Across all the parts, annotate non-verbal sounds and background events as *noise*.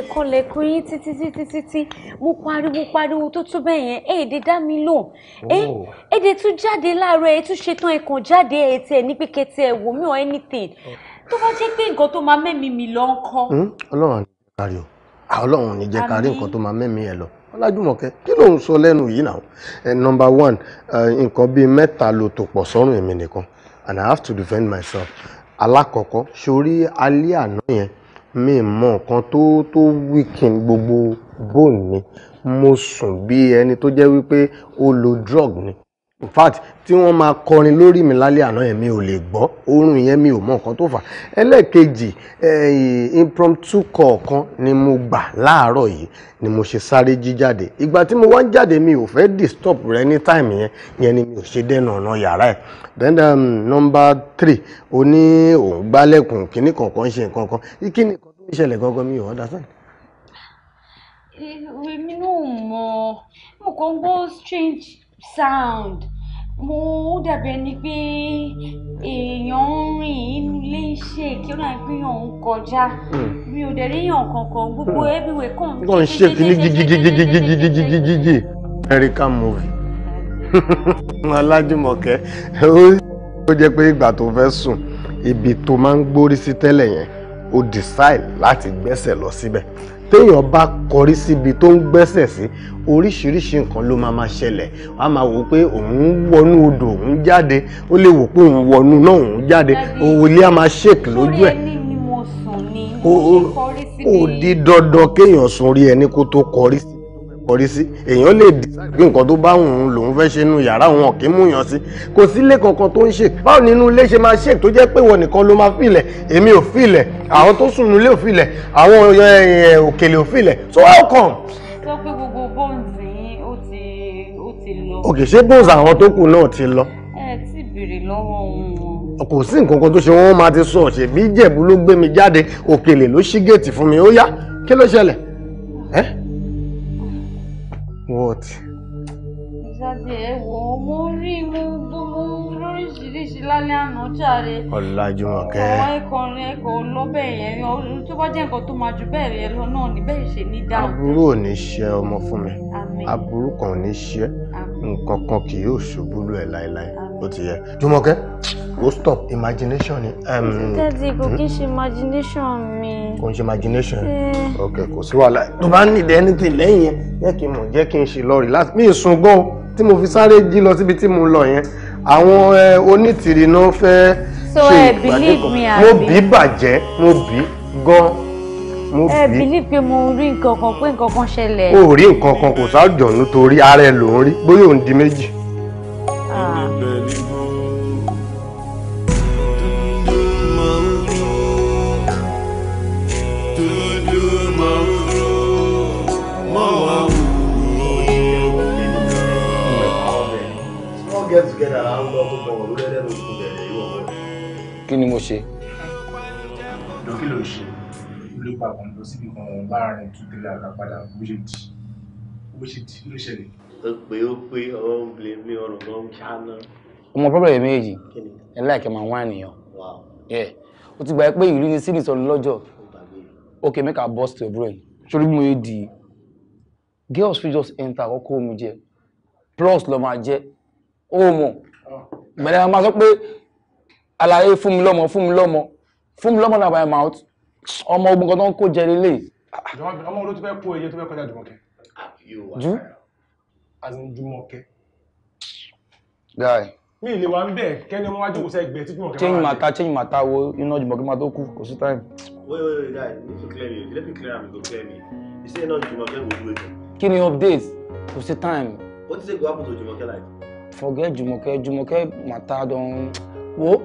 lẹ́ẹ̀kan lẹ́ẹ̀kan yín títí títí títí mo pariwo pariwo tó tó bẹ́ẹ̀ yẹn èdè dá mi lò èdè oh. tún jáde láàárọ̀ ẹ̀ tún ṣetán ẹ̀kan jáde ẹ̀ tiẹ̀ ní pípẹ́ tiẹ̀ wò mí ọ̀ anything oh. tó bá jẹ́ pé nǹkan tó máa mẹ́mí mi lọ ń kọ́. Hmm? ọlọ́run ní jẹ́ kárí o ọlọ́run ní jẹ́ kárí nǹkan tó máa mẹ́mí ẹ lọ ọlájúmọ̀kẹ́ kí ló ń sọ lẹ́nu yìí náà eh, nọmba one eh, nǹkan bíi mẹ́ta ló tò pọ̀ sọ́rùn èmi nìkan and i have to defend myself alákọ̀ọ́kọ́ sórí alẹ́ àná yẹn mi mọ nǹkan tó tó weaken gbogbo bone mi mo sùn bí ẹni tó jẹ́ wípé ó lo drug ni in fact tí wọ́n máa kọrin lórí mi lálẹ́ àná yẹn mi ò lè gbọ́ oorun yẹn mi ò mọ nǹkan tó fà ẹlẹ́ẹ̀kejì eh, impromptu kọ̀ọ̀kan ni mo gbà láàárọ̀ yìí ni mo ṣe sáré jí jáde ìgbà tí mo wá ń jáde mi ò fẹ́ disturb rẹ ní time yẹn yẹn ni mi ò ṣe dẹ́nà ọ̀nà yàrá ẹ̀ then um, number three o ní òun gbálẹ̀kùn kíní kọ̀ọ̀kan ṣe nǹkan kan kíní kan tó ń ṣẹlẹ̀ gangan mi ò understand. èmi náà mọ̀ mo kàn gbọ́ strange sound mo dàbí ẹni pé èèyàn ń rìn inú ilé iṣẹ́ kí ó náà pé èèyàn ń kọjá mi ò dẹ̀ rí èèyàn kankan gbogbo everywhere kàn. kàn ń ṣe kínní jìjìjìjìjìjìjìjì American movie Alájùmọ̀kẹ́ ó jẹ́ pé ìgbà tó fẹ́ sùn ibi tó máa ń gbórí sí tẹ́lẹ̀ yẹn ó decide láti gbẹ́sẹ̀ lọ síbẹ̀ téèyàn bá kọrí síbi tó ń gbẹ́sẹ̀ sí oríṣiríṣi nǹkan ló máa máa ṣẹlẹ̀ wàá máa wò ó pé òun wọnú odò òun jáde ó lè wò pé òun wọnú náà òun jáde òòlì á máa ṣèkì lójú ẹ̀ ó di dandan kéèyàn sùn rí ẹni kó tó kọrí sí kọrí sí èèyàn lè dì bí nǹkan tó bá òun lòun fẹ́ ṣe nu yàrá òun ọ̀kí mú yàn sí kò sí ilé kankan tó ń ṣe báwo nínú ilé ṣe máa ṣe tó jẹ́ pé ìwọ nìkan ló máa filẹ̀ èmi ò filẹ̀ àwọn tó sùn nílé ò filẹ̀ àwọn òkèlè ò filẹ̀ so how sọ pé gbogbo bones yín ó ti ó ti lọ. òkè ṣé bones àwọn tó kù náà ti lọ. ẹ ti béèrè lọ́wọ́ wọn kò sí nǹkan kan tó ṣe wọ́n máa ti sọ ọ̀ṣẹ̀ Ìjẹ̀bú ló gbé mi jáde òkèlè ló ṣí géètì What? Ìṣàdé ẹ wò ó, mo rí mo mo lóríṣiríṣi lálẹ́ àná jàre. Ọlájúmọ̀kẹ́. Ọ̀wọ́ ẹ̀kọrin ẹ̀kọ́ lọ́bẹ̀ yẹn ọdún tó bá jẹ́ nǹkan tó máa ju bẹ́ẹ̀ yẹn lọ náà ní bẹ́ẹ̀ ṣe ní dáhùn. Aburú ò ní ṣe ọmọ fún mi. Àmín. Aburú kan ò ní ṣe. Àmín. Nǹkan kan kì yóò ṣubú lù ẹ́ láéláé. Àmín ó ti yẹ Jùmọ̀kẹ́ ó stop imagination ni. tẹ́tí kò kí ṣe imagination mi. kò ń ṣe imagination ok kò sí wàhálà tó bá need anything lẹ́yìn yẹn jẹ́ kí n mọ̀ jẹ́ kí n ṣe lọ relax mi ì sùn gan tí mo fi sáré jí lọ síbi tí mo lọ yẹn àwọn onítìrì fẹ́ ṣe ìpàdé kan mo bí bàjẹ́ mo bí gan ẹ bìlí pé mo rí nǹkan kan pé nǹkan kan ṣẹlẹ̀. o rí nǹkan kan kò sáà jọ̀nù torí ara ẹ ló ń rí bóyá òun di méjì. Ah. get together à ń lọ tó bọ̀ lórí ẹlẹ́nu tó bẹ̀rẹ̀ ìwọ̀ wọ̀. kí ni mo ṣe. dókí ló ṣe ló pa àwọn lọ síbi kan láàrin tútẹlẹ àkàpadà bó ṣe di bó ṣe di ló ṣẹlẹ̀. ó pé ó pé ọwọ́ ń bilẹ̀ mi ọ̀rùn ló ń ṣáná. ọmọ pọ́blẹ̀ méjì ẹ láìkẹ́ máa wá ènìyàn o ti gbà pé ìrírí ni sí nìsọ̀rọ̀ lọ́jọ́ okay make a bust your brain Should mo yé di girls we just enter àkọ́kọ́ omi jẹ plus lọ́ọ́ máa òmù mẹ́lẹ́ máa sọ pé àlàyé fún mi lọ́mọ fún mi lọ́mọ fún mi lọ́mọ náà by mouth ọmọ ogun kan tó ń kó jẹ lélẹ̀. ọmọ olóòtú fẹ́ kó ẹyẹ tó fẹ́ kọjá jùmọ̀kẹ́. jù. àzùnjùmọ̀kẹ́. guy. mi ìlè wa ń bẹ̀ kẹ́ni wọ́n wájú kùsẹ́ ẹgbẹ́ tí jùmọ̀kẹ́ change matter change matter wo iná jùmọ̀kẹ́ máa tó kú kò sí time. wait wait wait guy you need to clear me let me clear am you go clear me you say iná jùmọ̀kẹ́ go do it. kí ni update kò sí time. what do you say go happen to jùmọ̀kẹ́ like forget Jumoke Jumoke matter don wo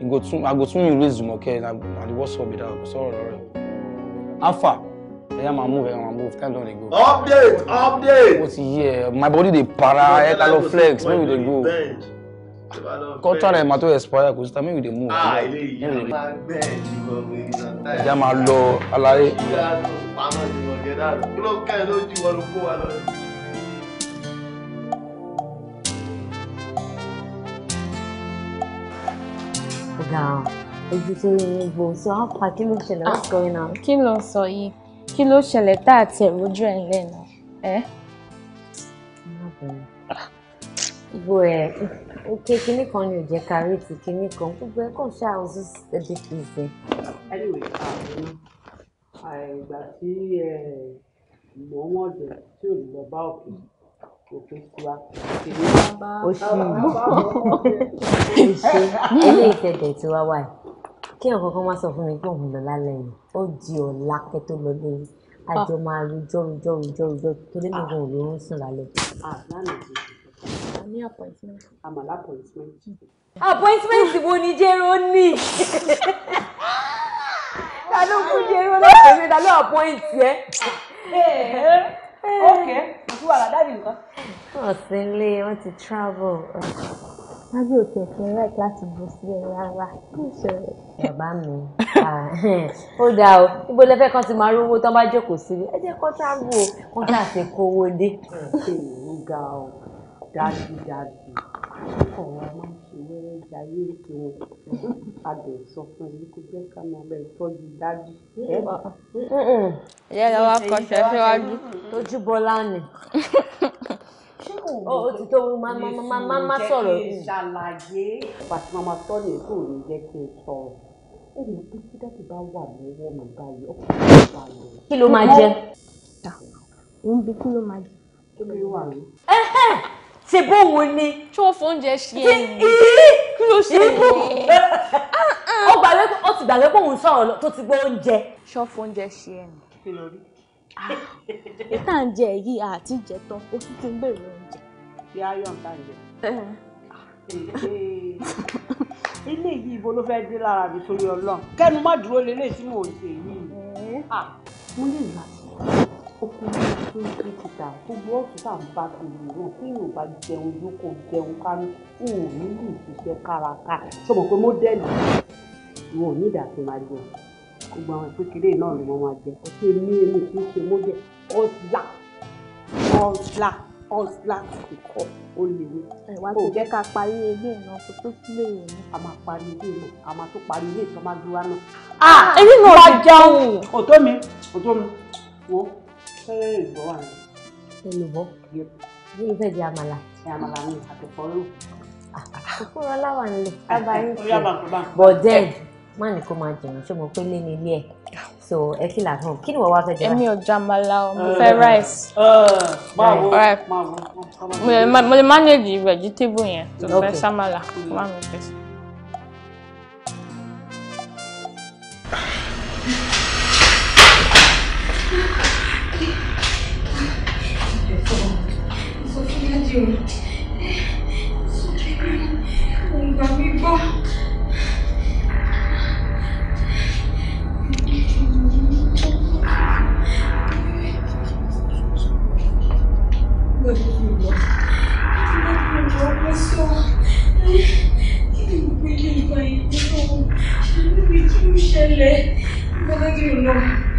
e go tun i go tun erase Jumoke na na the worst for be that sọ̀rọ̀ lọrẹ alpha ẹ yà máa move ẹ yà máa move time don dey go. update update. mo ti yẹ my body dey para ẹ ta lọ flex make we dey go contract ẹ ma to expire kò sí ta make we dey move. ah ilé ìyá máa ẹ yà máa lọ alaye. kí ló kẹ́ ẹ lójú wọn ló kó wa lọ. ọ̀gá ojú tó rí ní gbòó so how far kí ló ṣẹlẹ̀ what's ah, going on. kí ló ń sọ yìí kí ló ṣẹlẹ̀ tá a tiẹ̀ rojú ẹ̀ lẹ́nu ẹ́. Eh? gbogbo ẹ̀ òkè kínní kan ni ò jẹ́ kárí ti kínní kan gbogbo ẹ̀ kàn ṣáà ó sì ṣẹ́bi kì í ṣe. anyway àìgbà tí eh, mò ń wọ̀dọ̀ tí ò lọ bá òkè òkèkúà òṣì òṣì ilé ìtẹ̀dẹ̀ tí wá wà yìí kí ọ̀kan kan wá sọ fún mi pé òun lọ lálẹ́ yìí ó di ọ̀la kẹ́ tó lọ lé yìí àjọ máa rújọ́ rújọ́ rújọ́ rújọ́ torí mi gan òun ń sùn lálẹ́. Ah, ní appointment. àmàlà appointment. appointment wo ni jẹ́rọ ní? *laughs* ta ló kú jẹ́rọ láti ṣe ta ló appoint ẹ́? Eh, Eh. ok kò sí wàhálà dáàbì nǹkan. ọ̀sẹ̀ ilé wọn ti travel. lábẹ́ òkè òkè ńlá láti bọ̀ sílẹ̀ rárá kí ìṣẹ̀lẹ̀. bàbá mi ah, *laughs* ó dáa o ibo lẹ fẹ́ kàn ti máa rówó tán bá jókòó síbi ẹ jẹ́ kó travel o kó tá a ṣe kówó dé. ó ga o dájúdájú ọkọ̀ wa máa ń ṣe wẹ́rẹ́ jayé tiwọn a dẹ̀ sọ fún yín kó jẹ́ ká máa bẹ tọ́jú dájú. ìyá ìyàwó akọ̀ṣẹ́ síwájú. tójú bọ́lá ni ó ti tó máa sọ̀rọ̀ yìí. ṣàlàyé. pàṣẹ màmá sọ ni èso ò ní jẹ́ kí n sọ̀rọ̀ ó mọ pé tí dáàbò bá wà lọ́wọ́ mi báyìí ọkùnrin mi bá lọ. kí ló máa jẹ. ó ń bi kí ló máa jẹ. kí ló wà ní ṣe bóun ni. ṣé wọn fóúnjẹ ṣe é ah, ah. ni kí ló ṣe é ó gbàgbé ó ti gbàgbé bóun sọ̀rọ̀ tó ti gbé oúnjẹ. ṣé wọn fóúnjẹ ṣe é ni. ìta ń jẹ yìí àti ìjẹtọ ó tún ti ń bèrè oúnjẹ. bí ayọ̀ ń ta ìjẹ. Eh, eh. ilé yìí ibo ló fẹ́ẹ́ dé lára mi sórí ọlọ́run kẹ́nu má dúró lélẹ́yìí tí mò ń ṣe yìí. Ah. mo lè là ó kú ní two eighty thousand gbogbo ọ̀sùn tá à ń bá kiri ìró tí yóò bá jẹun yóò jẹun kánú ò ní lè ṣiṣẹ́ káraká ṣọmọ pé mọ́dẹ́lì wọn ò ní ìdá máa jẹun gbogbo àwọn ìpínkiri náà ni wọ́n máa jẹ ọtí èmi èmi kì í ṣe mọ́dẹ́ ọ̀sùlà ọ̀sùlà ọ̀sùlà ti kọ́ ó léwu. ẹ̀wá ti jẹ́ ká parí ilé náà kó tó sílé rẹ̀ ní. a máa parí ilé náà a máa tún parí ilé ìtọ́mágbéwá náà. ah èyí náà ti jẹun. òtó mi òtó mi wo fẹ́rẹ́ èlùbọ́ wà ní. èlùbọ́ bí o fẹ́ di àmàlà. Ah, ah, ṣe àmàlà mi àtòkọ́ rò. ìfúnra láwà ń lè sábà ń ṣe bọ̀dẹ́ má ní kó máa jẹun ṣé mo pé lé ní ilé ẹ̀ so ẹ kí là hàn kí ni wọ́n wá fẹ́ jẹ báyìí. èmi ò jẹ àmàlà o mo fẹ́ rice. mo lè manage vegetable yẹn tó mm. fẹ́ sàmàlà má mi fẹ́ sí. ṣe o sókè gbẹmí òun Thank you,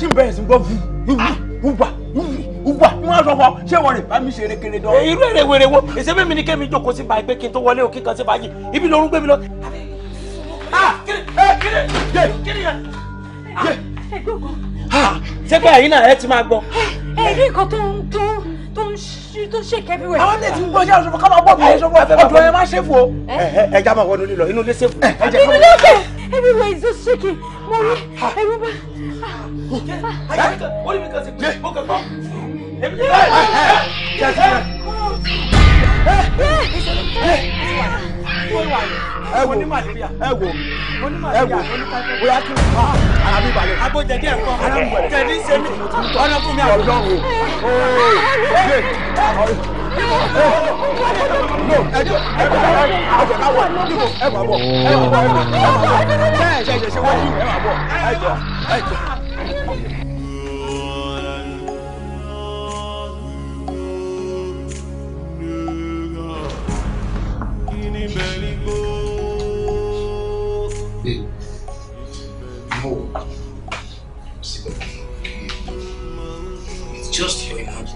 tí n bẹ̀rẹ̀ sí gbọ́ vu wúwà wúwà wọn á sọ fọ ṣé wọn rè bá mi ṣe erékeré dán. irú èrè wèrè wo èsè mímí ni kémi jókòó sí báyìí pé kí n tó wọlé òkè kan sí báyìí ibi lorú gbé mi lọ. ṣé pé àyín náà ẹ ti máa gbọ́. ẹ rí nǹkan tó ń tó ń tó ń ṣí tó ṣe kẹbi wẹ. àwọn tètè ń gbọ́ ṣé àṣọ káwọn bọ̀ bíi ṣọ́kọ́ ẹ̀fẹ́ ọ̀dọ́ ẹ má ṣe fò. ẹ já máa wọnú lílọ inú ilé ṣe fò. inú ilé ṣe everywhere is so shaking mo rí ẹ̀rú bá wọ́n ní mi kan sí pé mo kàn kọ́. ẹ wo ẹ wo ẹ wo bóyá kí n fa ara mi balẹ̀. abojẹ díẹ̀ kọ́ tẹ̀lé ṣe mí ọ̀nà fún mi àbúrò. Ẹ jọ ẹ jọ ṣe wájú ẹ wà bọ̀ ẹ jọ ẹ jọ.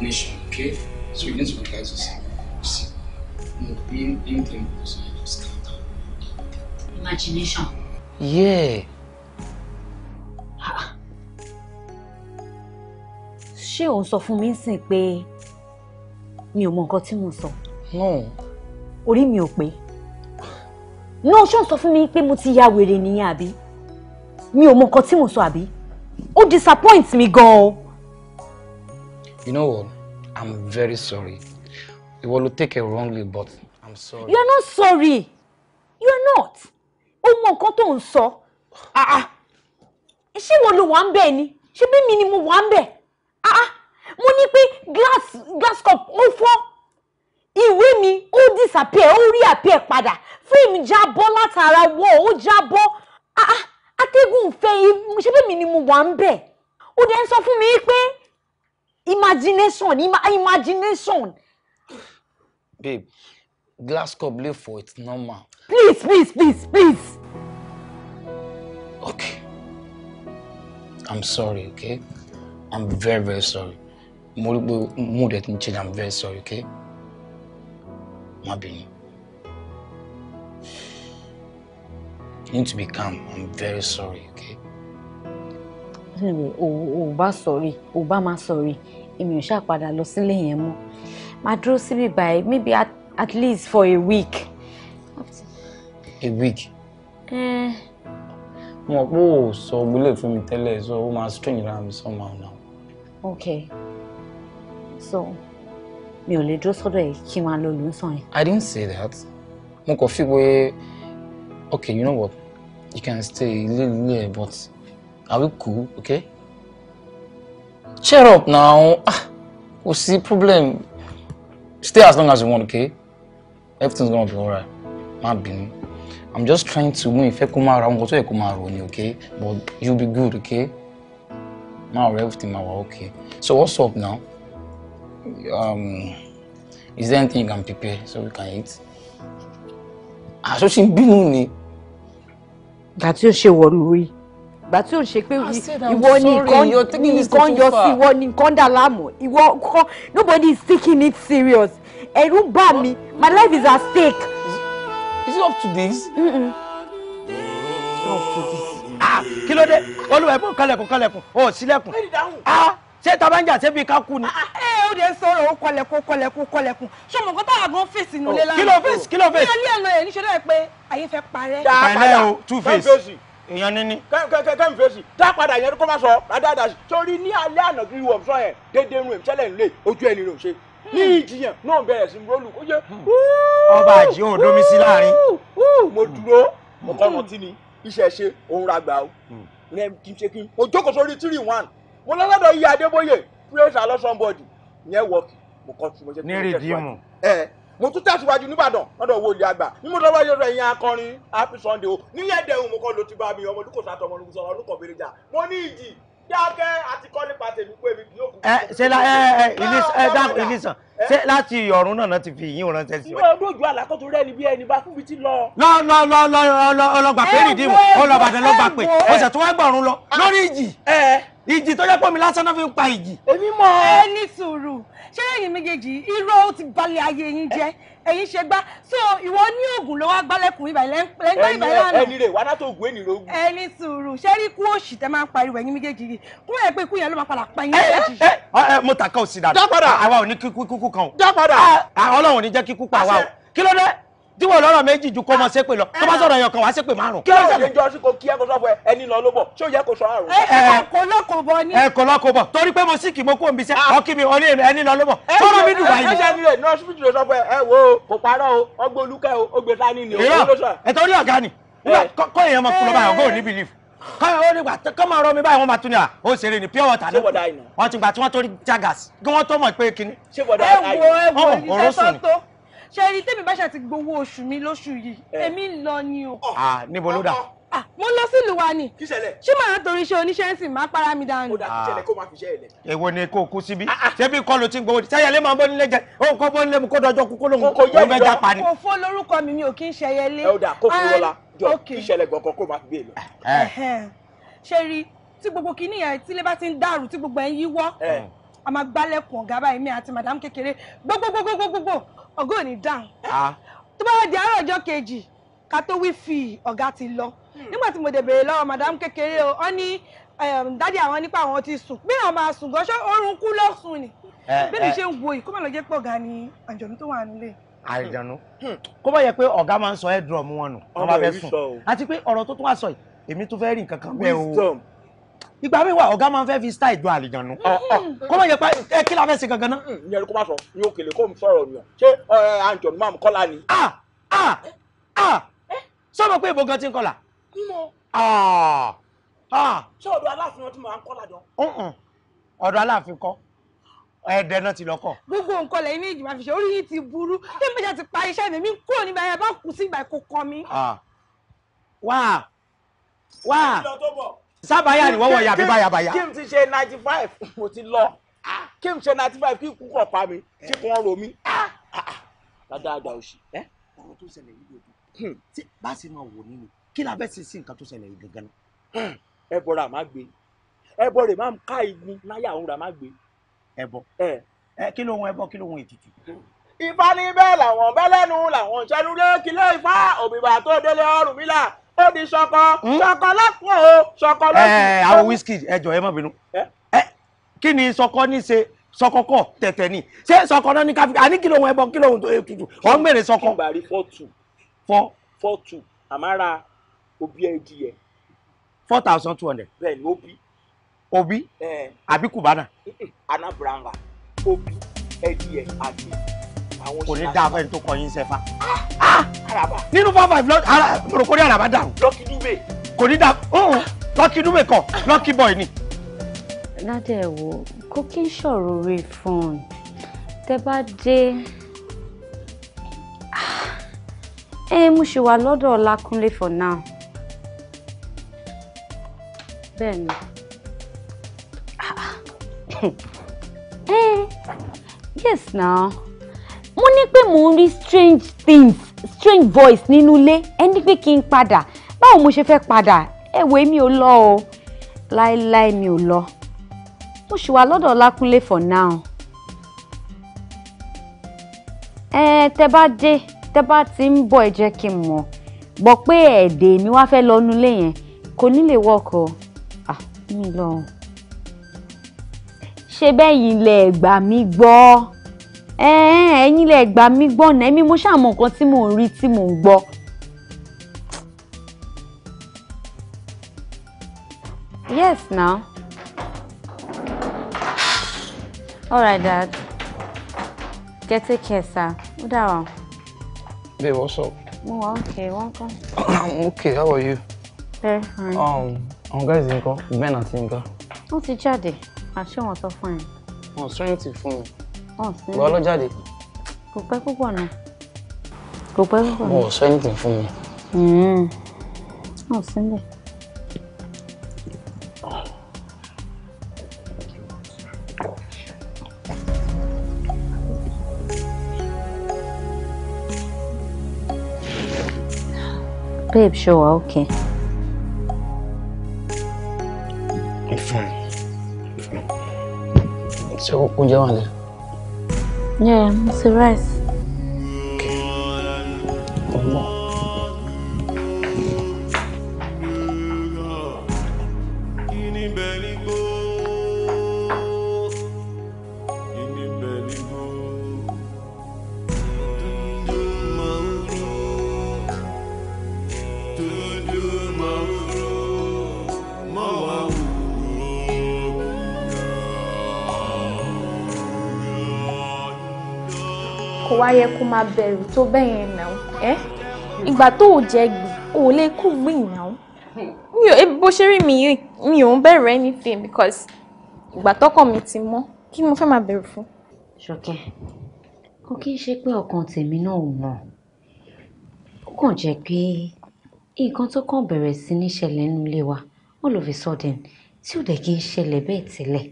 Imagination, okay? So you need to realize yourself. You see, no, anything goes on, just calm down. Imagination. Yeah. Ah. ṣé òun sọ fún mi ń sìn pé mi ò mọ nǹkan tí mo sọ. orí mi ò pé. náà ṣé òun sọ fún mi pé mo ti ya wèrè nìyẹn àbí mi ò mọ nǹkan tí mo sọ àbí ó disappoint mi gan-an. You know what? I'm very sorry. Ìwọ ló take it wrongly, but I'm sorry. You are not sorry. You are not. Ó mọ nǹkan tó ń sọ. Ah, ah. Ṣé wo ló wà ń bẹ̀ ni? Ṣé bí mi ni mo wà ń bẹ̀? Ah, glass glass cup ó fọ́. Ìwé mi ó disappear ó rí appear padà. Fíìmù jábọ́ látara wọ́ ó jabo. Ah ah. ṣé bí mi ni mo wà ń bẹ̀? Ó dẹ̀ ń sọ fún mi pé imagination ima imagination. babe glass cup lè fọ it's normal. please please please please. okay i'm sorry okay i'm very very sorry mo rí pé mood ẹ ti ń change i'm very sorry okay má bínú. You need to be calm. I'm very sorry, anyway ò ò bá sọ̀rí ò bá máa sọ̀rí èmi ò ṣàpadà lọ sílé yẹn mọ́ máa dúró síbí báyìí maybe at, at least for a week. a week. Eh. mo mọ̀ pé o sọ gbélé fún mi tẹ́lẹ̀ so ó máa strange ra mi somehow now. ok so mi ò lè dúró sọ́dọ̀ ẹ̀ kí n máa lọ lù sàn yẹn. I didn't say that mo kàn fi pé okay you know what you can stay ilé ilé ẹ but. Are we cool? Okay? Cheer up now. Ah, we'll see problem. Stay as long as you want, okay? Everything's gonna be alright. Má bínú. I'm just trying to mú ìfẹ́ kó máa ra ohun tó yẹ kó máa rò ni, okay? But you'll be good, okay? Now everything máa wà okay. So what's up now? Um, is there anything you can prepare so we can eat? Àṣọ ah, ṣe ń bínú ni. Gàtí ó ṣe wọ̀ lórí ìgbà tí ò ń ṣe pé ìwọ ni nǹkan yọ sí ìwọ ni nǹkan dà láàmú ìwọ kọ́ nobody is taking it serious ẹ̀rù bà mí my life is at stake. is it up to this. Mm -mm. up to this. ah kí ló dé olúwa ẹ̀bùn kálẹ̀kùn kálẹ̀kùn ò sílẹ̀kùn ah ṣé tabanja ṣé bí ká kú ni. ẹ ah, ah, eh, ó de sọ̀rọ̀ ó kọlẹ̀kùn kọlẹ̀kùn kọlẹ̀kùn ṣọmọ nǹkan táwa gan fèsì nulẹ̀ lánàá. kí ló fèsì kí ló fèsì. ní alẹ́ ẹ̀ lọ yẹn níṣẹ́ náà pé ayé fẹ́ parẹ́. dáa padà two face èèyàn níní. kẹ́kẹ́kẹ́ ń fèsì tá a padà yẹn kó má sọ dáadáa sí. torí ní alẹ́ àná kí wọ́n sọ yẹn déédéé nu ìtẹ́lẹ̀ nílé ojú ẹni ló ṣe. ní hmm. ìjiyàn náà bẹ̀rẹ̀ sí rólù ó yẹ. Hmm. ọba àjí ò domi sí láàrin. mo hmm. dúró ọkọ rántí ni iṣẹ́ ṣe òun ra gbà ó. rẹ kì í ṣe kí n. mo jókòó sórí three one mo lọ́lọ́dọ̀ iye Adébóyè praise alọ́ somebody yẹn wọ́ọ̀kì mo kọ́ tí mo ṣe kí n tẹ̀síwájú. ní rìdíìmù mo tún tẹ̀síwájú nìbàdàn lọ́dọ̀ owó ilé àgbà ní mo lọ́wọ́ yọ̀rọ̀ ẹ̀yìn akọrin happy sunday o ní ẹ̀dẹ̀hùn mo kọ́ ló ti bá mi ọmọ olùkọ́ sàtọ̀ ọmọ olùkọ́ sọ̀rọ̀ olùkọ́ bèrèjà mo ní ìjì dákẹ́ àti kọ́ nípa tèmi pé mi yóò kú. ẹ ṣe la ẹ ẹ ẹ dákun ìlísàn ṣé láti ìyọ̀run náà ti fi ìyín ránṣẹ́ sí ọ. ìwé olóòjú àlàkóso rẹ ni bí ẹni bá fún mi ti lọ. lọ lọ lọ lọ ọlọgbà pé rìndí wò ọlọbàdàn lọgbà pé ọsẹ tó wá gbọrun lọ lórí ìjì ìjì tó yẹ pé mi lásán náà fi ń pa ìjì. èmi mọ ẹ ní sùúrù ṣé ẹ̀yin méjèèjì irọ́ ó ti balẹ̀ ayé yín jẹ́ ẹ̀yin ṣe gbá so ìwọ ní oògùn ló wá gbálẹ̀kùn ibà lẹ́ńgbẹ́ ibà lánàá ẹni rẹ̀ wàá látò ògùn ènìyàn ogun. ẹni sùúrù ṣé rí kú òṣì tẹ máa ń pariwo ẹ̀yin méjèèjì yìí kún ẹ pé ikú yẹn ló máa padà pa ẹ̀yin eh, méjèèjì. ẹ ẹ eh, eh, mo tàkà òsì dànù. dá padà àwa ò ní kíkú kan o. dá padà. Ah, ọlọ́run ò ní jẹ́ kíkú pa àwa o kí ló dé díwọ̀ lọ́rọ̀ méjì ju kọ́ ọmọ lọ tó bá sọ̀rọ̀ ẹ̀yọ̀ kan wá ṣépè márùn. kí ló lè jọ sí ko kí ẹ kó sọ fún ẹ ẹni lọ ló bọ ṣé ó yẹ kó sọ àrùn. ẹ kò lóko bọ ni. ẹ kò lóko bọ torí pé mo sì kì mo kó omi sẹ ọkì mi ọlẹ mi ẹni lọ ló bọ tọrọ mi dùn wáyé. ẹ ṣe mi rẹ nọọsì ló sọ fún ẹ ẹ wo kò parọ́ o ọgbẹ olúkẹ o ọgbẹ tani ni o. èrò ẹ torí ọ̀gá ni kọ́ èèyàn mọ kúlọ́ báyọ̀ kó o ní bìlíf káyọ̀ ó nígbà kọ́ máa rọ mi báyìí wọ́n máa tún ní à ó ṣeré ní pure water náà wọ́n ti gbà tí wọ́n tó rí jagas kí wọ́n tó mọ̀ pé kíní. ẹ wo ẹ wo ìṣẹ́ tó tó ṣe rí tèmi bá ṣe àti gbowó oṣù mi lóṣù yìí èmi ń lọ ni o. Ah, ah, níbo ló dà. Ah, mo lọ sílùú wa ni ṣé màá torí iṣẹ́ oníṣẹ́ ń sìn máa para mi dànù. èwo ni kò kú síbí ṣebí kọ́ ló ti ń gbowó di sẹ́yẹlé máa bọ́ nílé jẹ ó kọ́ bọ́ nílé mu kó dọjọ́ kú kó lóun kó yẹ ìjọ kò fọ́ lórúkọ mi mi ò kí ń ṣẹyẹlé. ẹ ó dà kó fún lọ́la jọ kí ìṣẹ̀lẹ̀ gbọ̀ngàn kó máa gbé e lọ. Eh. ṣe rí tí gbogbo kìíní yẹn tí ilé bá ti ń dàrú tí gbogbo ẹ̀ ń yíwọ́ eh. a máa gbálẹ̀kùn ọ̀gá báyìí mi àti madam kékeré gbogbogbogbogbogbo ọ̀gá ò ní dáhùn tó bá wá di àárọ̀ ọjọ́ kejì ká tó wí fi ọ̀gá ti lọ hmm. nígbà tí mo dẹ̀ béèrè lọ́wọ́ madam kékeré o wọ́n ní um, dádì àwọn nípa àwọn ti sùn bí àwọn máa sùn gọ́ṣọ́ oorun kú ló sùn ni eh, bí mi eh. ṣe ń wo yìí kó má lọ jẹ́ pé ọ̀gá ni àjọ̀nú tó wà nílé. àjọ̀nú hmm. kó bá yẹ pé ọ̀gá máa ń sọ ẹ̀ dùrọ̀ mú wọn nù wọ́n bá fẹ́ sùn àti pé ọ̀rọ̀ tó tún wá sọ yìí èmi tún fẹ́ rí nǹkan kan bẹ́ẹ̀ o ìgbà mi wà ọ̀gá máa ń fẹ́ fi style dùn àlìjànú mm-hmm. kó má yẹ pa ẹ kí la fẹ́ ṣe gangan náà. Mm-hmm. ìyẹn ló kó má sọ ní òkèlè kó mi sọ̀rọ̀ nìyàn ṣé àǹjọ̀nù máa mú kọ́lá ni. sọ́mọ pé ìbò gan ti ń kọ́lá. ṣé ọ̀dọ̀ aláàfin wọn ti máa ń kọ́lá jọ. ọ̀dọ̀ aláàfin kọ́ ẹ̀ẹ́dẹ̀ náà ti lọ́kọ̀. gbogbo nǹkan lẹ́yìn ní ìjìnbá fi ṣe orí yìí ti burú tí mo ṣe ti parí iṣẹ́ mi mi kúrò nígbà yẹn bá kù sí ìgbà ìkókọ mi. wá wá. kí lọ tó bọ̀ sábàáyà ni wọ́n wọ̀ yàbí ya kí n ti ṣe ninety five mo ti lọ kí n ṣe ninety five kí ikú kọ̀ pa mi tí kò ń rò mí. dáadáa òsì ọ̀rọ̀ tó ṣẹlẹ̀ yìí lòdì tí bá máa wò nínú kí la bẹ́ẹ̀ sì sí nǹkan tó ṣẹlẹ̀ yìí gangan náà. ẹbọ rà má gbé ẹbọ rè má ká igun láyà òun rà má gbé. ẹbọ ẹ kí ló ń ẹbọ kí ló ń ètùtù. ifá bẹ́ẹ̀ làwọn bẹ́lẹ́nu làwọn ìṣẹ́nu lé kílé ifá òbí ó di ṣọkọ hmm? ṣọkọ lọ́pọ̀ o ṣọkọ lọ́pọ̀. ẹ àwọn wíṣkì ẹjọ ẹ má bínú ẹ kí ni ṣọkọ ní ṣe ṣọkọ kọ tẹ̀tẹ̀ ni ṣé ṣọkọ náà ní káfíńkì àní kí lóhun ẹbọ kí lóhun ètùtù wọn gbèrè ṣọkọ. kí n four two four four two àmàrà òbí ẹdí yẹ. four thousand two hundred. bẹ́ẹ̀ni obi òbí àbí kùbánà. anabranga òbí ẹdí yẹ àti kò ní dáa fẹ́ni tó kọ yín sẹ́fà. Ah, ah, nínú four five lọ ah, rò ní àràbà dàrú. lọ́kì dúbẹ̀. kò ní dáa lọ́kì dúbẹ̀ kọ lọ́kì bọ̀ ni. ládẹ wo kó kí n ṣòro rè fún tẹ bá dé ẹ mo ṣì wà lọ́dọ̀ ọlákúnlé for now bẹ́ẹ̀ ni *laughs* eh, yes now mo ní pé mò ń rí strange things strange voice nínú ilé ẹni pé kí n padà báwo mo ṣe fẹ́ padà ẹ wo èmi ò lọ o láéláé mi ò lọ mo ṣì wà lọ́dọ̀ Lákúnlé for now. ẹ tẹ bá dé tẹ bá ti ń bọ̀ ẹ jẹ́ kí n mọ̀ gbọ́ pé ẹ̀ẹ́dẹ̀ mi wá fẹ́ lọ nulẹ̀ yẹn kò ní lè wọ́ọ̀kọ̀ ah mi lọ. ṣé bẹ́ẹ̀ yìí lẹ gbà mí gbọ́ ẹ̀yin lẹ gbà mí gbọ́nà èmi mo ṣàmọ̀ nǹkan tí mò ń rí tí mò ń gbọ́. yes now alright dad get take care sir ó dára. babe what's up. mo wà okay wọn kọ. *coughs* i'm okay how are you. very fine. Um, àwọn guys nǹkan Ben àti nǹkan. wọ́n ti jáde àṣé wọn sọ fún ẹ. wọn sọ yẹn ti fún mi ọ̀sẹ̀ gbọ́ ló jáde. kò pẹ́ púpọ̀ náà kò pẹ́ púpọ̀ náà. o sọ anything fún mi. ọ̀sẹ̀ ń bẹ̀. Babe, sure, okay. I'm fine. I'm fine. So, Kunjawani. Yeah, it's a rice. yẹ kó máa bẹ̀rù tó bẹ́ẹ̀ yẹn náà ẹ́ ìgbà tó ò jẹ́ gbìn ò lè kú gbìn náà mi ò bó ṣe rí mi mi ò ń bẹ̀rù anything because ìgbà tọ́kàn mi ti mọ́ kí ni mo fẹ́ máa bẹ̀rù fún. ṣọkẹ kò kí n ṣe pé ọkàn tèmi náà ò mọ ó kàn jẹ́ pé nǹkan tó kàn bẹ̀rẹ̀ sí ní ṣẹlẹ̀ nínú ilé wa all of a sudden tí ò dẹ̀ kí n ṣẹlẹ̀ bẹ́ẹ̀ tẹ́lẹ̀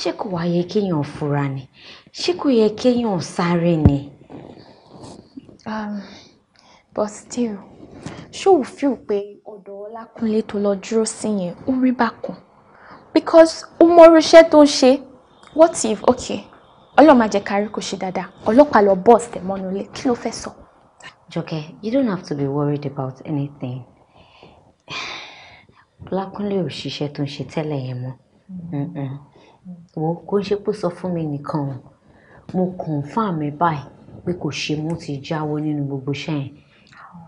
ṣé kò wá kéèyàn fura ni ṣé kò yẹ kéèyàn sáré ni um but still ṣó o feel pé ọ̀dọ̀ ọlákúnlé tó lọ dúró sí yẹn ó rí bákan because ó mọrú iṣẹ́ tó ń ṣe what if okay ọlọ́run máa jẹ́ ká rí kò ṣe dáadáa ọlọ́pàá lọ bọ́ọ̀sì tẹ̀ mọ́nu ilé kí ló fẹ́ sọ. Jọkẹ́ you don't have to be worried about anything ọlákúnlé ò ṣiṣẹ́ tó ń ṣe tẹ́lẹ̀ yẹn mọ́ wo kó ń ṣe pé sọ fún mi nìkan mo confirm ẹ báyìí pé kò ṣe mú ti jáwọ́ nínú gbogbo iṣẹ́ yẹn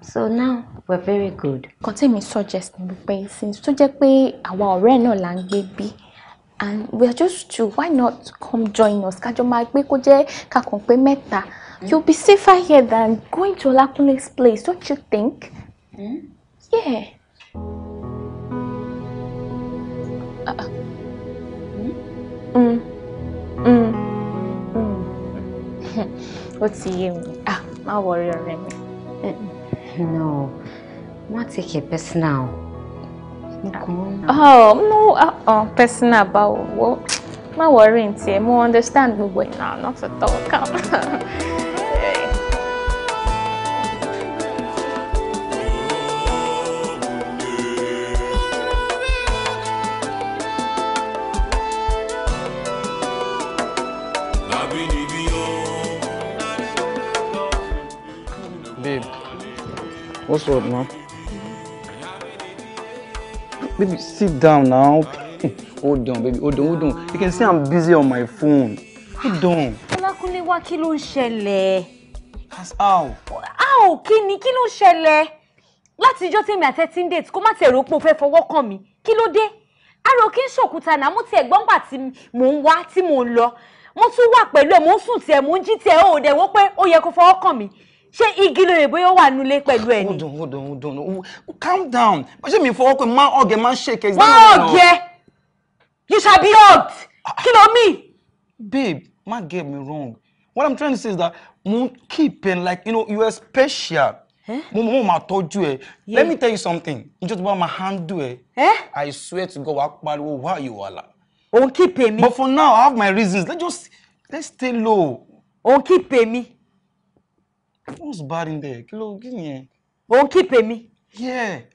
so now we're very good. nǹkan tí mi suggest ni pé since tó jẹ́ pé àwa ọ̀rẹ́ náà là ń gbé bí and we are just to why not come join us kájọ máa gbé kó jẹ́ kakàn pé mẹ́ta you'll be safer here than going to Olakunle's place don't you think? Mm? yeah. Uh Mm. Mm. Mm. Hmm ó ti yé mi ah má wọrí ọ̀rẹ́ mi. no má take it personal. oh no uh -uh, personal báwo wo má wọrí ntí ẹ mo understand gbogbo ẹ̀ náà not at all *laughs* What's up, man? Baby, sit down now. *laughs* Hold on, baby. Hold on, hold on. You can see I'm busy on my phone. Hold on. Ọlákúnlé wá kilo ló ń ṣẹlẹ̀? As how? How kí ni kí ló ń ṣẹlẹ̀? Látijọ́ tèmi àti date kó má tẹ̀ rò pé o fẹ́ fọwọ́ kàn mí. Kí ló dé? Arò mo tiẹ̀ gbọ́ngbà tí mò ń wá tí mò ń lọ. Mo tún wà pẹ̀lú ẹ̀ mo ń sùn tiẹ̀ mo ń jí tiẹ̀ ó dẹ̀ wọ́n pé ó yẹ kó fọwọ́ kàn mí ṣé igi lóye bóyá wà nulẹ̀ pẹ̀lú ẹ̀ ni. hold on hold on hold on calm down bó ṣe mi fọwọ́ pé má ọ̀gẹ̀ má ṣèkè. má ọ̀gẹ̀ you shall be hugged kí ló mean. babe ma get me wrong what i'm trying to say is that mo keep it like you know you are special mo mo ma tọ́jú ẹ let me tell you something njẹ́ tó bá ma handle ẹ i swear to god wàá pariwo wá ìwàlà. òun kì í pè mí. but for now i have my reasons let's just let's stay low. òun kì í pè mí what's bad in there kí ló kí nìyẹn. ò ń keep èmi.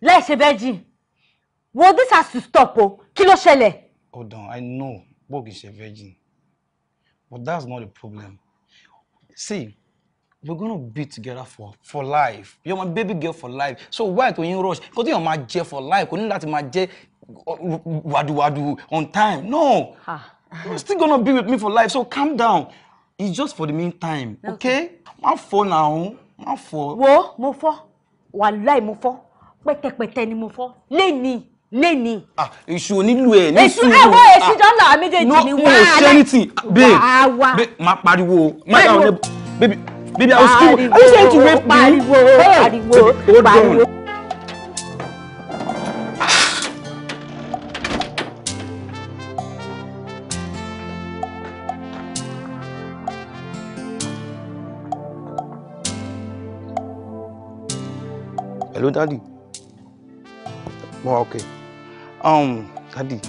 láìṣe bẹ́ẹ̀ jìn wo this has to stop o kí ló ṣẹlẹ̀. hold on i know bog is a virgin but that's not the problem see we're gonna be together for for life you're my baby girl for life so why to yin rush kò tí yàn máa jẹ for life kò ní láti máa jẹ wàdùwàdù on time no. Ah. You're still gonna be with me for life, so calm down it's just for the meantime okay má fọ náà má fọ. wo mo fọ wàláì mo fọ pẹ̀tẹ̀pẹ̀tẹ̀ ni mo fọ lẹni lẹni. ah èṣù onílù ẹ ní sùúrù èṣù ẹ wo èṣù dọ́là méjèèjì ni wàá rẹ no no sanity babe babe má pariwo má dáhùn baby baby i was still i was trying to rape you. pariwo pariwo pariwo pariwo. hello daddy mo wà okay um daddy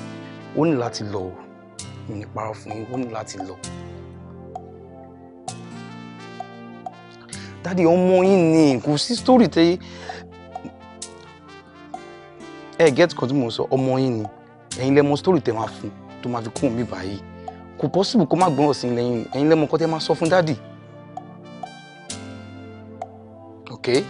ó ní láti lọ o ní parọ́ fún yín ó ní láti lọ. dáàdi ọmọ yín ni kò sí sítórì tẹ ẹ gẹ́tì kan tí mo sọ ọmọ yín ni ẹ̀yin lẹ́mọ sítórì tẹ máa fún tó máa fi kún mi báyìí kò pọ́sibù kó má gbọ́n ọ̀sìn lẹ́yìn ẹ̀yin lẹ́mọ kọ́ tẹ máa sọ fún dáàdi. okay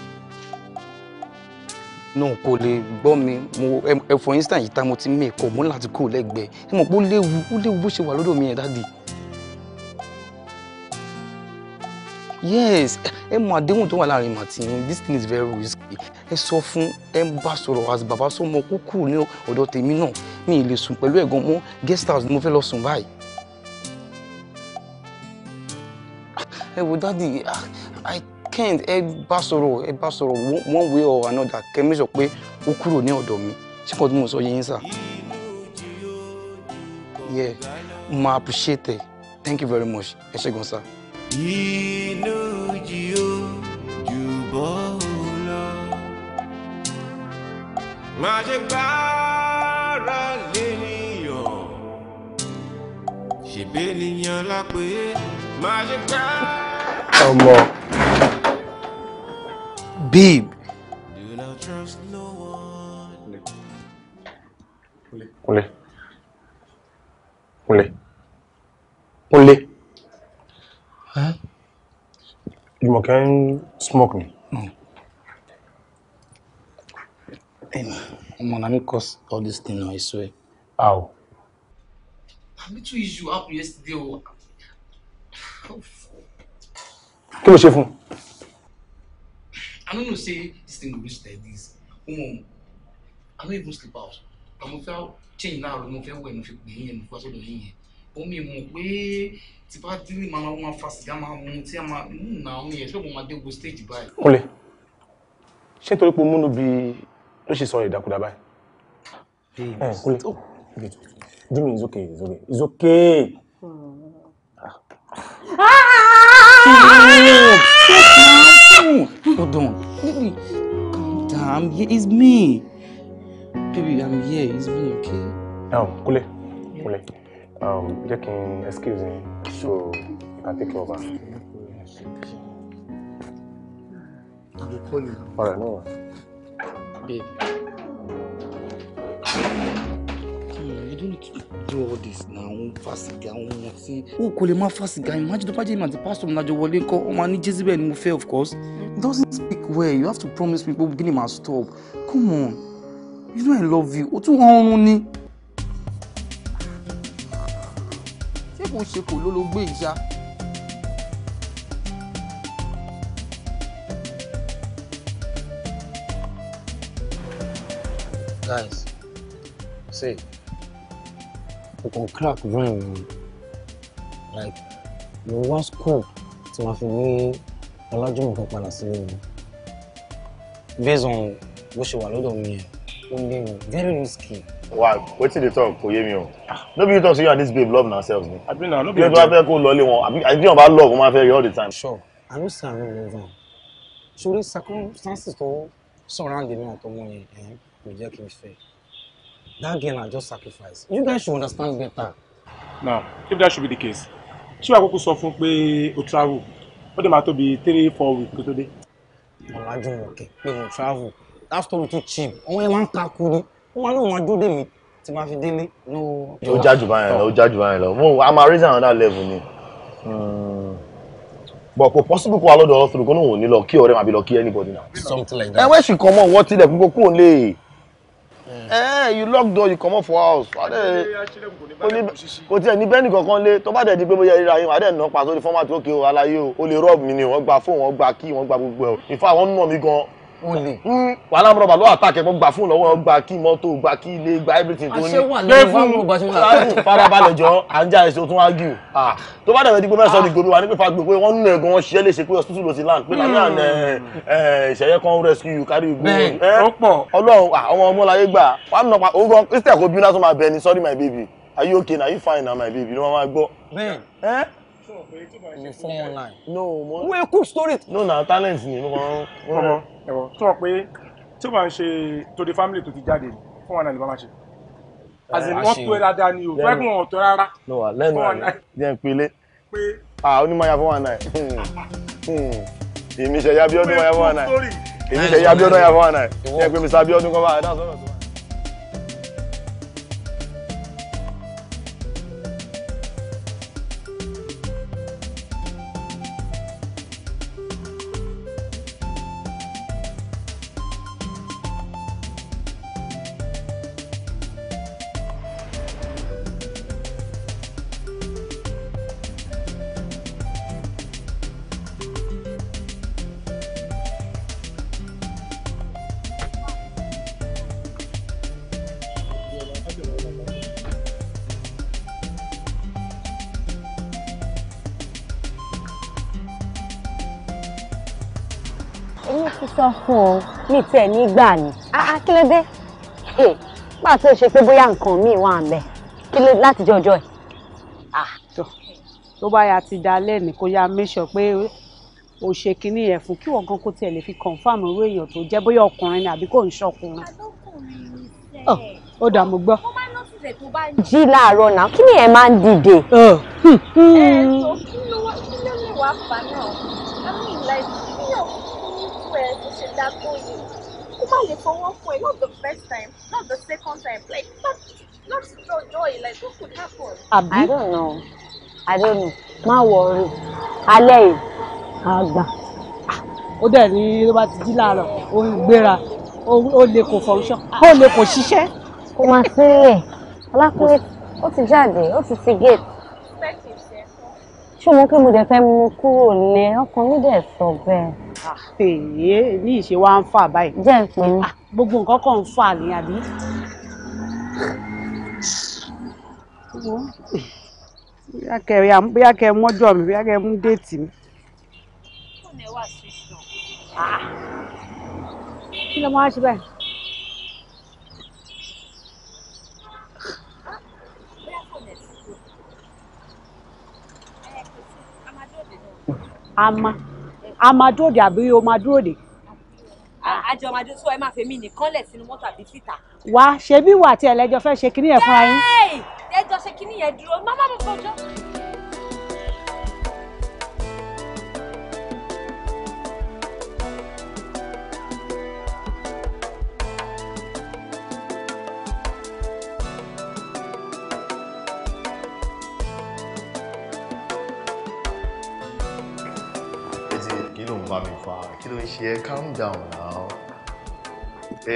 no kò lè gbọ́ mi mo ẹ for yìí tá mo ti mẹ́ ẹ̀kọ́ mo láti kó lẹ́gbẹ̀ẹ́ ẹ mọ̀ pé ó léwu ó léwu bó ṣe wà lọ́dọ̀ mi yẹn dáàdì. yes ẹ mọ àdéhùn tó wà láàrin mà this thing is very risky ẹ sọ fún ẹ ń bá sọ̀rọ̀ as bàbá sọmọ kúkú ní ọ̀dọ̀ tèmi náà mi ì lè sùn pẹ̀lú ẹ̀gbọ́n mọ́ guest house ni mo fẹ́ lọ sùn báyìí. Ah, ẹ wo dáàdì ah, i weekend ẹ bá sọ̀rọ̀ ẹ bá sọ̀rọ̀ one way or another kẹ́mi sọ pé ó kúrò ní ọ̀dọ̀ mi ṣé kò tí mo sọ yín sà. yeah ma appreciate it thank you very much ẹ ṣé gan sà. inú jí ó jù bọ́ lọ má ṣe gbára lé nìyàn ṣèbéèyàn lápè má ṣe gbára. ọmọ babe. Kúnlé. Kúnlé. Kúnlé. Jùmọ̀kẹ́ ń smoke ni. Man, I didn't cause all this thing I swear. How? I'm too issue up yesterday. Oh. Kí ló ṣe fún un? I don't know say this thing go reach like this. Um, I don't even sleep out. I Àmọ́ fẹ́ change now. mo fẹ́ wẹ̀ mo fi pè é yẹn mo fẹ́ sọ́dọ̀ yín yẹn. Omi mọ̀ pé tí bá dín máa máa fa sìgá máa mu tí a máa mú hmm, nà àwọn yẹn ṣé mo máa dé wo stage báyìí. Kúnlẹ̀, ṣé torí pé múnú bí ló ṣe sọ ìdàkudà báyìí? Eh, Kúnlẹ̀, Jimmy it's okay it's okay it's okay. Hmm. Ah! Ah! down. Hold on. Baby, calm down. I'm here. It's me. Baby, I'm here. It's me, okay? Um, Kule. Yeah. Kule. Um, Jẹ́ kí excuse me. So, I can take over. I will call you. Alright, no Baby you do all this na òun fa sìgá òun mu sí. o kò lè má fa sìgá imagine tó bá jẹ́ ìmọ̀ àti pásítọ̀ ọ̀nàjọ wọlé kọ́ ọmọ ní jezebel ni mo fẹ́ of course doesn't speak well you have to promise me, people beginning ma stop come on you know I love you o tún ọrùn ni. ṣé kò ṣe kò ló ló gbé ìjà. Guys, see mo kàn crack brain mi like mo wá scope tí wọ́n fi ní ọlájúmọ̀ kan padà sílé mi based on bó ṣe wà lọ́dọ̀ mi yẹn ó lé very risky. wa wetin dey talk kò yé mi o no be you talk say you and this babe love na self ni abi na no be you talk fẹ́ kó lọ lé wọn abi àbí wọn bá love wọn máa fẹ́ yọ all the time. sure i know say i no love am sori circumstances tó surround me àtọmọ yẹn eh, kò jẹ́ kí n fẹ́. That girl I just sacrificed. You guys should understand better. Now, if that should be the case, she will go sọ fún pé o travel But the matter be three four weeks today. tó I don't okay. mo travel that's story too cheap àwọn ẹ̀ wá ń takú ni wọ́n wá lóun ọjọ́ dé mi tí máa fi délé. ó jájú báyẹn lọ ó jájú báyẹn a reason on that level ni hmm. but kò possible kó wa lọ́dọ̀ ọ̀rọ̀ sọ̀rọ̀ kó ní òun lucky. lọ kí ọ̀rẹ́ màbí anybody now. something like that. ẹ wẹ́n ṣì kọ́ mọ́ wọ́n tilẹ̀ fún kókó lè ẹ eh, eh, you lock door you comot for house adé kò tiẹ̀ ní bẹ́ẹ̀nì kankan lé tó bá dẹ̀ di pé bóyá ríra yín adé nà pa sórí fọ́mátì òkè o aláyé o ó lè rọ́ọ̀bù mi ni wọ́n gba fóònù wọ́n gba kí wọ́n gba gbogbo ẹ̀ ìfà mí gan olè hmm. wàhálà mọ̀rọ̀ bàlọ́ àtàkẹ́ mọ́ gbà fún lọ́wọ́ gba kí mọ́tò gba kí ilé gba everything tó ní gbé fún farabalẹ̀ jọ àjà ẹ̀sìn tó ń ágìw tó bá dẹ̀rẹ̀ dígbò mẹ́sàn-án ìgboro ah. wa ní gbogbo wọn nínú ẹ̀gàn wọn ṣiṣẹ́ lè ṣe pé hospital ló ti land pé lànà hmm. ìṣẹ̀yẹ kan rescue you carry you go ọlọ́run àwọn ọmọláyé gbà wà nínú pa òun christian kò bí lásán máa bẹ ni sorry my baby are you okay na you fine na my baby ni wọ́n máa gbọ́ you mm, form online. no mo. wọ́n cook story. no na talent ni mo kàn. ọmọ ẹ̀wọ̀ tó mọ̀ pé tí o bá ń ṣe to the family tó ti jáde fún wa náà lè bá máa ṣe. àti eh, wọ́n tó ẹ dáadáa ni o fẹ́ kí wọ́n tó rárá. no wa lẹ́nu àná jẹ́ n pele. pé ah onímọ̀ya fún wa náà hmm, hmm. èmi ṣẹ̀yà bí ọdún mọ̀ya fún wa náà èmi ṣẹ̀yà bí ọdún mọ̀ya fún wa náà jẹ́ pé mr bí ọdún kan bá a dá sọ́rọ̀ tó wà. mi tiẹ̀ nígbà ni ah, ah, kí ló dé eh, bá tó ṣe pé bóyá nǹkan míì wà ń bẹ kí láti jọjọ ẹ. Ah, tó bá ya ti da lẹ́nu kó ya make pé o ṣe kinní yẹn fún kí wọ́n gan kó tiẹ̀ lè fi confam irú èèyàn tó jẹ́ bóyá ọkùnrin ni àbí kò ń ṣọkùnrin. Oh, ó dà gbọ́. jí láàárọ̀ náà kí ni ẹ máa ń dìde. ẹ oh, ẹ hmm, hmm. eh, tó kí ló wá kí ló lè wá fà náà. má lè fọwọ́ fún not the first time not the second time like not not jọjọ yìí like what could happen. àbí i don't know i don't know má wọrí alẹ́ yìí àgbà. ó dẹ̀ ní ló bá ti jí láàárọ̀ ó ń gbéra ó lè kò function ó lè kò ṣiṣẹ́. kò máa sílẹ̀ ọlákùnrin ó ti jáde ó ti ti gate ṣé o mọ̀ pé mo dẹ̀ fẹ́ mú kúrò lé ọkàn mi dẹ̀ sọ bẹ́ẹ̀ èyí ah, eh, ní ìṣe wa ń fà báyìí. jẹ́ ìpè ah, gbogbo nǹkan kan ń fà ní àbí. bóyá kẹ mọ́jọ́ mi bóyá kẹ mú déètì mi. Ah. kí ló máa ṣe báyìí. ama a máa dúró dè àbí o máa dúró dè. àjọ máa dúró sọ ẹ máa fẹ́ mí nìkan lẹ̀ sínú mọ́tò àbí síta. wá ṣebí wà tí ẹlẹ́jọ́ fẹ́ ṣe kinní yẹn fúnra yín. ẹjọ́ ṣe kinní yẹn dúró má má mọ̀ fọjọ́. bá mi fa kí ló ń ṣe ẹ calm down now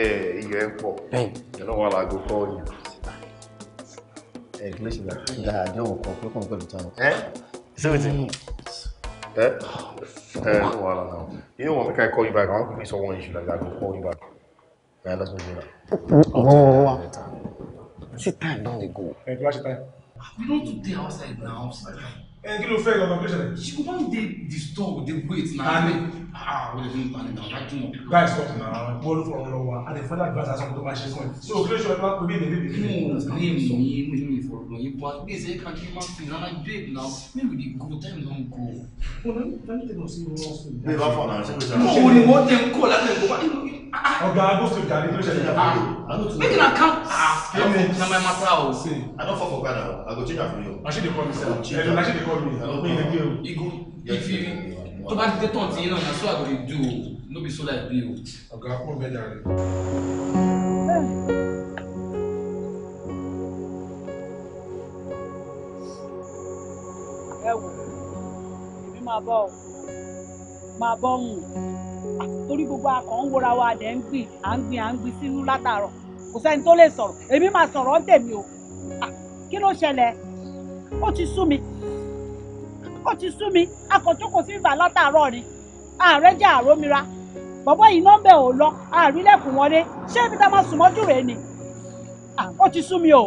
ẹ iyọ̀ ẹ pọ̀ ẹ lọ́wọ́ alágò kọ́ ọ̀yàn ẹ kí ló ṣe dá dá àdéhùn kan pé kàn pẹ̀lú táwọn ẹ ṣé o ti hmm. ẹ ẹ lọ́wọ́ alágò you know what make I call you back I wan quickly solve one issue like that I go call you back na let's move on. wọ́n wọ́n wọ́n see time don dey go. ẹ kí wá ṣe time. we don too dey outside now see ẹ eh, kí ló fẹ́ ọ̀gá kí ló ṣẹlẹ̀. she go wan dey disturb dey wait na. ani ah wọ́n ah, lè fún mi pàdé náà láti mọ̀. guy stop na bọ́ọ̀lù fọ̀rọ̀ lọ wa and the father advice as to ma ṣe fún ẹ. so kí ló ṣe ọ̀gá pé mi ì lè bèbè. kí mo rí èmi yín mi mi ìfọ̀rọ̀ lọ yín but bí ẹsẹ̀ kan kí n máa fi nana babe na mi we dey go time don go. mo náà ní tẹ́lẹ̀ tẹ́lẹ̀ sí i wọ́n sùn. bí ẹ bá fọ̀ náà ṣe pé sọ ọgbà agbóso ìjà ní tó ṣẹlẹ̀ yàtọ̀. Ah, make una count. kéèmí na my matter o. i don fall for ghana i go change am for you. na she dey call me sef ẹnu na she dey call me mi dey o. igu if you tó bá dé tán tí yín náà na so i go dey do o no be so like be o. ọ̀gá kò bẹ́ẹ̀ dàrú. ẹ wò èmi máa bọ́ máa bọ́ ọ̀hún torí gbogbo akọ̀ ń wora wa dẹ̀ ń gbìn à ń gbìn à ń gbìn sínú látàárọ̀ kò sẹ́ni tó lè sọ̀rọ̀ èmi máa sọ̀rọ̀ ń tèmi o kí ló ṣẹlẹ̀ ó ti sú mi ó ti sú mi akọ̀jókòó sí ìgbà látàárọ̀ ni ààrẹ jẹ́ àrómira bọ̀bọ́ yìí nọ́mbẹ̀ ò lọ àrílẹ̀kùn wọlé ṣé ibi tá a máa sùn mọ́jú rèé ni ó ti sú mi o.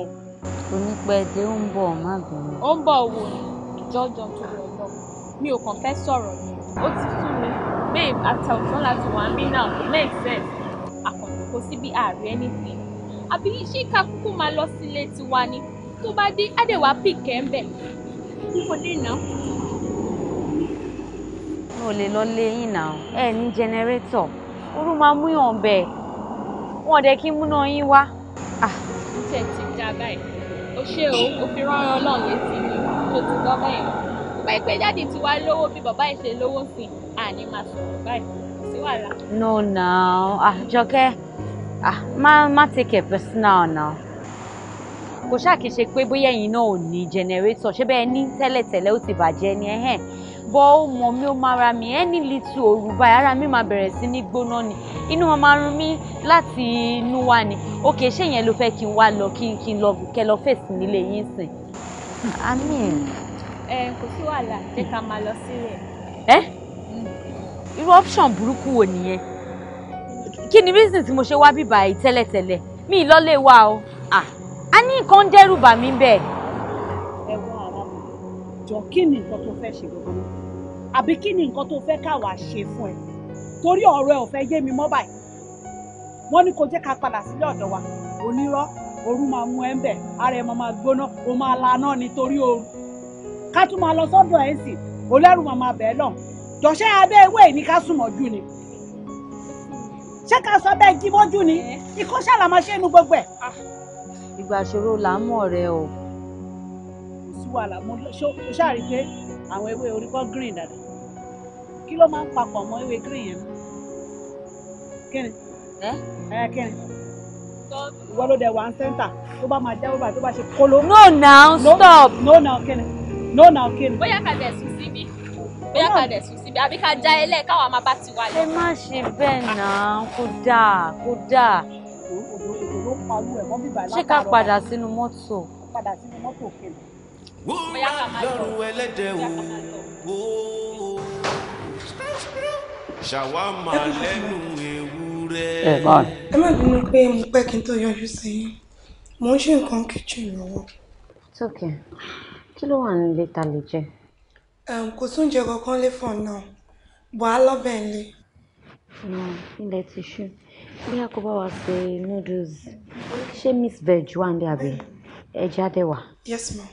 onípẹ̀dé ó ń bọ̀ má bínú. ó ń bọ̀ wò ni jọ́jọ́ tó rẹ̀ lọ mi ò kàn fẹ́ sọ̀rọ̀ ni ó ti sú mi babe àtàwùjọ láti wà ń bí now, kò make sense àkànlò kò síbi ààrẹ anything àbí ṣé ká kúkú máa lọ sílé tiwa ni tó bá dé àdèwà pìkẹ́ ń bẹ̀ kúkú dé náà. mi ò lè lọ lé yín náà ẹ ní jẹnẹrétọ̀ ooru máa mú yàn bẹ́ẹ̀ wọn dẹ̀ kí múná yín wá. Ah. ó tẹ̀ ti dá báyìí ó ṣe o ó fi rán ọlọ́run létí mi ó ti gbọ́ bẹ́ẹ̀ pẹ́pẹ́ jáde tí wàá lówó bí bàbá ẹ̀ ṣe lówó sí àní máa sọ̀rọ̀ báyìí sí wàhálà. no na ah Jọkẹ́ ah má má take it personal na kò ṣáà kìí ṣe pé bóyá ẹ̀yin náà ò ní jẹnẹrétọ̀ ṣé bẹ́ẹ̀ ní tẹ́lẹ̀tẹ́lẹ̀ ó ti bàjẹ́ ni ẹ̀hẹ́n bọ́ ó mọ̀ mí ó máa ra mi ẹni litu òru báyìí ara mi máa bẹ̀rẹ̀ sí ní gbóná ni inú wọn máa rún mí láti inú wa ni òkè ṣé yẹn ló fẹ́ kí n wá lọ kí n lọ kẹ lọ fèsì nílé yín sìn. amín. Eh, kò sí wàhálà jẹ́ ká máa lọ sílẹ̀. ẹ eh? mm. irú option burúkú wo nìyẹn kí ni reason tí mo ṣe wá bíbá yìí tẹ́lẹ̀tẹ́lẹ̀ mi ì lọ́lé wa o a ní nǹkan ń dẹ́rù bà mí bẹ́ẹ̀. ẹ wá arábìnrin jọ kí ni nǹkan tó fẹ́ ṣe gbogbo àbí kí ni nǹkan tó fẹ́ káwa ṣe fún ẹ torí ọ̀rọ̀ ẹ ò fẹ́ yé mi mọ́ báyìí wọ́n ní kó jẹ́ ká padà sílé ọ̀dọ̀ wa onírọ́ ooru máa mú ẹ ń bẹ̀ ara ẹ máa gbóná o máa laná nítorí ooru ká tún máa lọ sọ́dọ̀ ẹ̀ sì olẹ́rù màmá bẹ́ẹ̀ lọ jọ̀ṣẹ́ abẹ́ ewé ní ká sùnmọ́jú ni ṣé ká sọ bẹ́ẹ̀ jí mọ́jú ni eh. ikọ́ ṣàlà máa ṣe inú gbogbo ẹ̀. Ah. ìgbà ṣòro là ń mọ̀ rẹ o. kò sí wàhálà mo ṣáàrí pé àwọn ewé orí kọ́ green dada kí ló máa ń papọ̀ mọ́ ewé green yẹn kíni ẹ eh? eh, kíni ìwọ ló dẹ̀ wà ń sẹ́ńtà tó bá máa jáwé báyìí tó bá ṣe kóló. no now stop. no now kíni no now okay ni. bóyá kàdé sùn síbí bóyá kàdé sùn síbí àbí ká já ẹ lẹ́ẹ̀ káwa máa bá ti wà lọ. ẹ má ṣe bẹ́ẹ̀ náà kó dáa kó dáa. ṣé ká padà sínú mọ́tò. padà sínú mọ́tò it's okay kí ló wà nílé ta lè jẹ. kò sóúnjẹ kankan lé fún ọ náà wàá lọ́bẹ̀ ńlẹ̀. ilẹ̀ ti ṣú bí a kò bá wa ṣe noodles ṣé miss veg wà ní àbí ẹja dẹ wà. yes ma.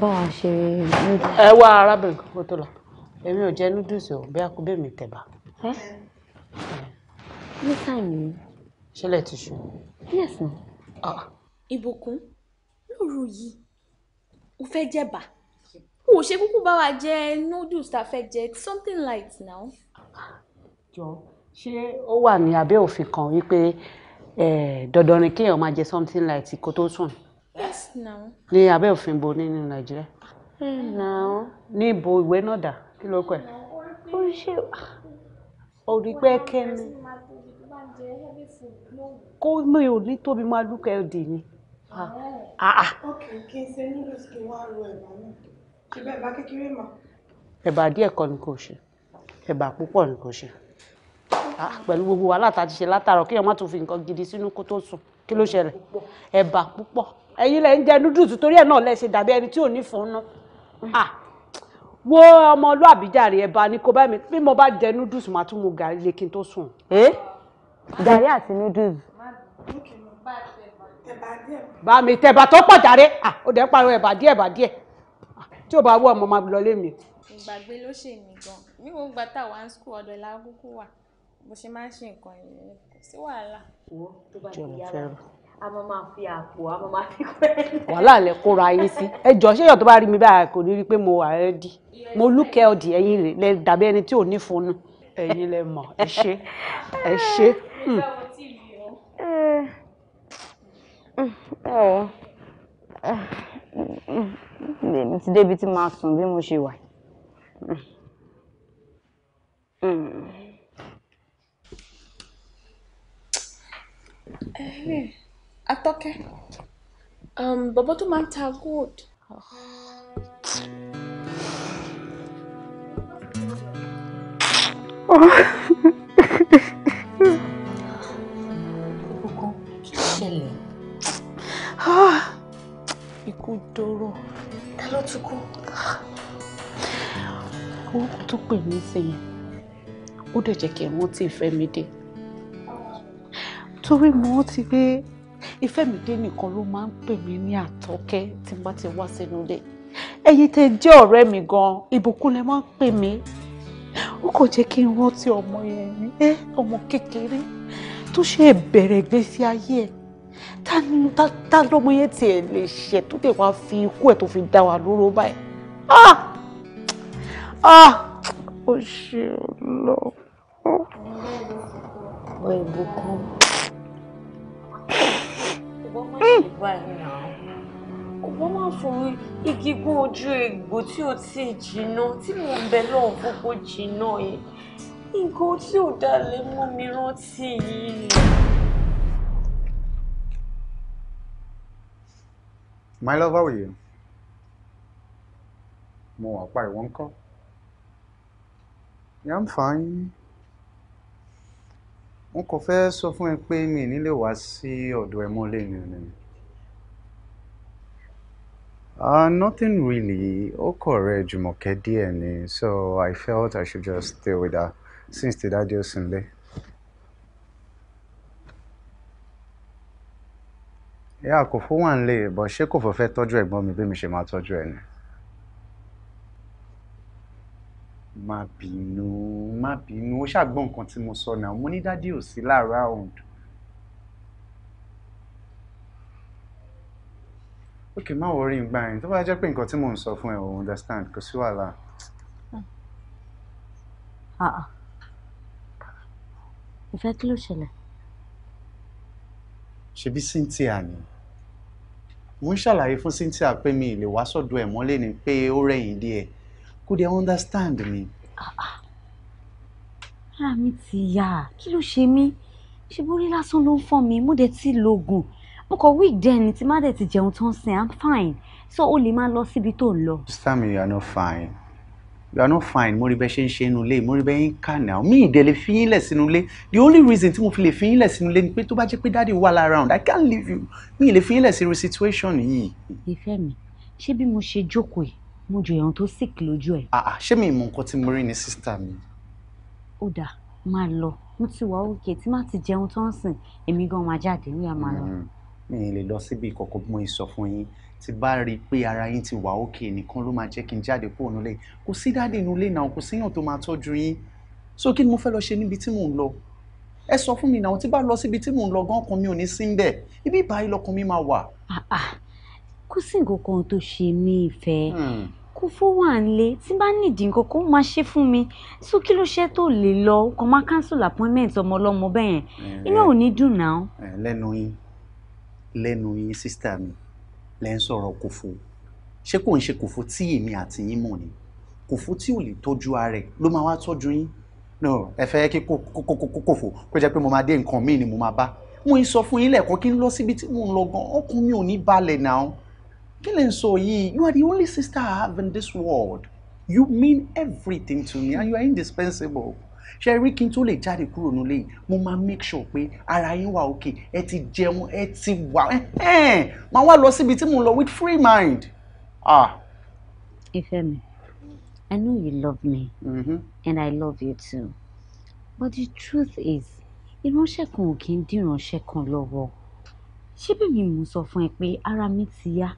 bá wa ṣe noodles. ẹ wá arábìnrin kan kó tó lọ èmi ò jẹ noodles o bí a kò bẹ́ẹ̀ mi tẹ̀ bá. ní sáìmì. ṣẹlẹ̀ ti ṣú. yes ma. Ah. ìbùkún lóru yìí o fẹ́ jẹ ba o ò ṣe kúkú bá wa jẹ noodles tá a fẹ́ jẹ something light now. jọ ṣé ó wà ní abẹ́ òfin kan wípé dandan ni kéèyàn máa jẹ something light kó tó sùn. yes now. ní abẹ́ òfin bo nínú nàìjíríà. Hmm, ní ibo ìwé náà dà kí ló pẹ́. ó ṣe orí kẹ́ni kó mi ò ní tóbi máa lúkẹ́ òdì ni. Ah. Ah, ah. ẹ̀bà díẹ̀ kọ́ ni kò ṣe ẹ̀bà púpọ̀ ni kò ṣe pẹ̀lú gbogbo wàhálà tá a ti ṣe látàárọ̀ kí ọmọ tó fi nǹkan gidi sínú kó tó sùn kí ló ṣẹlẹ̀ ẹ̀bà púpọ̀ ẹ̀yin lẹ ń jẹ noodles torí ẹ̀ náà lẹ ṣe dàbí ẹni tí ò ní fọ́nà wo ọmọlúàbí jàre ẹ̀bà ni kò bá mi bí mo bá jẹ noodles màá tún mu gàrí lé kí n tó sùn. Eh? gàrí àti noodles bá mi tẹ ẹ̀bà tó pọ̀ jàre ó dẹ̀ pariwo ẹ̀bà díẹ̀ ẹ̀bà díẹ̀ tí ò bá wú ọmọ máa lọ lé mi. ìgbàgbé ló ṣe mí gan mi ò gbà tá wà ń sùkúù ọ̀dọ̀ ìlà kúkú wà bó ṣe máa ń ṣe nǹkan ìrìn kò sí wàhálà. wo tó bá ti yára a máa máa fi àpò a máa máa fi pẹ́ẹ́lẹ́. wàhálà lẹ kóra yín sí ẹ jọ ṣé èèyàn tó bá rí mi báyà kò ní rí i pé mo wà ẹ di mo lúkẹ ọdì ẹ̀yin rẹ dàbí ẹni tí ò ní funu ẹ̀yin lẹ mọ̀ ẹ ṣé ẹ ṣé. Hmm ẹwọ èmi ti débi tí màá sùn bí mo ṣe wà eh, atọ́kẹ́ um, bàbá tó máa ń ta gold. Oh. *laughs* Ah. ikú dóró. ta ló tún kú. owó kan tó pè mí sí yẹn ó dẹ̀ jẹ́ kí n rántí ìfẹ́ mi dé torí mo rántí pé ìfẹ́ mi dé nìkan ló máa ń pè mí ní àtọ́kẹ́ tí n bá ti wá sínú ilé ẹ̀yin tẹ́ jẹ́ ọ̀rẹ́ mi gan ìbùkún lẹ máa ń pè mí ó kò jẹ́ kí n rántí ọmọ yẹn ní ọmọ kékeré tó ṣe bẹ̀rẹ̀ ìgbésí ayé ẹ̀ tá lọ́mọ yẹn tiẹ̀ lè ṣe tó tẹ̀ wá fi ikú ẹ̀ tó fi dá wa lóró báyìí ah ah ó ṣe lọ. ọ̀ ìbò kan. ìbọn máa ń hmm. bá ẹ̀ náà ọgbọ́n máa fòrò igi gún ojú egbò tí ó ti jìnnà tí mò ń bẹ lọ́hùn gbogbo jìnnà yìí nǹkan tí ò dalẹ̀ mú mi rántí yìí. My love, how are you? More wà pa ìwọ ńkọ́? Yeah, I'm fine. N kò fẹ́ sọ fún ẹ pé mi nílé wá sí ọ̀dọ̀ ẹ mọ́ lẹ́nu ni. Uh, nothing really. Ó kọ̀ rẹ̀ Jùmọ̀kẹ́ díẹ̀ ni, so I felt I should just stay with her since tí dájú ò ìyá kò fún wà nílé bọ̀ ṣé kò fọ́ fẹ́ tọ́jú ẹ̀gbọ́n mi bí mi ṣe máa tọ́jú ẹ̀ ni. má bínú má bínú ó ṣàgbọ́n nǹkan tí mo sọ náà mo ní dádì ò sí láàárọ̀ àwọn. ok má wọrí ìgbà yẹn tó bá jẹ́ pé nǹkan tí mò ń sọ fún ẹ ò understand kò sí wàhálà. Ah, ah. ìfẹ́ kí ló ṣẹlẹ̀. ṣebí Cynthia ni mo ń ṣàlàyé fún Cynthia pé mi lè wá sọ́dọ̀ ẹ̀ mọ́lẹ̀ ni pé ó rẹ̀yìn díẹ̀ kó dé understand mi. Ah, ah. ara mi ti yá kí ló ṣe mí ṣe borí lásán ló ń fọ́ mi mo dẹ̀ ti lo oògùn mo kọ wíìg dẹ́ ni tí má dẹ̀ ti jẹun tán sin i'm fine so o lè máa lọ síbi tó ń lọ. This time you are not fine you are not fine mo rí bẹ́ẹ̀ ṣe ń ṣe inú ilé mo rí bẹ́ẹ̀ yín kà náà mi ì dẹ̀ sínú ilé the only reason tí mo fi lè fi yín lẹ̀ sínú ilé ni pé tó bá jẹ́ pé dáàdi wà around i can't leave you mi ì lè sínú situation yìí. ìfẹ́ mi ṣé bí mo ṣe jókòó yìí mo jọ èèyàn tó sick lójú ẹ̀. àà ah, ah, ṣé mi ìmọ̀ nǹkan tí mo rí ni sister mi. ó dáa máa lọ mo ti wà òkè tí má ti jẹun tó sìn èmi gan máa jáde ní àmàlà. Mm-hmm. mi ì lè lọ síbi ìkọ̀kọ̀ ti bá rí i pé ara yín ti wà òkè nìkan ló máa jẹ́ kí n jáde kúrò nílé kò sí dáàdì inú ilé náà kò séèyàn tó máa tọ́jú yín so kí ni mo fẹ́ lọ ṣe níbi tí mò ń lọ ẹ sọ fún mi náà tí bá lọ síbi tí mò ń lọ gan ọkàn mi ò ní sí ń bẹ̀ ibi ìbáyìí lọkàn mi máa wà. kò sí nǹkan kan tó ṣe mí ìfẹ́ hmm. kò fowó à ń lé tí bá nídìí nǹkan kó máa ṣe fún mi so kí ló ṣe tó lè lọ kó máa cancel appointment ọmọ ọlọ́mọ bẹ́ẹ̀ yẹn eh, inú ò ní dùn náà. Eh, lẹ́nu yín lẹ́nu yín sísítà mi lẹ́ ń sọ̀rọ̀ kòfó ṣé kò ń ṣe kòfó tí èmi àti yín mọ̀ ni kòfó tí ò lè tọ́jú ara rẹ̀ ló máa wá tọ́jú yín no ẹ fẹ́ kí kòfó kó jẹ́ pé mo máa dé nǹkan míì ni mo máa bá mo ń sọ fún yín lẹ́ẹ̀kan kí n lọ síbi tí mo ń lọ gan ọkàn mi ò ní balẹ̀ náà kí lè sọ yìí you are the only sister I have in this world you mean everything to me and you are indispensable ṣe rí kí n tó lè jáde kúrò nílé yìí mo máa make sure pé ara yín wà òkè ẹ ti jẹun ẹ ti wà máa wá lọ síbi tí mo lọ with free mind. Ah. ìfẹ́ mi I know you love me mm-hmm. and I love you too but the truth is ìránṣẹ́ kan ò kí ń dìránṣẹ́ kan lọ́wọ́ ṣé bẹ́ẹ̀ mo sọ fún ẹ pé ara mi ti yá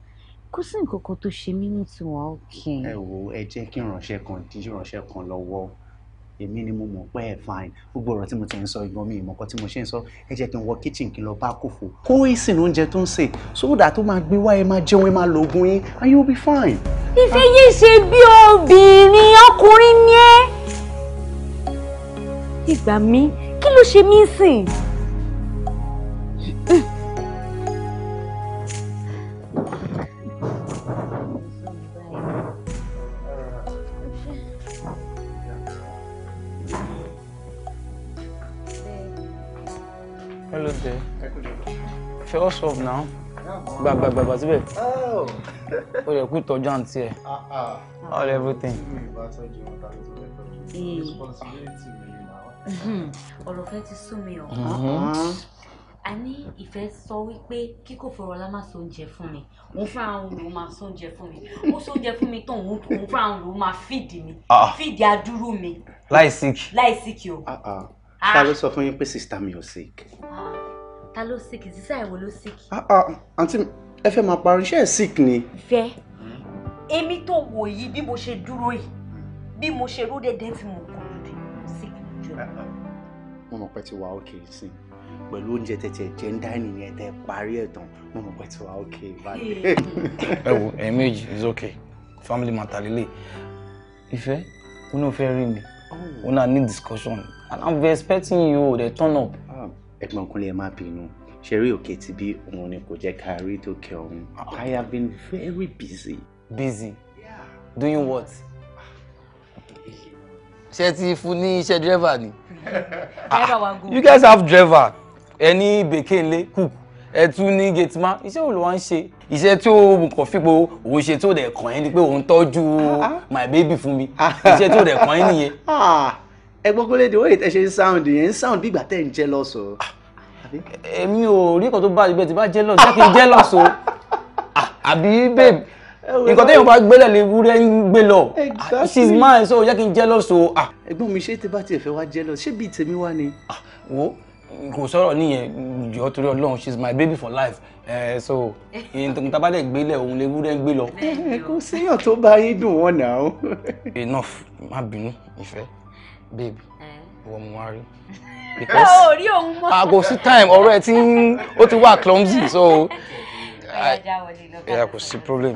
kò sí nǹkan kan tó ṣe mí ní tiwọn òkè. ẹ wo ẹ jẹ́ kí ìránṣẹ́ kan dí ìránṣẹ́ kan lọ́wọ́ èmi ni mo mọ̀ pé ẹ̀ fine gbogbo ọ̀rọ̀ tí mo ti ń sọ ìgbọ́n mi ìmọ̀kọ́ tí mo ṣe ń sọ ẹ jẹ́ kí n wọ kitchen kí n lọ bá kòfò kó ìsìn oúnjẹ tó ń sè sódà tó máa gbé wá ẹ máa jẹun ẹ máa lo oògùn yín and you will be fine. ìfẹ́ yìí ṣe bí obìnrin ọkùnrin ni ẹ́ ìgbà mi kí ló ṣe mí sìn. what's up now? Gba gba gba gba síbẹ̀. Oh. O lè kú tọ́jú àǹtí ẹ̀. Ah, ah. All everything. Mm. Mm-hmm. Ọ̀rọ̀ fẹ́ ti sú mi ọ̀. Mm-hmm. A ní ìfẹ́ sọ wípé kí kò fọ̀rọ̀ lá máa sóúnjẹ fún mi. Òun fúnra òun ló máa sóúnjẹ fún mi. Ó sóúnjẹ fún mi tán òun fúnra òun ló máa fìdí mi. Ah. Fìdí adúrú mi. Láì síkì. Láì síkì o. Ta ló sọ fún yín pé sísítà mi ò síkì? ta ló sick sísá ìwò ló sick. Ah, ah, àǹtí ẹ fẹ́ máa parọ́ iṣẹ́ ẹ̀ sick ni. ìfẹ́ èmi tó wò yìí bí mo ṣe dúró yìí bí mo ṣe róde dé tí mo kọ lóde sick lójú ẹ. mo mọ̀ pé ti wà ókè sí pẹ̀lú oúnjẹ tẹ̀tẹ̀ jẹ́ ń dání ni ẹ tẹ́ parí ẹ̀ tán mo mọ̀ pé ti wà ókè báyìí. ẹ wo ẹ méjì is okay family matter lele ìfẹ́ ó náà fẹ́ rí mi oh. ó need discussion and i'm expecting you to turn up ẹ̀gbọ́n kúnlé ẹ má bínú ṣeré òkè tí bí òun ni kò jẹ́ ká rí tó kẹ òun I have been very busy. busy yeah. doing what? ṣé ti fún ní iṣẹ́ driver ni. *laughs* you guys have driver ẹ ní bèkéńlé cook ẹ tún ní gateman iṣẹ́ wo ló wá ń ṣe iṣẹ́ tí ó kàn fipò òun ṣe tí ó dẹ̀ kàn yín ni pé òun tọ́jú ah, ah. my baby fún mi ah. iṣẹ́ tí ó dẹ̀ kàn yín nìyẹn. *laughs* ẹ gbọ́ kólé de wọ́n yìí tẹ́ ṣe ń sound yẹn ń sound bí ìgbà tẹ́ ń jẹ́ lọ́sọ̀. Ah, èmi ò rí nǹkan tó bá ibẹ̀ tí bá jẹ́ ah, lọ́sọ̀ ah, jẹ́ kí n jẹ́ lọ́sọ̀ àbí babe nǹkan tẹ́yìn bá gbélẹ̀ lè wúrẹ́ ń gbé lọ she is mine so jẹ́ kí n jẹ́ lọ́sọ̀. ẹ̀gbọ́n mi ṣé tí bá tiẹ̀ fẹ́ wá jẹ́ lọ ṣé bíi tèmi wá ni. wo kò sọ̀rọ̀ nìyẹn jọ torí ọlọ́run she is my baby for life ẹ eh, so ìyẹn tó bá dẹ̀ gbélẹ̀ òun lè wúrẹ́ ń gbé lọ. Eh, kò síyàn tó bá yín dùn wọ́n náà. enough má bínú ìfẹ́ babe eh? ìwọ mo wá *laughs* because orí òun mọ́ time ọ̀rọ̀ ẹ ti ń ó ti wà clumsy so *laughs* ẹ kò sí problem.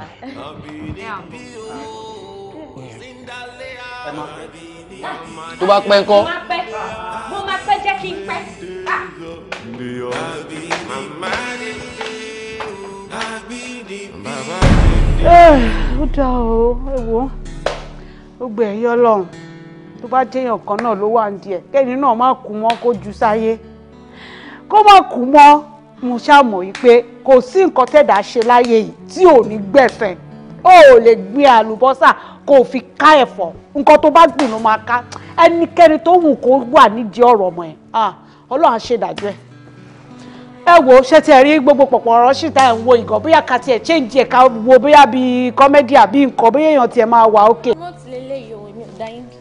tó bá pẹ́ ńkọ́. mo máa pẹ́ jẹ́ kí n pẹ́. Ah. Eh, ó dáa o ẹ ó gbẹ̀yìn ọlọ́run tó bá jẹ́yàn kan náà ló wà nídìí ẹ̀ kẹ́ni náà má kú mọ́ kó ju sáyé kó má kú mọ́ mo ṣàmọ̀ yìí pé kò sí nǹkan tẹ̀dá ṣe láyé yìí tí ò ní gbẹ̀fẹ̀ o ò lè gbin àlùbọ́sà kó o fi ká ẹ̀fọ́ nǹkan tó bá gbìn ló máa ká ẹnikẹ́ni tó wù kó wà nídìí ọ̀rọ̀ ọmọ ẹ̀ ọlọ́run á ṣèdájọ́ ẹ̀ ẹ wo ṣe ti rí gbogbo pọ̀pọ̀ ọ̀rọ̀ síta ẹ̀ ń wo ìgàn bóyá ká tiẹ̀ change ẹ̀ ká wo bóyá bíi comedy àbí nǹkan bóyá èèyàn tiẹ̀ máa wà ókè. mo ti lè lè yòwò mi ò dá yín kí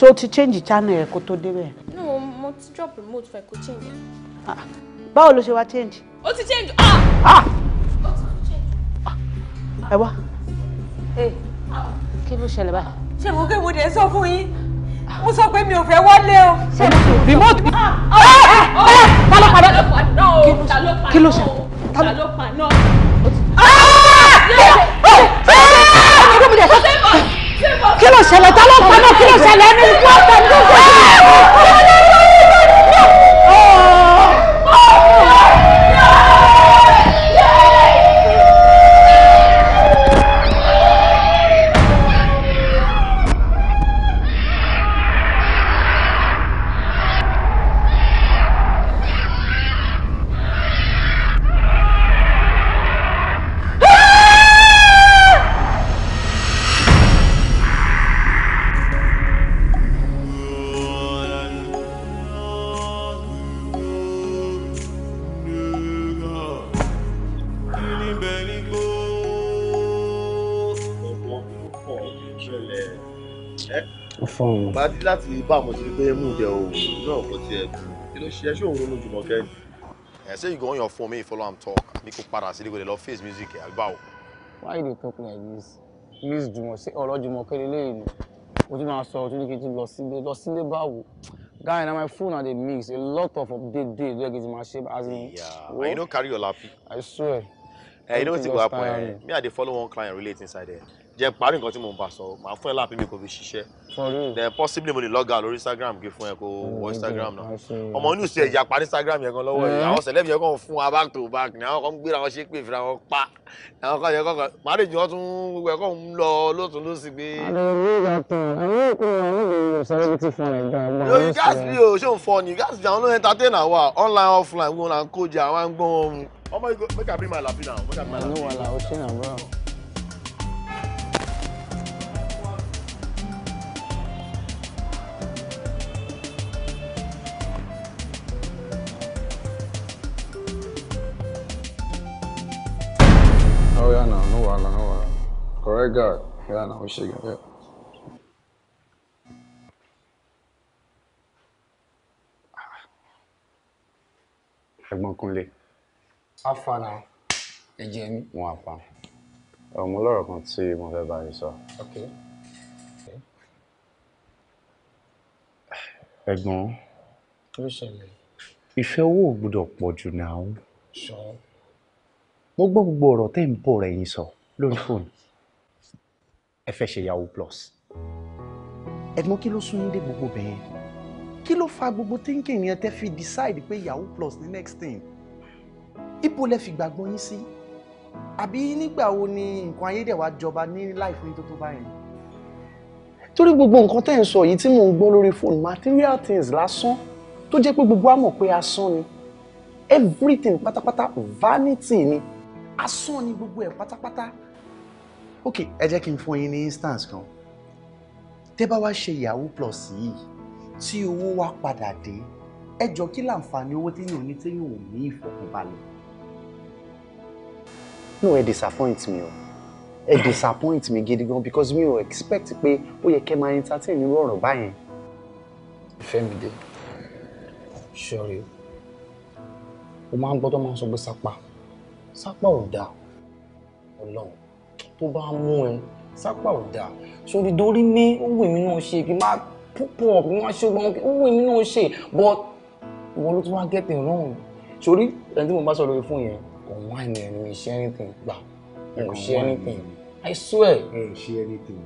ṣé o ti change channel ẹ̀ kó tó débẹ̀. no mo ti drop remote fẹ́ kó change. báwo ló ṣe wá change. ó ti change. ẹ wá. kí ló ṣẹlẹ̀ báyìí. ṣé mo gbé mo dé sọ fún yín mo sọ pé mi ò fẹ́ wọlé o. ṣé mo sọ remote. ta ló pa náà. kí ló ṣe ta ló pa náà. ta ló pa náà kí ló ṣẹlẹ̀ tá ló ń paná kí ló ṣẹlẹ̀ ẹni tó ń bọ̀ bá dí láti bá ọmọ tí pé mú jẹ o náà kò tiẹ̀ kí ló ṣe ẹṣẹ́ òun ronú jùmọ̀ kẹ́. ṣé you go on your phone am talk àbí kò padà sí ìgbòdè lọ face music àbí báwo. why you dey talk like this Miss jùmọ̀ sí ọ̀rọ̀ jùmọ̀ kẹ́lẹ́ lẹ́yìn ni ojú máa sọ ojú ní kí lọ sílé lọ sílé báwo guy na my phone na dey mix a lot of update dey wey get my shape as in. Yeah. and you no carry your lappy. i swear. Uh, you know wetin go happen eh me i dey follow one client relate inside there jẹ́ parí nǹkan tí mo ń bá sọ màá fún ẹ láàpín mi kò fi ṣiṣẹ́ then possibly mo lè log out lórí Instagram kí fún ẹ kó mm, wọ Instagram náà ọmọ news ẹ ìjà parí Instagram yẹn gan lọ́wọ́ yìí eh. àwọn celeb yẹn kàn fún wa back to back ni àwọn kan ń gbéra wọn ṣe pé ìfira wọn pa àwọn kan yẹn kọkàn marriage wọn tún gbogbo ẹ kàn ń lọ lótún lósì gbé. you gats be oh, o ṣé n fọ ni you gats be àwọn ló entertain àwa online offline wọn là ń kó jẹ àwọn à ń gbọ́n wọn mu. ọmọ yìí go make i bring my lapi now make i bring my lapi. right guard. Yeah, no, we should get it. Ẹ̀gbọ́n Kúnlé. Afa na ẹ̀jẹ̀ mi. Wọ́n á Ọmọ ọlọ́rọ̀ kan tí mo fẹ́ bá yín sọ. Ẹ̀gbọ́n. Ló ṣẹlẹ̀. Ìfẹ́ owó ò gbọ́dọ̀ pọ̀ jù náà. Sọ. Mo gbọ́ gbogbo ọ̀rọ̀ tẹ́ ń bọ̀ rẹ̀ yín sọ lórí fóònù ẹ fẹ́ ṣe yahoo plus ẹ̀gbọ́n kí ló sún yín dé gbogbo bẹ́ẹ̀ kí ló fa gbogbo thinking yẹn tẹ́ fi decide pé yahoo plus ni next thing ibo lẹ fi gbàgbọ́ yín sí àbí nígbà wo ni nǹkan ayédèwà jọba ní life ní tó tó báyìí torí gbogbo nǹkan tẹ́ ń sọ yìí tí mò ń gbọ́ lórí fóònù material things lásán tó jẹ́ pé gbogbo àmọ̀ pé asán ni everything pátápátá vanity ni asán ni gbogbo ẹ̀ pátápátá ok ẹ jẹ́ kí n fún yín ní instance kan tẹ́ bá wá ṣe yahoo plus yìí tí owó wá padà dé ẹ jọ kí láǹfààní owó téèyàn ní téèyàn ò ní ìfọkànbalẹ̀. no ẹ disappoint mi o ẹ disappoint mi gidi gan because mi ò expect pé ó yẹ kẹ́ máa entertain irú ọ̀rọ̀ báyẹn. ìfẹ́ mi dé ṣọ́ọ̀rì o máa ń gbọ́dọ̀ máa ń sọ pé sápá sápá ò dáa ọlọ́run tó bá mú ẹ sápà ò dáa sórí dorí mi ó wù mí náà ṣe kí n máa púpọ̀ kí n máa ṣe gbọ́n kí ó wù mí náà ṣe but ìwọ ló tún wá gẹ́tẹ̀ rọrùn sórí ẹni tí mo bá sọ lórí fún yẹn kò wá ní ẹni mi ṣe anything gbà kò ṣe anything I swear. ẹ ṣe anything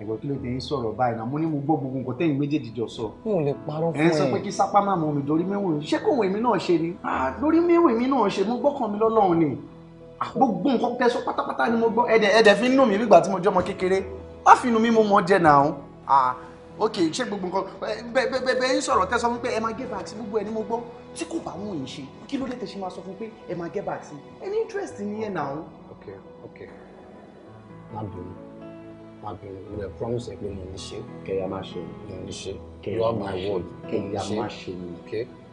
ẹ̀gbọ́n kí ló dé ń sọ̀rọ̀ báyìí náà mo ní mo gbọ́ gbogbo nǹkan tẹ́yìn méjèèjì jọ sọ. n ò lè parọ́ fún ẹ. ẹ ń sọ pé kí sápá máa mọ mi dorí mẹ́wòó ṣé kò wèmí náà ṣe ni. lórí ah, mẹ́wòó mi náà ṣe mo gbọ́kàn mi lọ́lọ́run ni. Ah, gbogbo nǹkan tẹ sọ pátápátá ni mo gbọ́ ẹ̀dẹ̀ ẹ̀dẹ̀ fi ń nù mí nígbà tí mo jẹ́ ọmọ kékeré wá fi nù mí mo mọ̀ jẹ náà ah ok ṣé gbogbo nǹkan bẹ́ẹ̀ bẹ́ẹ̀ bẹ́ẹ̀ ń sọ̀rọ̀ tẹ sọ fún pé ẹ máa gé bàtí gbogbo ẹ ni mo gbọ́ tí kò bá wọn yìí ṣe kí ló dé tẹ ṣe máa sọ fún pé ẹ máa gé bàtí ẹni interest ni yẹn náà. ok ok má bínú má bínú mo lè promise ẹ pé mo ní ṣe kẹyà má ṣe mo ní ṣe you are my word kẹyà má ṣe mi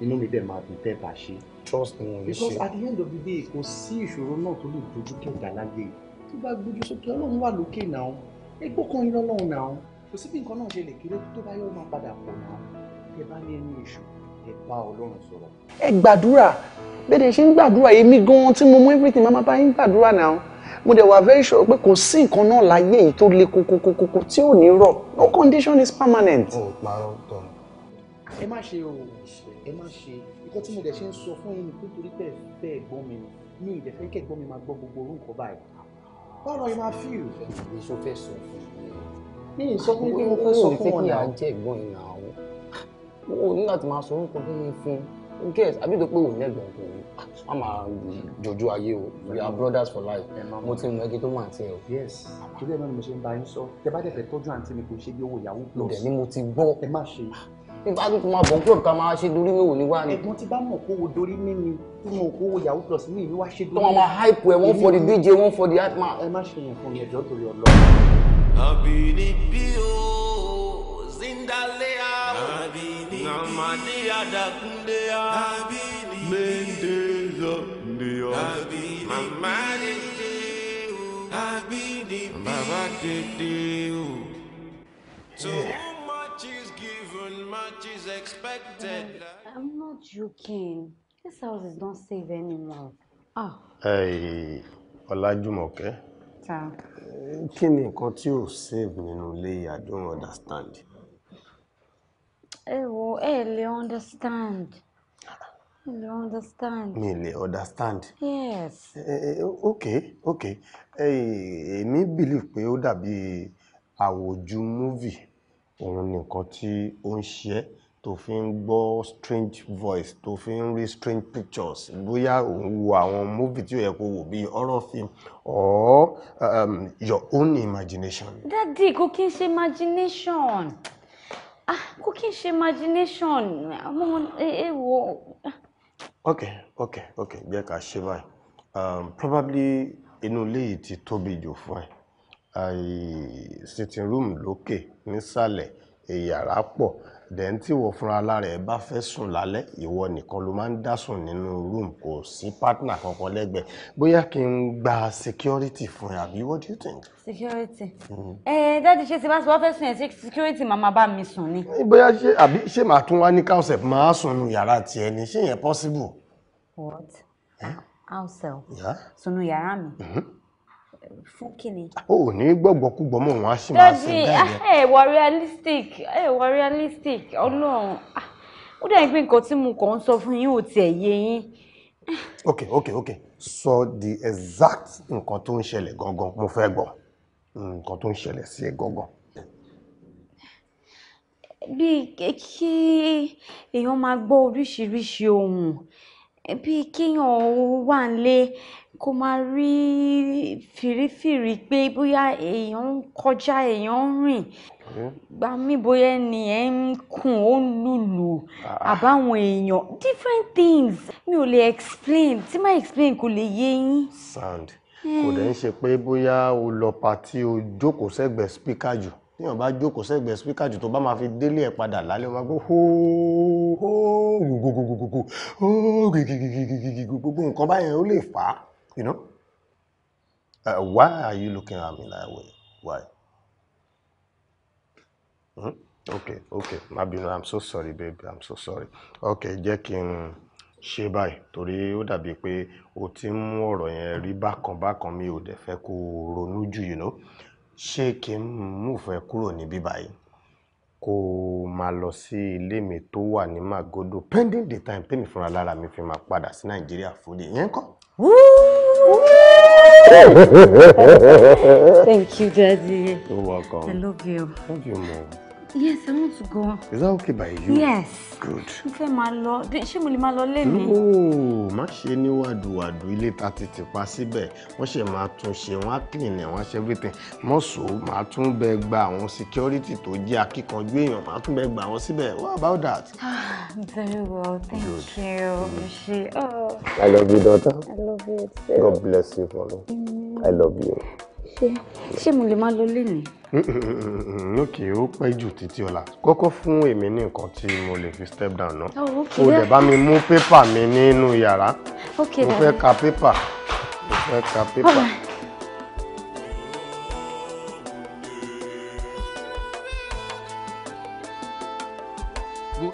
inú mi dẹ̀ máa fi bẹ́ẹ̀ bá ṣe trust ni wọ́n ṣe. because at the end of the day kò sí ìṣòro náà tó lè dojú kẹ̀dá láyé tó bá gbójú sókè ọlọ́run wà lókè náà ẹgbẹ́ kan iná ọlọ́run náà kò síbi nǹkan náà ṣe lè kéré tó bá yọ máa padà pọ̀ náà ẹ bá ní ẹni èṣù ẹ bá ọlọ́run sọ̀rọ̀. ẹ gbàdúrà bẹ́ẹ̀ ṣe ń gbàdúrà èmi gan-an tí mo mú everything máa bá yín gbàdúrà náà mo dẹ̀ wà very sure pé kò sí nǹkan náà láyé èyí tó le kokokokoko tí ò ní rọ̀ no condition is permanent. ó parọ́ tán. ẹ má ṣe o ẹ má ṣe ikọ́ tí mo dẹ̀ ṣe ń sọ fún yín nítorí pé fẹ́ ẹ̀gbọ́n mi ni mi ìdẹ̀ fẹ́ kẹ́gbọ́n mi máa gbọ́ gbogbo orú nǹkan báyìí báwo ni màá fi ìlú fẹ́ ìṣó fẹ́ sọ fún mi ní ìsọfún pé mo fẹ́ sọ fún wọn náà jẹ́ ẹ̀gbọ́n yìí náà o ò ní láti máa sọ orúkọ fún mi fún un gẹ́ẹ̀sì àbí ìdókòwò ò lẹ́gbọ̀n kò ní a máa jọjú ayé o we are brothers for life mo ti mọ ẹgbẹ́ tó máa ti o. yes torí ẹ̀ náà ni mo ṣe ń bá yín sọ tẹ bá dẹ̀ fẹ́ tọ́jú àǹtí mi kò ṣe bí owó ìyàwó plus. ǹdẹ̀ ni mo ti gbọ́. ẹ má ṣe bí bá tó máa bọ̀ kúrò ká máa ṣe dorí mi wò ní wá ni. ẹ̀gbọ́n ti bá mọ̀ kó wo dorí mi ni tí mo kó wo yahoo plus mi ni wá ṣe dorí mi. tọ́wọ́n máa hype ẹ̀ wọ́n fọ di dj wọ́n fọ di atman. ẹ má ṣe yẹn fún mi ẹ̀jọ́ torí ọlọ. àbínibí o zindalea àbínibí namadi adakundeya mendeza ndeya mamadi de o àbínibí baba de de o soon, much is expected. I'm not joking. This house is not safe anymore. Ah. Hey, Ọlájùmọ̀kẹ́. Ta. Kí ni nǹkan tí ò save nínú ilé I don't understand. Ẹ wo ẹ lè understand. Ẹ lè understand. Mi lè understand. Yes. Eh, eh, ok ok. Èmi believe pé ó dàbí àwòjú movie òun ni nǹkan tí ó ń ṣe tó fi ń gbọ́ strange voice tó fi ń rí strange pictures bóyá ò ń wo àwọn movie tí ó yẹ kó wò bíi horror film or um, your own imagination. dadi kò kí n ṣe imagination ah kò kí n ṣe imagination ọmọ ẹ wo. ok ok ok jẹ́ ká ṣe báyìí um, probably inú ilé yìí ti tóbi jù fún ẹ sitting room lókè nísàlẹ̀ ìyàrá pọ̀ then tí ìwọ fúnra lára ẹ bá fẹ́ sùn lálẹ́ ìwọ nìkan ló máa ń dá sùn nínú room kò sí partner kankan lẹ́gbẹ̀ẹ́ bóyá kí n gba security fún ẹ àbí what do you think. security hmm. ẹ dáàdi ṣe ti bá ti wá fẹ́ sùn ẹ ṣe security màmá bá mi sùn ni. Eh, bóyá ṣe àbí ṣé màá tún wá ní káwọsẹ̀ máa sùn nu yàrá tiẹ̀ ni ṣé yẹn possible. what káwọsẹ̀ eh? sùn nù yàrá mi. Mm-hmm fún kìnnì. o ò ní gbọ́gbọ́ kú gbọ́mọ̀ wọn á sì máa ṣe bẹ́ẹ̀ yẹn. ẹ eh, eh, wà realistic ẹ eh, wà realistic ọlọ́run ah, ó dẹ̀ pé nǹkan tí mo kàn ń sọ fún yín ò tiẹ̀ yé yín. ok ok ok sọ so the exact nǹkan tó ń ṣẹlẹ̀ gangan mo fẹ́ gbọ́ nǹkan tó ń ṣẹlẹ̀ sí ẹ gangan. bíi kí èèyàn máa gbọ́ oríṣiríṣi ohun bíi kéèyàn wà ń lé kó máa rí fìrífìrí pé bóyá èèyàn ń kọjá èèyàn ń rìn hm? gba mí bóyá ẹni ẹ ń kùn ó ń lùlù ah. àbáwọn èèyàn different things mi ò lè explain tí má explain kò lè yé yín. sound eh. kò dẹ̀ ń ṣe pé bóyá o lọ pàtí o jókòó sẹ́gbẹ̀ẹ́ speaker jù téèyàn bá jókòó sẹ́gbẹ̀ẹ́ spíkà jù tó bá máa fi délé ẹ̀ padà lálẹ́ wọn gbọ́ hóó gbogbo nǹkan báyẹn ó lè fà á You know? Uh, why are you looking at me that way? Why? Hmm? Okay, okay. Má I'm so sorry, baby. I'm so sorry. Okay, jẹ́ kí n ṣe báyìí torí ó dàbí pé o ti ń mú ọ̀rọ̀ yẹn rí bákan bákan mi ò dẹ̀ fẹ́ kó o ronú jù you know ṣé kí n move ẹ kúrò níbí báyìí kó o máa lọ sí ilé mi tó wà ní Magodo pending the time tèmi fúnra lára mi fi máa padà sí Nàìjíríà fún ìyẹn kọ́. Thank you, Daddy. You're welcome. I love you. Love you more. Yes, I want to go. Is that okay by you? Yes. Good. Mo fẹ́ máa lọ. Ṣé mo lè máa lọ lé mi? No, má ṣe ní wàdùwàdù ilé ta ti ti pa síbẹ̀. Wọ́n ṣe máa tún ṣe, wọ́n clean ẹ̀, wọ́n á ṣe everything. Mọ́sọ̀ máa tún bẹ gba àwọn security tó jẹ́ akíkanjú èèyàn, máa tún bẹ gba àwọn síbẹ̀. What about that? Ah, very well, thank Good. you. Mm. Ṣé. Oh. I love you, daughter. I love you too. God bless you, Fọlọ́. I love you ṣé ṣé mo lè má lọ lénìí. lókè ó pẹ́ jù títí ọ̀la kọ́kọ́ fún èmi ní nǹkan tí mo lè fi step down náà oh, o lè bá mi mú pépà mi nínú yàrá mo fẹ́ ka pépà mo fẹ́ ka pépà.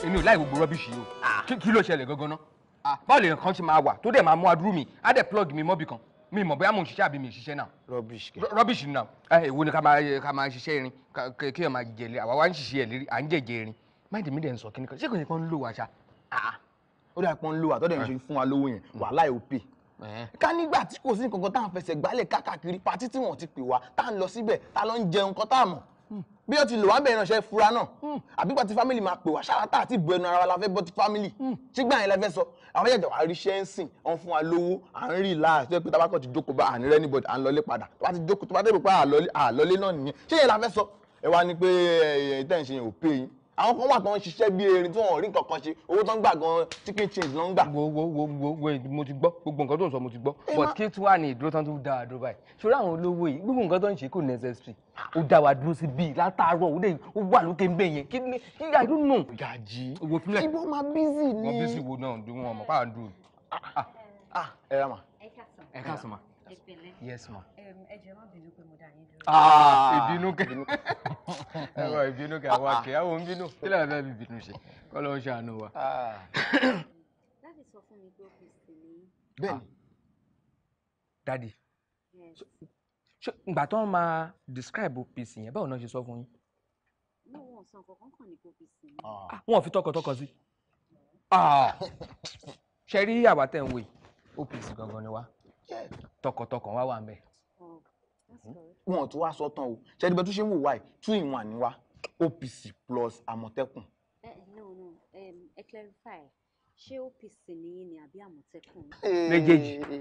èmi ò láì gbogbo rọ́bìṣì yìí o kí ló ṣẹlẹ̀ gangan náà ah, báwo lè nǹkan ṣe máa wà tó dẹ̀ máa mú adúrú mi á dẹ̀ plug mi mọ́bì kan mi mọ̀ bóyá mò ń ṣiṣẹ́ àbí mi ò ṣiṣẹ́ náà. rubbish kẹ. rubbish náà ẹ èwo ni ká máa ká máa ṣiṣẹ́ irin kí ẹ máa jẹ ilé àwa wá ń ṣiṣẹ́ ìlérí à ń jẹ̀jẹ̀ irin máìdì mi dẹ̀ ń sọ kí ni kan ṣé kò yẹ kó ń lò wá ṣá. Ah, ó dà pọ́n ń lò wá tọ́jú ẹ̀ ń ṣe fún wa lówó yẹn hmm. wàhálà ẹ̀ ò pè ká nígbà tí kò sí nǹkan kan tá à ń fẹsẹ̀ gbálẹ̀ káàkiri patí tí wọ́n ti pè wá tá à ń lọ síbẹ̀ tá lọ ń jẹun kan tá à mọ̀ bí ó ti lò wá bẹ̀rẹ̀ ìránṣẹ́ fura náà hmm. àbí pàtí family máa pè wá ṣáwátà àti ìbò ẹnu ara wa la fẹ́ bọ́ ti family hmm. ṣígbà yẹn la fẹ́ sọ àwọn yẹn jàwá rí iṣẹ́ ń sìn ọ̀n fún wa lówó à ń rí ìlà àti pé tabakọ̀ ti jókòó bá àní rẹ́ni bọ̀dì à ń lọlé padà tó bá ti jókòó tó bá dé rò pé àlọ́lé náà nìyẹn ṣé yẹn la fẹ́ sọ ẹ wá ní pé ẹ tẹ́ ń ṣe yẹn ò pé yín àwọn kan wà tó ń ṣiṣẹ́ bí erin tí wọ́n rí nǹkan kan ṣe owó tó ń gbà gan chicken change ló ń gbà. wo wo wo wo wo mo ti gbọ́ gbogbo nǹkan tó ń sọ mo ti gbọ́ but kí tí wàá ní ìdúró tán tó dá a dúró báyìí ṣòro àwọn olówó yìí gbogbo nǹkan tó ń ṣe kò necessary ó dá wa dúró sí bíi látàárọ̀ ó dé ó wà lókè ń bẹ yẹn kí ni I don't know. gàjí owó fúnlẹ̀ ibo máa bízì ni. wọ́n bízì wo náà wọn mọ̀ pàdùn. Ah, ah. ah, ẹ ká sọ ma yes ma. ẹ jẹ́ má bínú pé mo dá yín dúró. Ah! ìbínú kẹ ẹwà ìbínú kẹ àwa kẹ àwọn ń bínú kí lóò fẹ́ fi bínú ṣe kọ́ ló ń ṣàánú wa. Ah. dáàdì sọ fún mi pé ó fi sí mi. bẹ́ẹ̀ni dáàdì ìgbà tó ń máa describe OPC yẹn báwo náà ṣe sọ fún yín. mo wọn sàn kankan kàn ní OPC mi. Ah. wọn fi tọkàntọkàn sí. ṣe rí àwa tẹ̀ ń wé OPC gangan ni wá tọkàntọkàn wá wà ń bẹ. Oh, hmm? wọn ò tún wá sọ tán o ṣẹ́ni bẹ́ẹ̀ tún ṣe ń wò wáyé two in one ni wá OPC plus àmọ̀tẹ́kùn. ẹ eh, ẹ no no um, ẹ clarify ṣé OPC nìyí ni àbí àmọ̀tẹ́kùn. méjèèjì ẹ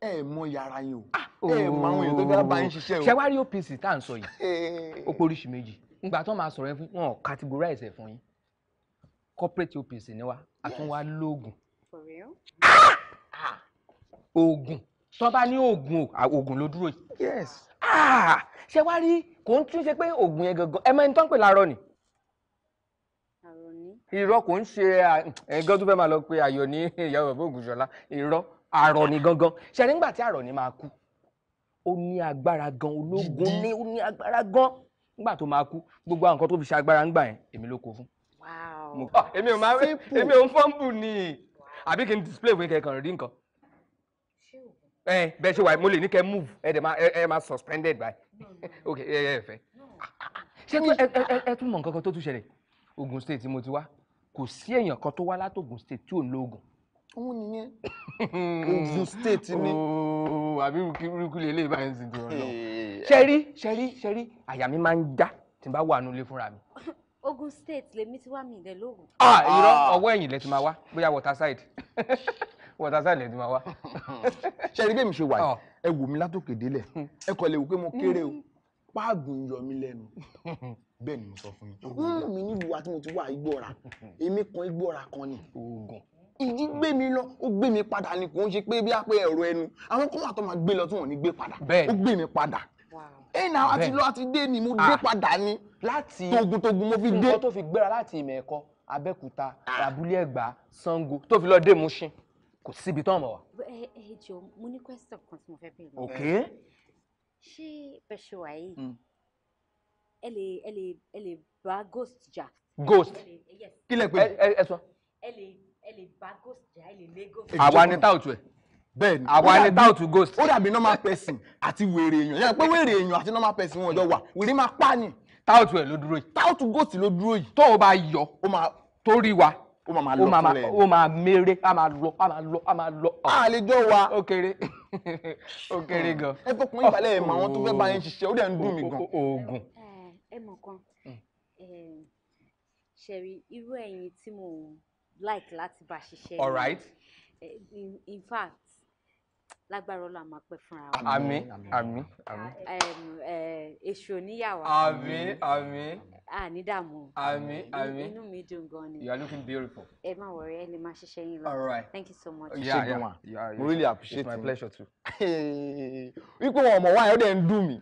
eh, ẹ mọ yàrá yìí o ẹ ah, ẹ mọ àwọn èèyàn tó fẹ́ bá ń oh. ṣiṣẹ́ o. ṣẹwárí OPC tá à ń sọ yìí eh. ó poríṣi méjì ngbà tó máa sọ̀rọ̀ ẹ fún wọn categorize ẹ̀ fún yín corporate OPC ni wa àtúnwá lóògùn. for real oògùn tó bá ní oògùn oògùn ló dúró yìí. yes. Ah! ṣé wàá rí kò ń tún ṣe pé oògùn yẹn gangan ẹ mọ ẹni tó ń pè láàárọ̀ ni. irọ́ kò ń ṣe ẹ̀gán tó fẹ́ máa lọ pé ayọ̀ ní ìyá bàbá Ògúnṣọlá irọ́ àrọ̀ ni gangan ṣe nígbà tí àrọ̀ ni máa kú ó ní agbára gan ológun ní ó ní agbára gan nígbà tó máa kú gbogbo àwọn nǹkan tó fi ṣe agbára ńgbà yẹn èmi ló kó fún. Ah, èmi ò máa èmi ò ń fọ́ǹbù ni àbí kí n display ìwé kẹ̀kẹ́ rí nǹkan ẹ bẹ́ẹ̀ ṣe wà mo lè ní kẹ́ move ẹ dẹ̀ máa ẹ máa suspended by ok ẹ ẹ fẹ́. ṣé ẹ tún mọ̀ nǹkan kan tó tún ṣẹlẹ̀ Ogun State tí mo ti wá kò sí èèyàn kan tó wá látògùn state tí ò ń lo oògùn. òun nìyẹn *laughs* Ogun State ni. àbí rúkú lè lè báyìí sì dùn ọ lọ. ṣẹ́rí ṣẹ́rí ṣẹ́rí àyà mi máa ń já tí n bá wà nulẹ̀ fúnra mi. *laughs* Ogun State lèmi ti wá mi ìdẹ lóògùn. ah irọ́ ah. ọwọ́ ẹ̀yìn lẹ ti máa wá bóyá water side. *laughs* wọ́n ta sáàlì ẹ̀ ti máa wá. *laughs* ṣẹ́ni bí èmi ṣe wà yìí ẹ wò mí látòkè délẹ̀ ẹ kọ́ lè wò pé mo kéré o páàgùn yọ mí lẹ́nu bẹ́ẹ̀ ni mo sọ fún yín. wọ́n mi nílùú àti mo ti wà igbóra èmi kan igbóra kan ni oògùn ìdí gbé mi lọ ó gbé mi padà ni kò ń ṣe pé bí a pé ẹ̀rọ ẹnu àwọn kan wà tó máa gbé lọ tí wọ́n ní gbé padà ó gbé mi padà ẹ̀yìn náà àti lọ àti dé ni mo ah. dé padà ni láti mo fi dé. nǹkan tó fi gbéra láti ìmọ̀ ẹ̀kọ́ Abẹ́òkúta ah. Abúlé Ẹ̀gbá Ṣàngó tó fi lọ dé Mùṣín kò síbi tó ń bọ̀ wá. ẹ ẹ jọ mo ní question kan tí mo fẹ́ béèrè. ok. ṣé bẹ́ẹ̀ wà yìí hmm. ẹ lè ẹ lè ẹ lè bá ghost jà. ghost kí lè pè é ẹ sọ. ẹ lè ẹ lè bá ghost jà ẹ lè lé ghost. àwa ni táwùtù ẹ bẹ́ẹ̀ni àwa ni táwọn ghost. ó dàbí normal person àti wèrè èèyàn yẹn pé wèrè èèyàn àti normal person wọn jọ wà wèrè máa pa ni. táwọn ẹ ló dúró yìí. táwọn ghost ló dúró yìí. tó o bá yọ ó máa torí wa ó máa lọ fúnlẹ̀ ó máa mèrè á máa lọ á máa lọ á máa lọ. àlejò wa ó kéré *laughs* ó kéré gan. ẹ tó kún ìbàlẹ̀ ìmọ̀ àwọn tó fẹ́ bá yín ṣiṣẹ́ ó dẹ̀ ń dùn mí gan. oògùn. ẹ mọ̀ kan hmm. ṣẹ̀rí irú ẹ̀yin tí mo like láti bá ṣiṣẹ́. all right. in fact lágbára Ọlọ́run máa pẹ́ fúnra wa. àmín àmín àmín. èṣù oníyàwó. àmín àmín. àní dààmú. àmín inú mi dùn gan ni. you are looking beautiful. ẹ má wọrí ẹ lè máa ṣiṣẹ́ yín lọ. all right thank you so much. ṣe gan wa mo really appreciate it's my pleasure too. *laughs* wípé wọn ọmọ wa ẹ ó dẹ̀ ń dùn mí.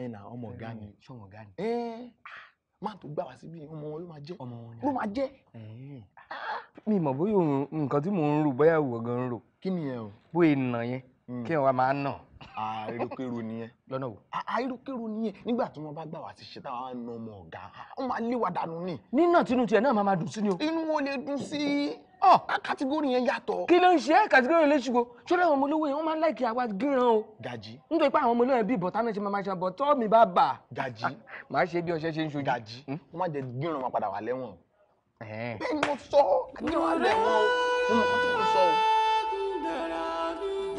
ẹ na ọmọ ọ̀gá ni ṣọmọ ọ̀gá ni. Eh. Ah, máa tó gbà wá síbí ọmọ wọn ló máa jẹ́. ọmọ wọn ni ló máa jẹ́. Eh mi mọ̀ bóyá nǹkan tí mò ń rò bóyá ìwọ gan rò. kí ni ẹ o. bó e nà yẹn hmm. kí ẹ wá máa nà. àìrókèrò nìyẹn. lọ́nà wo. àìrókèrò nìyẹn nígbà tí wọ́n bá gbà wá sí ṣe táwọn á na ọmọ ọ̀gá wọ́n máa lé wa dànù ni. nínà tinú tiẹ̀ náà máa máa dùn sí ni o. inú wo lè dùn sí i. ọ kàtígórì yẹn yàtọ̀. kí ló ń ṣe é kàtígórì lè ṣùgbọ́ ṣọlá àwọn ọmọ olówó yẹn wọ́n máa ń láìkí àwa gíran o. gàjí. nítorí pé àwọn ọmọ olówó yẹn bí bọ̀tá náà ṣe máa ṣe bọ̀tọ́ mi bá bà. gàjí. Ah, màá ṣe bí ọṣẹ ṣe ń ṣojú. gàjí. Hmm? wọ́n má jẹ gíran wọn padà wà lẹ́wọ̀n bẹ́ẹ̀ ni mo sọ àdéhùn alẹ́ wọn o mo mọ̀ kó tí mo sọ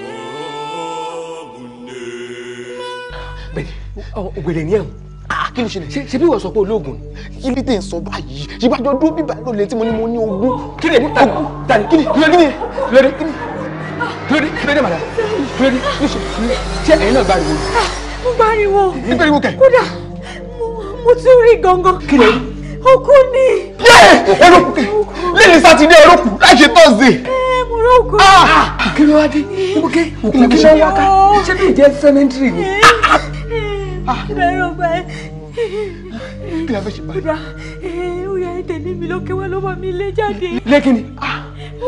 o. bẹ́ẹ̀ni ògbèrè ni ẹ̀ ń kí ló ṣẹlẹ̀ ṣe bí wọ́n sọ pé olóògùn ni. ilé tẹ̀ ń sọ báyìí ìbájọ́ dúró bíbá ló lè tí mo ní mo ní ogún kí lè ní ogún tani kí ni lórí kí ni lórí kí ni lórí kí lórí màdà lórí kí ṣe ṣe ẹ̀yin náà gbariwo. mo gbariwo kódà mo tún rí gangan. kí lè rí. Okú ni. Yé! Erókù. Lílì Sátidé erókù láì ṣe Tọ́sídẹ̀. Ẹ mo rókù. Ah! Ah! Kí ló wá dé? Ibùké òkú kí ló wá ká? Ṣé bí ìjẹ́ sẹ́mẹ́ntìrì ni? Eh, ah! Kí ló rọ̀ báyìí? Kí ló fẹ́ ṣe báyìí? Bùrà eh, ó yà tẹ̀lé mi lókè wá ló bá mi lé jáde. Lẹ́kìnì.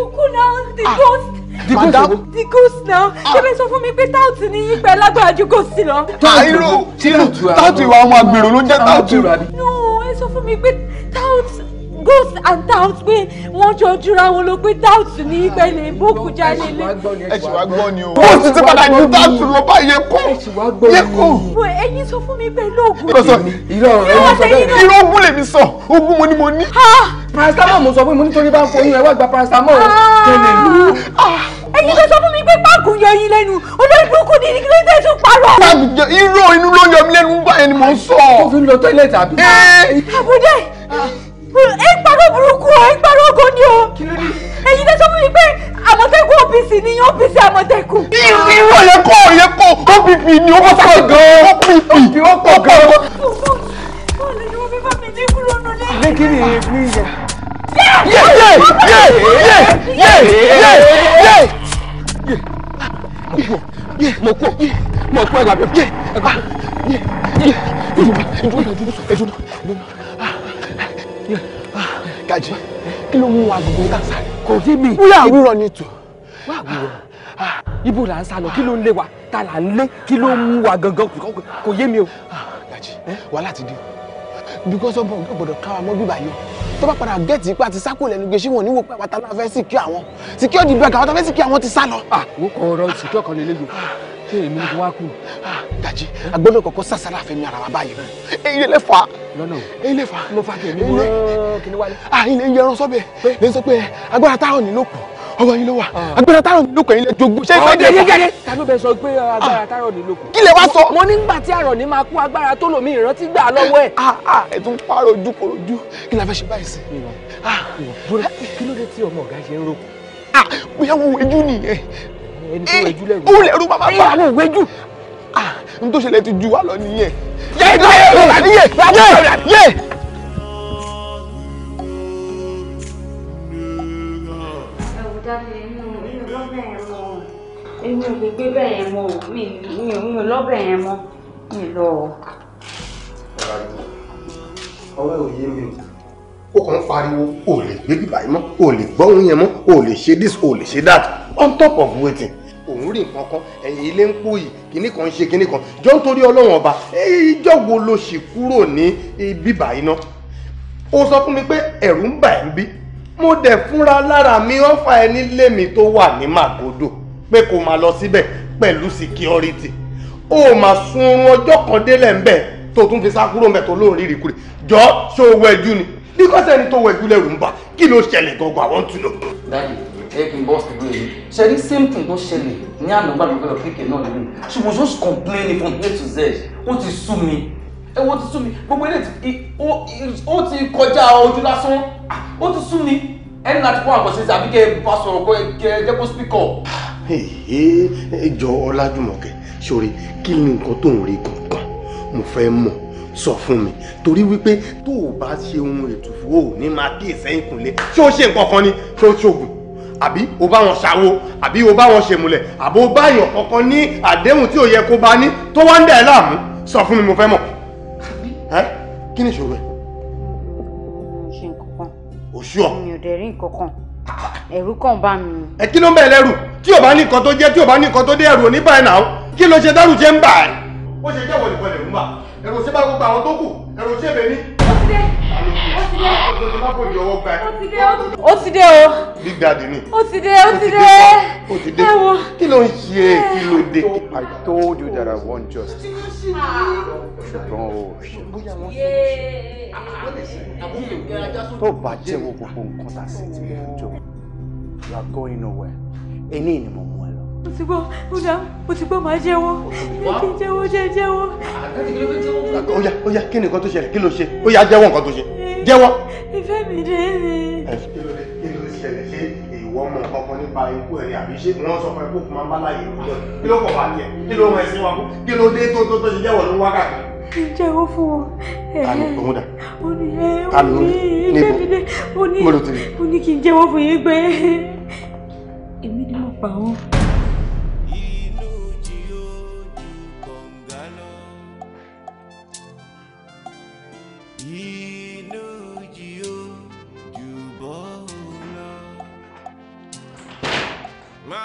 Okú náà the ghost. The ghost. The ghost náà. Ṣé bẹ́ẹ̀ sọ fún mi pé táùtì ni yín pẹ̀lú agbára ju ghost lọ? Táìrò táùtì ìwà ọmọ àgbèrò ló jẹ́ táùtì ẹ sọ fún mi pé tout goats and tout pé wọ́n jọ jura wọn lọ pé tout ní ìpẹ̀lẹ̀ ìbókù jáde lé. ẹ sì wá gbọ́ ni o. wọ́n ti ti padà ju tout lọ bá yẹ kó yẹ kó. ẹ̀yin sọ fún mi pẹ̀lú ògùn. ìrọ̀sọ ìrọ̀ ìrọ̀ ògùn lèmi sọ ògùn mo ni mo ní. paracetamol mo sọ fún mi nítorí bá ń fọyín ẹ wá gba paracetamol. kẹ́lẹ́ ẹ̀yin tó sọ fún mi pé páàkù yọ yín lẹ́nu olórí burúkú ni kí ló dé tún parọ́. irọ́ inú ló yọ mí lẹ́nu báyẹn ni mò ń sọ. tó fi ń lọ tọ́lẹ̀ tàbí. àbúdá ẹ parọ́ burúkú ẹ parọ́ ògo ni o ẹ̀yin tó sọ fún mi pé àmọ̀tẹ́kùn OPC ni OPC àmọ̀tẹ́kùn. irọ́ yẹ kọ́ yẹ kọ́ padà bẹ̀ yé yé yé ìdúró ìdúró ìdúró ìdúró gàjí kí ló mú agogo ní kàṣà kò sí mi. wúyà àwúrọ̀ ni tò. wúyà àwúrọ̀ ibo là ń sá lọ kí ló ń lé wa ta là ń lé kí ló ń mú wa gangan kò yé mi o. gàjí wàhálà ti dé because ọmọ ọgá gbọ́dọ̀ káwa mọ bíbá yìí tó bá padà gẹẹti ipa ti sákò lẹ́nu gbèsè wọn níwò pé àwọn tá a fẹ́ sí kí àwọn security bag àwọn tá a fẹ́ sí kí àwọn ti sá lọ. àwọn ah, kan ọ̀rọ̀ ìsìnkú ọkàn lè léyìn ṣé èmi ni wá kù. Ah, Dàjí a gbọ́dọ̀ kọ́kọ́ sàṣàrà fẹ́mi ara wa báyìí èyí lè fà á èyí lè fà á ló fà á kèmí wọ́n kìíní wálé. àyìn lè ah, yẹ ẹran sọ́bẹ̀ lè sọ pé agbára táwọn nílò kù ọwọ́ yín ló wà ah. agbára táwọn nílò kù ẹ̀yin lè jogún ṣé ìfẹ́ dé. ọ̀dẹ̀dẹ̀dẹ̀ tàbí bẹ sọ pé agbára táwọn nílò kù. kí lè wá sọ. mo ní gbà tí àrọ̀ ní máa kú agbára tó lòmí ìrántí gbà lọ́wọ́ ẹ̀. ẹ tún pààrọ̀ ojú kò rojú kí la fẹ́ ṣe báyìí ẹni tó eh, wẹjú lẹ́rù. òun lẹ́rù bàbá bá àwọn òwẹ́jú. Ah, n tó ṣẹlẹ̀ ti ju wa lọ nìyẹn. yẹ ìdílé yẹ ìdílé yẹ yẹ. èmi ò lè gbé bẹ́ẹ̀ yẹn mọ́ o mi ò lọ́bẹ̀ yẹn mọ́ mi lọ. ọ̀rọ̀ àgbẹ̀ ò yé mi o ó kàn ń pariwo o lè gbé bíbá yìí mọ́ o lè gbọ́hún yẹn mọ́ o lè ṣe this o lè ṣe that on top of wetin òun rí nǹkan kan ẹ̀yìn ilé ń pò yìí kíní kan ń ṣe kíní kan jọ ń torí ọlọ́run ọba ìjọ wo ló sì kúrò ní bíbá yìí náà ó sọ fún mi pé ẹ̀rù ń bà ẹ́ ń bí mo dẹ̀ fúnra lára mi wọ́n fa ẹni lémi tó wà ní màgòdò pé kò máa lọ síbẹ̀ pẹ̀lú security ó máa sun ọjọ́ kan délẹ̀ ń bẹ̀ tó tún fi sá kúrò ń bẹ̀ tó lóun ìrìkúrè jọ́ ṣó wẹ́jú ni because ẹni tó wọ ìgbìlẹ̀ rò ń bà kí ló ṣẹlẹ̀ gangan I want to know. dáàbì bọ́ sí ìlú èyí ṣe rí same thing tó ṣẹlẹ̀ ní àná gbàdúgbò kíkẹ́ náà lónìí she was just complaining from A to Z ó ti sú mi ẹ wo ti sú mi gbogbo eléyìí ó ti kọjá ojú lásán ó ti sú mi ẹni láti fún àkọsí sí àbí kẹ ẹ bá sọ̀rọ̀ kọ ẹ jẹ́ kó spíkọ̀. jọ Ọlájùmọ̀kẹ́ sori kí ni nǹkan tó ń rí gangan mo fẹ́ mọ̀ sọ fún mi torí wípé tó o bá ṣe ohun ètùfù o ní máa kí ìsẹ́yìn kùnlé ṣé o ṣe nǹkan kan ni ṣé o ṣoògùn àbí o bá wọn ṣàwo àbí o bá wọn ṣèmùlẹ̀ àbí o bá yàn kankan ní àdéhùn tí ò yẹ kó bá ní tó wá ń dẹ̀ láàmú sọ fún mi mo fẹ́ mọ̀ ẹ́ kí ni ìṣòro ẹ̀. òṣù ọ̀ mi ò dẹ̀ rí nǹkan kan ẹ̀rù kàn bá mi. ẹ kí ló ń bẹ̀ lẹ́rù tí ò bá ní nǹkan tó jẹ́ tí ò bá ní nǹkan tó dé ẹ̀rù oníbàá ẹ̀ náà kí ló ṣe dárú jẹ́ ń bà ẹ́. ó ṣe jẹ́wọ́ nìkan ń bà ẹ̀rọ ṣé bá gbogbo àwọn tó kù ẹ̀rọ ṣé bẹ̀ ní. ó ti dé o. big daddy ni. ó ti dé ó ti dé. ó ti dé kí ló ń ṣe kí ló dé. I told you that I want just. ṣùgbọ́n o ṣe tó bá jẹ́wọ́ gbogbo nǹkan tá a sì ti lè jọ you are going nowhere. ẹni ni mo mọ mo ti gbọ́ mo dá mo ti gbọ́ máa jẹ́wọ́ jẹ́ jẹ́wọ́ jẹ́ jẹ́wọ́. ọ̀ya ọ̀ya kí ni nǹkan tó ṣẹlẹ̀ kí ló ṣe ó yá jẹ́wọ́ nǹkan tó ṣe jẹ́wọ́. ìfẹ́ mi dé ni. kí ló dé kí ló ṣẹlẹ̀ ṣé ìwọ mọ nǹkan kan nípa ikú ẹ̀ àbí ṣé wọ́n sọ fún ẹ kó kó máa ń bá láàyè lọ́dọ̀ kí ló kọ̀ wá tiẹ̀ kí ló rẹ̀ sí wa kó kí ló mo pa wọn.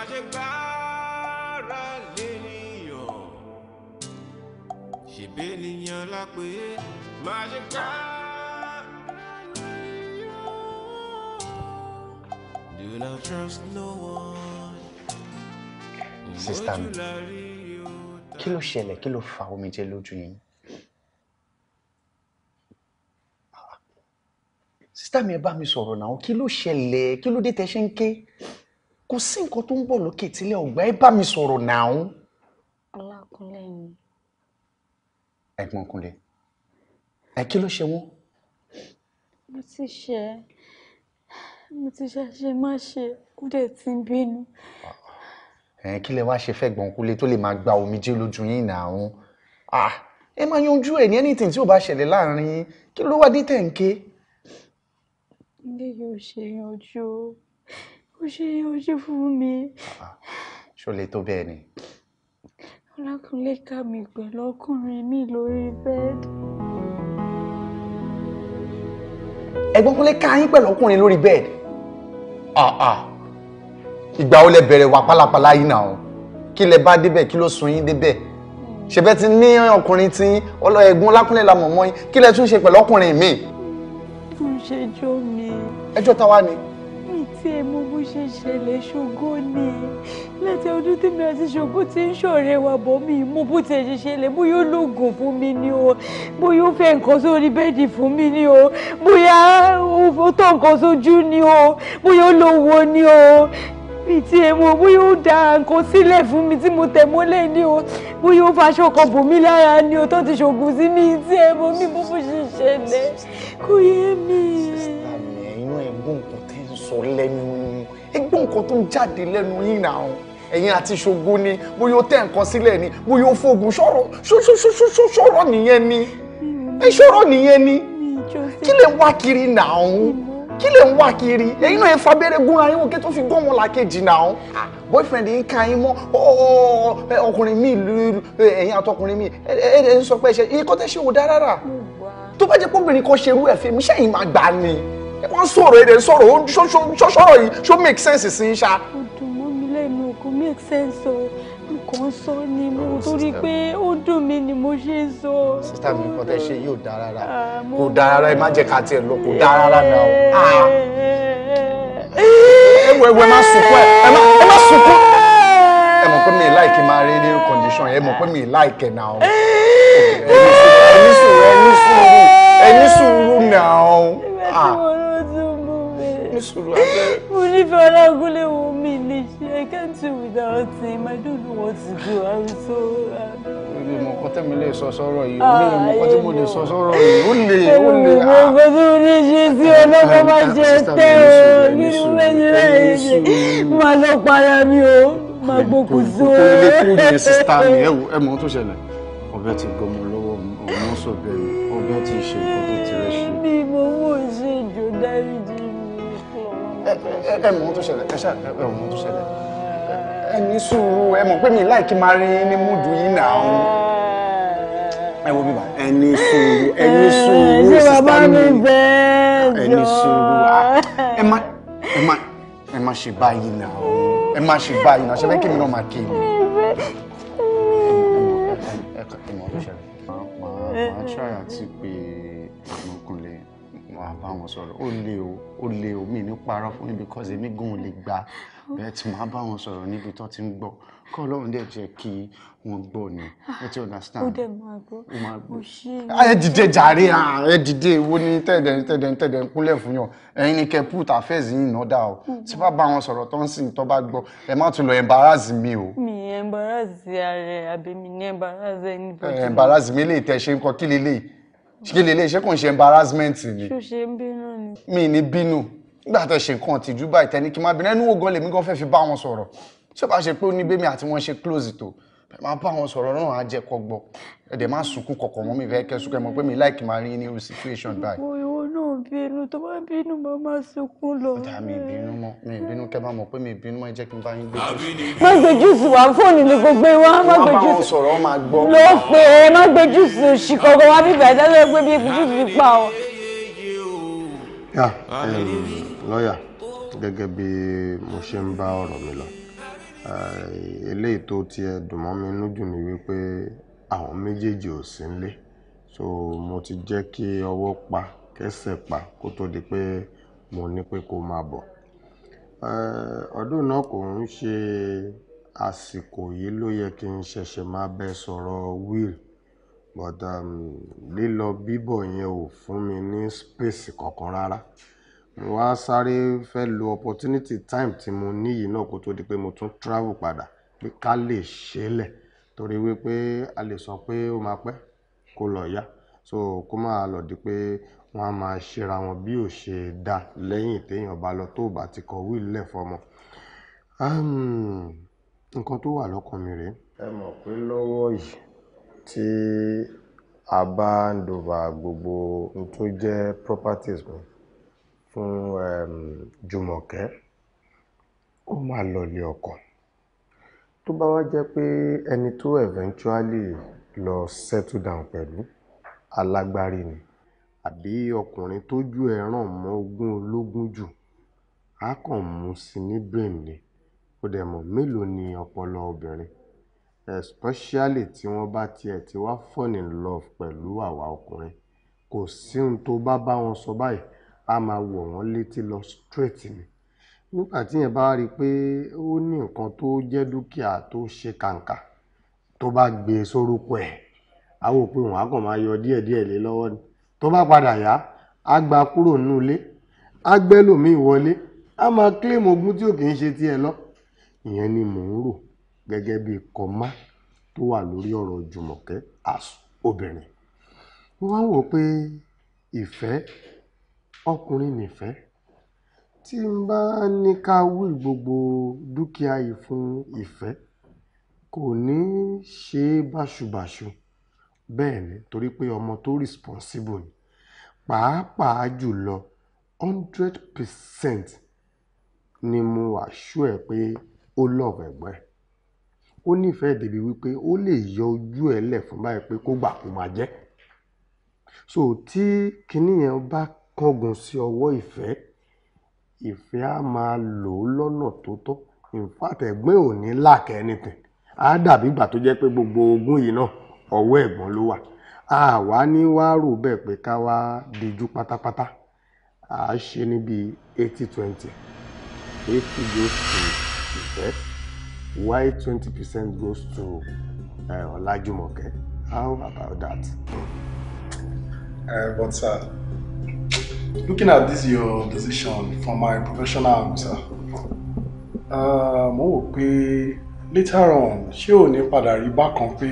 ṣe gbára lẹ́nìyàn ṣèbẹ́ nìyàn lápé má ṣe gbára Do not trust no one. Sista mi, kí ló ṣẹlẹ̀ kí ló fa omijé lójú yín? Sista mi ẹ bá mi sọ̀rọ̀ náà, kí ló ṣẹlẹ̀ kí ló dé tẹ ṣe ń ké? kò sí nǹkan tó ń bọ̀ lókè tílẹ̀ ọ̀gbà ẹ bá mi sọ̀rọ̀ nàún. Ọlákúnlé ni. ẹ̀gbọ́n Kúnlé ẹ kí ló ṣe wọ́n. mo ti ṣe mo ti ṣe ṣe má ṣe ó dẹ̀ ti ń bínú. ẹ kí lẹ wá ṣe fẹ́ gbọ̀n Kúnlé tó lè máa gba omijé lójú yín nàún ẹ máa yanjú ẹ ní anything tí ò bá ṣẹlẹ̀ láàrin yín kí ló wá dé tẹ̀ ń ké. ilé yóò ṣe yanjú o o ṣe o ṣe fún mi. Ah, ṣó lè tó bẹ́ẹ̀ ni. ọlákùnlé ká mi pẹ̀lú ọkùnrin mi lórí bẹ́ẹ̀dì. ẹ̀gbọ́n kúnlé ká yín pẹ̀lú ọkùnrin lórí bẹ́ẹ̀dì. Ah, ah. ìgbà wo lẹ bẹ̀rẹ̀ wà pálapàla yìí náà kí lẹ bá débẹ̀ kí ló sún yín débẹ̀ ṣèbẹ́ ti ní ọkùnrin tí ọlọ́ẹ̀gún lákúnlẹ̀ la mọ̀mọ́ yín kí lẹ tún ṣe pẹ̀lú ọkùnrin mi. mo ṣe jọ mi. ẹjọ́ ta wá ni. mi tiẹ̀ mú ṣe ṣẹlẹ̀ ṣògo ni láti ọdún tèmi àti ṣògo ti ń ṣọ̀rẹ́ wa bọ̀ mí mo bó tiẹ̀ ṣe ṣẹlẹ̀ bóyá ó fún mi ni o bóyá ó fẹ́ nǹkan sórí bẹ́ẹ̀dì fún mi ni o bóyá ó tọ̀ nǹkan sójú ni o bóyá ó lówó ni o bíi tí bóyá ó da nǹkan sílẹ̀ fún mi tí mo tẹ̀ mọ́lẹ̀ ni o bóyá ó faṣọ kan bò mí lára ni o tó ti ṣògùn sí mi tí èmo mi bó bó ṣe ṣẹlẹ̀ kò yé mi. sísá mi ẹ̀yin ẹ̀gbọ́n nǹkan tẹ́ ń sọ lẹ́nu gbọ́ nǹkan tó ń jáde lẹ́nu yín náà ẹ̀yin àti ṣògo ni bóyá ó tẹ̀ nǹkan sílẹ̀ ni bóyá ó fògùn ṣọ̀rọ̀ ṣọ̀rọ̀ nìyẹn ni ẹ ṣọ̀rọ̀ nìyẹn ni kí lè wá kiri náà kí lè ń wá kiri èyí náà ẹ fa abẹ́rẹ́ gúnra yín òkè tó fi gán wọn làkejì náà ah, boyfriend yìí ka yín mọ́ ọkùnrin mi ẹ̀yin àtọkùnrin mi ẹ ń sọ pé ẹ ṣe ìkọ́tẹ́ ṣe ò dá rárá tó bá jẹ́ pé obìnrin kan ṣerú ẹ̀fẹ́ mi ṣẹ́yìn máa gbà ni wọ́n sọ̀rọ̀ èdè sọ̀rọ̀ ó ṣọ́ṣọ́rọ̀ yìí ṣó make sense sí ń ṣá. ó dùn mọ́ mi lẹ́nu kò make sense o nǹkan sọ ni mo oh, torí pé ó dùn mí ni mo ṣe ń sọ. sísítà mi nǹkan tẹ ṣe yóò dára rà ah, kò dára rà ẹ má jẹ ká tiẹ̀ lọ kò dára rà náà ẹwọ ah. eh. ẹwọ ẹ má sunkún ẹ ẹ má sunkún ẹ mọ̀ pé mi like máa rí ní condition ẹ mọ̀ pé mi like náà eh. ẹni sùúrù ẹni sùúrù ẹni sùúrù náà ní sùúrù abẹ́. mo nífẹ̀ẹ́ ọlágúnlé wo I can't do without him I don't know what to do I'm so. mi ò mọ nǹkan tẹ́mi lè sọ sọ́rọ̀ yìí mi ò mọ nǹkan ti gbọmọ lọ́wọ́ ọmọ sọ̀bẹ̀ ọbẹ̀ ti ṣe ẹ mọ̀ ohun tó ṣẹlẹ̀ ẹ ṣáà ẹ mọ̀ ohun tó ṣẹlẹ̀ ẹ ní sùúrù ẹ mọ̀ pé mi láìkí máa rí ní múdù yìí nà án ẹ wo bíbá ẹ ní sùúrù ẹ ní sùúrù sísá mi ẹ ní sùúrù ah, ẹ má ẹ má ẹ má ṣe báyìí nà ẹ má ṣe báyìí nà ṣe fẹ́ kí mi náà máa kí mi ẹ mọ̀ ẹ mọ̀ ẹ mọ̀ tó ṣẹlẹ̀ máa máa try àti pé bá wọn sọ̀rọ̀ ó lé o ó lé o mi ní parọ́ fún mi because èmi gan lè gbà bẹ́ẹ̀ tí màá bá wọn sọ̀rọ̀ níbi tó ti ń gbọ́ kọ́ lọ́run dẹ̀ jẹ́ kí wọ́n gbọ́ ni ẹ ti understand. ó dẹ̀ máa gbọ́ ó ṣe é. ẹ dìde jàre ẹ dìde ìwo ni tẹ̀dẹ̀ tẹ̀dẹ̀ tẹ̀dẹ̀ ń kúnlẹ̀ fún yàn ẹ̀yin ni kẹ́ put affairs yìí nọ́dà o mm-hmm. tí bá bá wọn sọ̀rọ̀ tó ń sìn tó bá gbọ́ ẹ má tún lọ embarrass mi o. mi embarrass ara ẹ àbí mi embarrass anybody. embarrass mi lè tẹ ṣe ń kọ kí lélẹ́yìí kí lè lè ṣe kàn ṣe embarrassment ni. ṣùṣe ń bínú ni. mi ní bínú nígbà tó ṣe nǹkan tìjú báyìí tẹni kí n máa bínú ẹnu wo gan lèmi gan fẹ́ fi bá wọn sọ̀rọ̀ ṣé bá ṣe pé ó ní bẹ́mi àti wọn ṣe close tó máa bá wọn sọ̀rọ̀ náà á jẹ́ kọ́ gbọ́ ẹ̀dẹ̀ má sunkún kọ̀kọ̀ mọ́ mi fẹ́ kẹ́ mọ́ pé mi láìkì máa rí ní irú situation báyìí bínú tó bá bínú mo máa sunkún lọ. ọ̀dà mi ìbínú mọ́ mi ìbínú eh. kẹ́ bá mọ̀ pé mi ìbínú mọ́ jẹ́ kí n bá yín gbé jùsù. má gbé jùsù wá fóònù ní gbogbo wa má gbé jùsù. wọ́n bá wọn sọ̀rọ̀ máa gbọ́. ló pè é má gbé jùsù ṣìkọ̀kọ̀ wá bíbẹ̀ ẹ̀ dájọ́ pé bí jùsù fi pa ọ. yà lọ́ọ̀yà gẹ́gẹ́ bí mo ṣe ń bá ọ̀rọ̀ mi lọ eh, eléyìí tó tiẹ̀ dùn mọ́ mi inú ni wípé àwọn méjèèjì ò sí nílé so mo ti jẹ́ kí ọwọ́ pa kẹ́sẹ̀ pa kó tó di pé mo ní pé kó máa bọ̀. Eh, ọdún náà kò ń ṣe àsìkò yìí ló yẹ kí n ṣẹ̀ṣẹ̀ máa bẹ sọ̀rọ̀ will but um, lílọ bíbọ̀ yẹn ò fún mi ní space kankan rárá mo wá sáré fẹ́ lo opportunity time tí mo ní yìí náà kó tó di pé mo tún travel padà pé ká lè ṣe é lẹ̀ torí wípé a lè sọ pé ó máa pẹ́ kó lọ yá so kó máa lọ di pé wọ́n á máa ṣera wọn bí ò ṣe dá lẹ́yìn téèyàn bá lọ tó bá ti kọ wíìlì lẹ̀ fọmọ. nǹkan tó wà lọ́kàn mi rèé. ẹ mọ̀ pé lọ́wọ́ yìí tí a bá ń dòbà gbogbo tó jẹ́ properties mi fún Jùmọ̀kẹ́ ó máa lọlé ọkàn tó bá wá jẹ́ pé ẹni tó eventually lọ settle down pẹ̀lú alágbárí ni àbí ọkùnrin tójú ẹ̀ ràn mọ́ ogún ológun jù á kàn mú si ní brain ni, ó dẹ̀ mọ̀ mélòó ni ọpọlọ obìnrin especially tí wọ́n bá tiẹ̀ ti wá fall in love pẹ̀lú àwa ọkùnrin. Kò sí ohun tó bá bá wọn sọ báyìí á máa wọ̀ wọ́n létí lọ straight ni. Nígbà téèyàn bá wá rí i pé ó ní nǹkan tó jẹ́ dúkìá tó ṣe kàǹkà tó bá gbé e sórúkọ ẹ̀, á wò ó pé òun á kàn máa yọ díẹ̀díẹ̀ lé lọ́wọ́ ni tó bá padà yá á gba kúrò nínú ilé á gbẹ́lòmíì wọlé á máa kílèmù ogún tí ò kì í ṣe tiẹ̀ lọ ìyẹn ni mò ń rò gẹ́gẹ́ bí kọ́má tó wà lórí ọ̀rọ̀ Jùmọ̀kẹ́ obìnrin mo wá ń wò pé ìfẹ́ ọkùnrin nìfẹ́ tí n bá ní ká wí gbogbo dúkìá yìí fún ìfẹ́ kò ní í ṣe báṣubàṣu Bẹ́ẹ̀ni, torí pé ọmọ tó responsible ni. Pàápàá jùlọ hundred percent ni mo wà sure ẹ̀ pé ó love ẹ̀gbọ́n ẹ̀. Ó nífẹ̀ẹ́ ẹ̀ débi wípé ó lè yọ ojú ẹ̀ lẹ̀ fún báyìí pé kó gbà kó máa jẹ́. So tí kiní yẹn bá kángun sí ọwọ́ ìfẹ́, ìfẹ́ á máa lò ó lọ́nà tó tọ́. In fact, ẹ̀gbọ́n ẹ̀ ò ní lack anything. Á dàbí ìgbà tó jẹ́ pé gbogbo ogún yìí náà ọwọ́ ẹ̀gbọ́n ló wà a wá ní wá rò bẹ́ẹ̀ pé ká wá díjú pátápátá a ṣe ní bíi eighty twenty eighty goes to ìfẹ́ why twenty percent goes to eh, Ọlájùmọ̀kẹ́ uh, how about that. Uh, but sir, looking at this your decision from my professional answer ah, mo wò pé later on ṣé ò ní padà rí bákan pé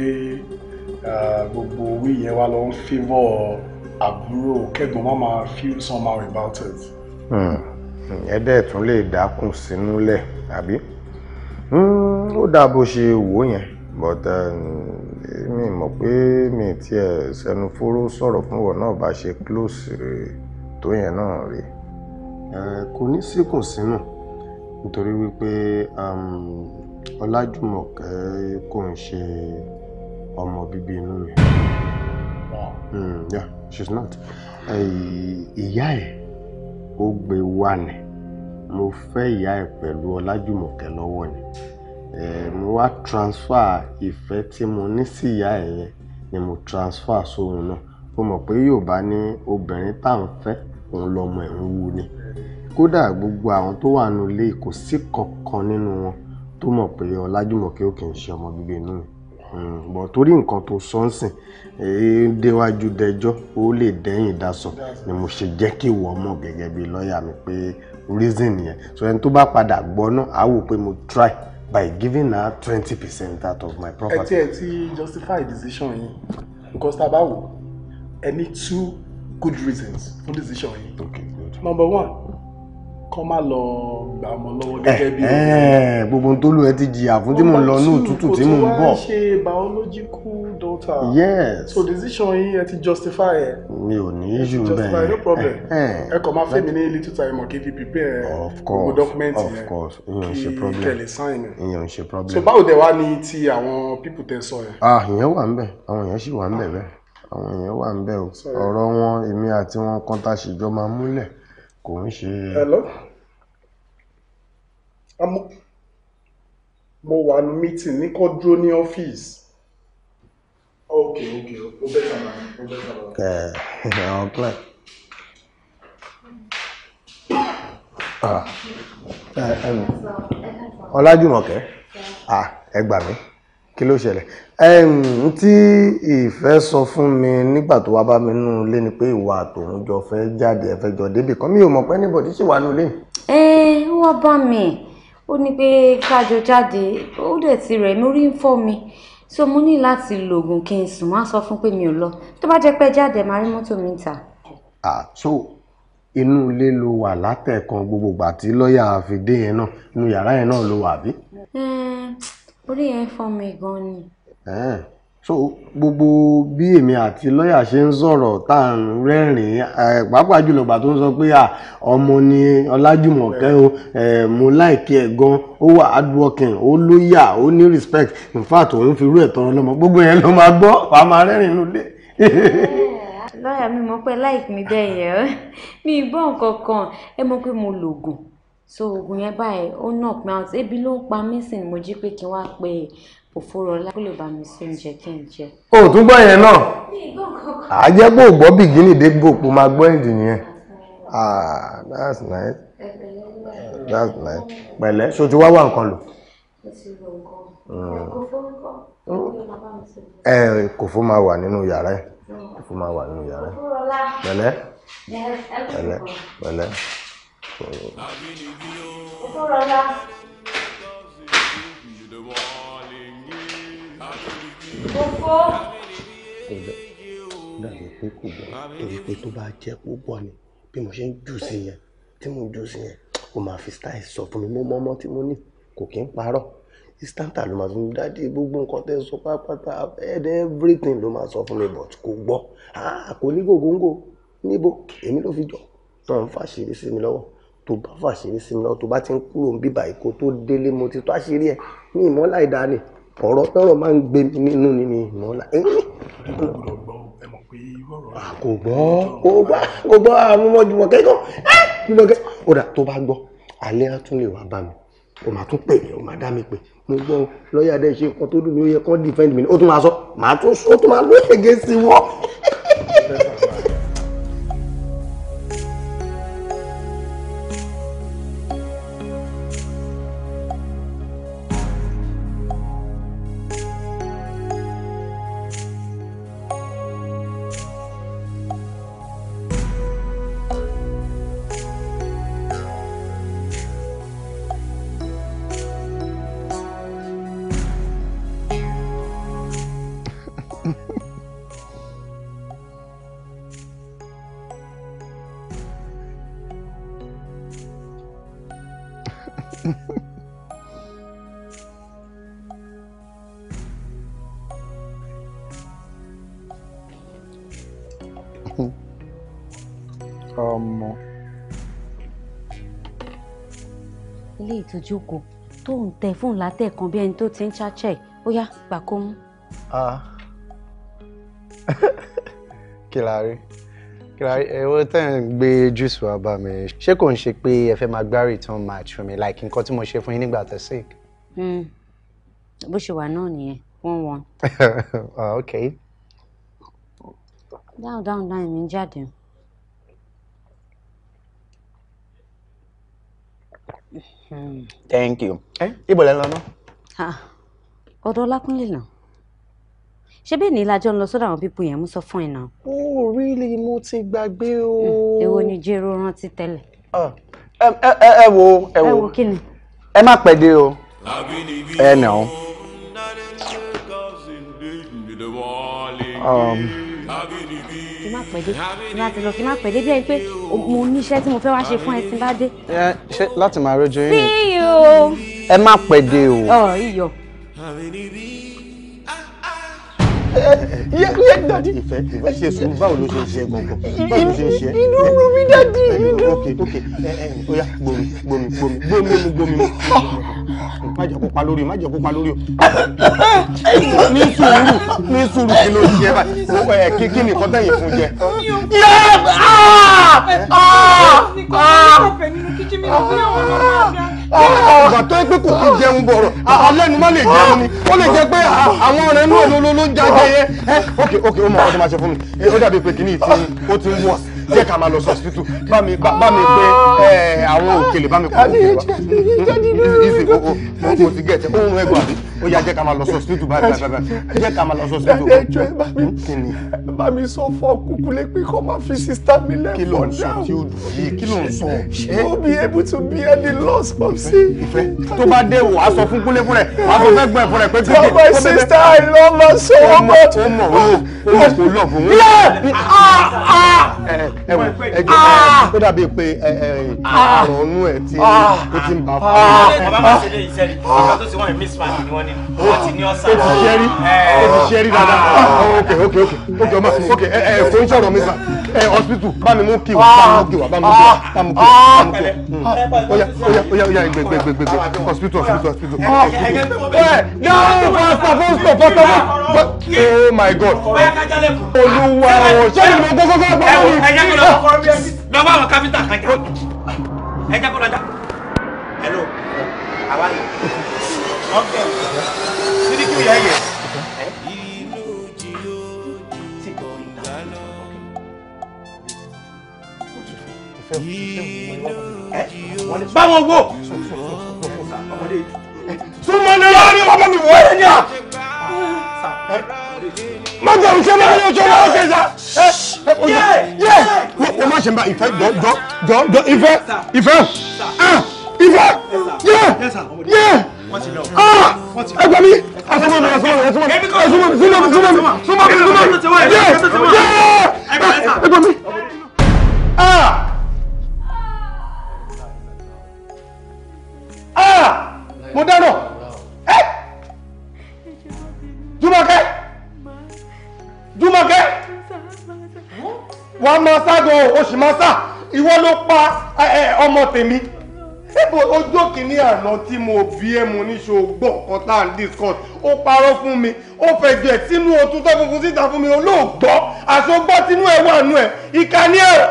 gbogbo owó yẹn wá lọ ń favour àbúrò kẹ́gbọ́n má máa feel somehow about it. Hmm. ìyẹn dẹ̀ tún lè dákun sínú lẹ̀ àbí hmm, ó dáa bó ṣe wò ó yẹn but um, mi mọ̀ pé mi tiẹ̀ sẹnu fóró sọ̀rọ̀ fún wọn náà bá ṣe close tó yẹn náà rí. kò ní sí kùn sínú nítorí wípé um, Ọlájùmọ̀kẹ́ kò ń ṣe ọmọ bíbí inú mi. Hmm, yeah she's not. ìyá ẹ̀ ó gbé wá ni mo fẹ́ ìyá ẹ̀ pẹ̀lú ọlájùmọ̀kẹ́ lọ́wọ́ ni mo wá transfer ìfẹ́ tí mo ní sí ìyá ẹ̀ yẹn ni mo transfer sóhun náà mo mọ̀ pé Yorùbá ní obìnrin tá à ń fẹ́ òun lọmọ ẹ̀ ń wú ni kódà gbogbo àwọn tó wà nílé kò sí kankan nínú wọn tó mọ̀ pé Ọlájùmọ̀kẹ́ ò kì í ṣe ọmọ bíbí inú mi Hmm, bọ̀ torí nǹkan tó sọ ń sìn èyí déwájú dẹjọ́ ó lè dẹ́yìn dasọ ni mo ṣe jẹ́ kí ìwọ mọ̀ gẹ́gẹ́ bí lọ́ọ̀yà mi pé reason yẹn so ẹni tó bá padà gbọ́ náà á wò pé mo try by giving her twenty percent out of my property. ẹ ti ẹ justify decision yín because tá I need two good reasons for decision yín. okay good. number one kọ́ má lọ gbà ọmọ lọ́wọ́ eh, gẹ́gẹ́ bí ọmọ. Eh, gbogbo tó lù ẹ ti jìyà fún tí mò ń lọ ní òtútù tí mò ń bọ̀. ọba tí ṣe biological daughter. yes so decision yìí ẹ ti justify ẹ. mi ò ní í ṣùgbọ́n bẹ́ẹ̀ justify no problem eh, ẹ kàn máa fẹ́ mi ní little time ọ̀ kí n fi prepare gbogbo document yẹn kí kẹlẹ̀ sign ẹ. ìyẹn ò ṣe problem. so báwo dẹ̀ wá ní ti àwọn people tẹ sọ yẹn. ah ìyẹn wà ń bẹ̀ àwọn èèyàn sì wà ń bẹ̀ ah. bẹ́ẹ̀ àwọn èèyàn wà ń bẹ̀ o ọ̀rọ̀ wọn èmi àti wọn kan tá múlẹ̀ kò ń ṣe. hello Amo... mo wà ní meeting ní kò dúró ní ọ́fíìsì. ok ok ó bẹ́ẹ̀ sábà ó bẹ́ẹ̀ sábà. ẹ ẹ àwọn client. Ah, ọlájúmọ̀kẹ́ ah, ẹ gbà mí kí ló ṣẹlẹ̀ um tí ìfẹ́ sọ fún mi nígbà tó wá bá mi nínú ilé ni pé ìwà àtòun jọ fẹ́ jáde ẹ fẹ́ jọ débì kan mi ò mọ̀ pé anybody ṣì wà nínú ilé. ẹ ó wá bá mi ó ní pé kájọ jáde ó dẹ̀ ti rẹ̀ mi orí ń fọ́ mi so mo ní láti lòògùn kí n sùn wá sọ fún pé mi ò lọ tó bá jẹ́ pé jáde máa rí mọ́tò mi ta. ah so inú ilé ló wà látẹ̀kan gbogbo ìgbà tí lọ́ọ̀yà fi dé yẹn náà inú yàrá yẹn náà ló wà bí. orí yẹn fọ́ mi gan-an ni so gbogbo bí èmi àti lọ́ọ̀yà ṣe ń sọ̀rọ̀ tá à ń rẹ́rìn-ín pàápàá jùlọ ìgbà tó ń sọ pé ọmọ ni ọlájùmọ̀kẹ́ o mo láìkí ẹ̀ gan ó wà hardworking ó lóyà ó ní respect in fact òun fi rú ẹ̀ tọrọ lọ́mọ gbogbo yẹn ló máa gbọ́ wàá máa rẹ́rìn-ín nulẹ̀. *laughs* lọ́ọ̀yà mi mọ̀ pé láìpẹ́ mi bẹ́ẹ̀ yẹ ọ́ *laughs* mi ì bọ́ nǹkan kan ẹ mọ̀ pé mo lògùn so oògùn yẹn báyìí ó knock me out ebi ló ń pa mí sìn mo jí pé kí n wá pe Òfúrọlá kó lè bá mi sí oúnjẹ kí n jẹ. o ò tún gbọ́ yẹn náà àjẹ́ kó gbọ́ bìgínì dé gbòpò máa gbọ́ èdè yẹn ah that's nice that's nice pẹ̀lẹ́ ṣo ti wá wá nǹkan lò. ẹ kò fún máa wà nínú yàrá ẹ hmm. kò fún máa wà nínú yàrá ẹ pẹ̀lẹ́ pẹ̀lẹ́ pẹ̀lẹ́. Òfúrọlá. Kókó. Kò lọ dàbí pé kò gbọ́ torí pé tó bá jẹ́ kó gbọ́ ni bí mo ṣe ń jù sí yẹn tí mo jù sí yẹn kò máa fi style sọ fún mi mo mọ ọmọ tí mo ní kò kí ń parọ́ istanta ló máa fi mi dáàdi gbogbo nǹkan tẹ́ sọ pátápátá and everything ló máa sọ fún mi but kò gbọ́ ah, kò ní gògóńgò níbo èmi ló fi jọ náà ń fàṣírí sí mi lọ́wọ́ tó bá fàṣírí sí mi lọ́wọ́ tó bá ti ń kúrò ń bíbà yìí tó délé mo ti tó àṣírí ẹ̀ ní ìmọ̀lá ìdá ọ̀rọ̀ tọ̀rọ̀ máa ń gbé mi nínú ni mi mọ́ la. Eh, eh. ah, kò gbọ́ kò gbọ́ kò gbọ́ àwọn ah, ọmọ jùmọ̀kẹ́ kan eh, jùmọ̀kẹ́ ó dà tó bá gbọ́ alẹ́ á tún lè wá bá mi ó máa tún pè mí ó máa dá mi pè mo gbọ́ lọ́ọ̀yà dẹ́ ṣe nǹkan tó dùn mí ó yẹ kán defend mi ó tún máa sọ màá tún ó tún máa lóye gé sí wọ́n. *laughs* eléyìí tó jókòó tó ń tẹ fóònù látẹ̀kan bí ẹni tó ti ń ṣàṣẹ bóyá gbà kó mú. *laughs* kí la rí kí la rí ẹwọ tẹ́ ń gbé júùsì wá bá mi ṣé kò ń ṣe pé ẹ fẹ́ máa gbá return match fún mi like nǹkan tí mo ṣe fún yín nígbà tẹ́ sick. Hmm. bó ṣe wà náà nìyẹn one one. *laughs* Ah, ok. dáhùn dáhùn dáhùn mi ń jáde. thank you Eh? ibo lẹ ń lọ náà. ọ̀dọ̀ ọlákúnlé náà ṣé bẹ́ẹ̀ ni ìlàjọ ń lọ sọ́dọ̀ àwọn pípọ̀ yẹn mú sọ fún ẹ oh really mo ti gbàgbé o. Hmm, èwo ni jéró rántí tẹ́lẹ̀. eh, eh, eh, wo eh, wo ẹ má pẹ́ dé o Eh, nà um pẹ́ dé ìgbà tí lọ kí n má pẹ́ dé bí ẹni pé mo níṣẹ́ tí mo fẹ́ wá ṣe fún ẹ tí n bá dé. ẹ ṣe láti máa rojú yín. sí o. ẹ má pẹ́ o. ọ iyọ. yẹ dadi ìfẹ́ ìfẹ́ ṣe sùúrù báwo ló ṣe ń ṣe gbọngàn báwo ló ṣe ń ṣe. inú rú mi dadi inú. ok ok ẹ ẹ oya gbomi gbomi gbomi gbomi gbomi. *laughs* má jẹ́ kó pa lórí o má jẹ́ kó pa lórí o *coughs* ní sùúrù ní sùúrù kí ló ṣe ẹ kí kí nìkan tẹ̀yìn fún jẹ. Ah! Ah! Ah! ìgbà tó yẹ pé kò fi jẹun bọ̀rọ̀ alẹ́nu má lè jẹun ni ó lè jẹ pé àwọn ọ̀rẹ́ náà ló ló ń jáde yẹn. Eh, ok ok ó mọ ọdún máa ṣe fún mi ó dàbí pé kìíní ti ó ti ń wọ̀ sí jẹ́ ká máa lọ sọ́sítítù bá mi bá mi pé àwọn òkèlè bá mi kọ́ òkèlè wa ìsìn mo ti gẹ̀ tẹ́ òun ẹgbẹ́ àbí ó yá jẹ́ ká máa lọ sọ sílítù báyìí báyìí jẹ́ ká máa lọ sọ sílítù. ẹ jọ ẹ bá mi bá mi sọ fún Kúkúlé pé kó má fi sista mi lẹ́kọ̀ọ́ dáhùn. kí ló ń sọ tí ó dùn yìí kí ló ń sọ. she eh? won't be able to be any loss of sin. ìfẹ́ tó bá dé wò á sọ fún Kúlé fún rẹ̀ wà á sọ fẹ́ gbọ́n fún rẹ̀ pé kúkú. tell my sister I love her so much. ó mọ̀ ó mọ̀ ó lọ̀ fún un. ẹ wò ẹ jẹ́ ó dàbí pé eh, eh, ah! àrùn ọ̀nù ẹ̀ tí ah! ó ti ń bá ah! fún un. bàbá máa ṣe lé iṣẹ́ rí ìgbà tó ti wọ́n ẹ̀ miss man ni wọ́n ní ni wọ́n ti ní ọ̀sán. o ti ṣe rí o ti ṣe rí dáadáa. Ah, ah, ok ok ok ok ọmọ ok ẹ ẹ fún sọ̀rọ̀ mi sà ẹ hospital bá mi mú kí wà bá mi mú kí wà bá mi mú kí wà bá mi mú kí wà. oya oya oya gbẹ gbẹ gbẹ gbẹ hospital hospital ah, hospital. ẹ eh, no pastor don stop pastor don oh my god olúwa o eh, eh, ṣé ìlú gbogbo gbogbo mi. ẹ jẹ́ kó lọ kọ́ bí ẹ ti lọ́wọ́ àwọn káfíńtà kan jà ẹ jẹ́ kó lọ jà hello àwa yìí. Okay. Siriki will hear yes. báwọn wo súnmọ́ ní wọ́n ní bàbá mi wọ́ ẹ̀ ní à má jẹ́ òṣèlú máa ní ojú ọlọ́wọ́ kẹta yẹ yẹ o má ṣe ń bá ìfẹ́ dọ́ dọ́ dọ́ ìfẹ́ ìfẹ́ ah, ìfẹ́ yẹ yẹ. Ah! ẹ gbà mí asúmọ̀ mi asúmọ̀ mi asúmọ̀ mi asúmọ̀ mi súnmọ̀ mi súnmọ̀ mi súnmọ̀ mi súnmọ̀ mi súnmọ̀ mi yé yé ẹ gbà mí. Ah! Ah! mo dáná ẹ Jùmọ̀kẹ́ Jùmọ̀kẹ́ wàá máa sá gan o sì máa sá ìwọ ló pa ọmọ tèmi ebo ọjọ́ kìíní àná tí mo bí ẹ mo níṣó gbọ́ tá à ń discuss ó parọ́ fún mi ó fẹ̀jọ́ ẹ̀ sínú òtútọ́ funfun síta fún mi olóògbọ́ àsọgbọ́ tínú ẹ̀ wà nú ẹ̀ ìkànnì ẹ̀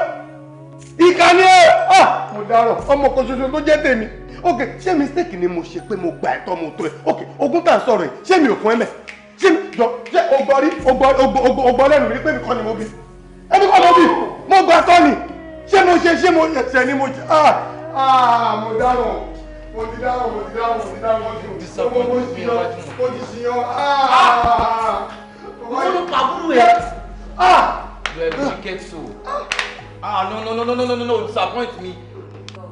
ìkànnì ẹ̀ ah mo dárọ̀ ọmọ kan ṣoṣo tó jẹ́ tèmi ok ṣé mistake ni mo ṣe pé mo gbà ẹ̀tọ́ mo tó ẹ̀ ok ogún tà ń sọ̀rọ̀ yìí ṣé mi ò fún ẹ mẹ́ ṣé mi jọ ṣé ogbọ́rí ogbọ́ mi pé mi kọ́ ni mo bí ẹni kọ́ mo bí mo gbà tọ́ ni ṣé mo ṣe ṣé mo ṣe ni mo ṣe ah Ah, mo dáhùn mo ti dáhùn mo ti dáhùn mo ti dáhùn mo ti mo mo ti yan mo ti si yan. olú pàbúrú ẹ. Ah! you are wicked soul. ah no no no no no no no no disappoint me.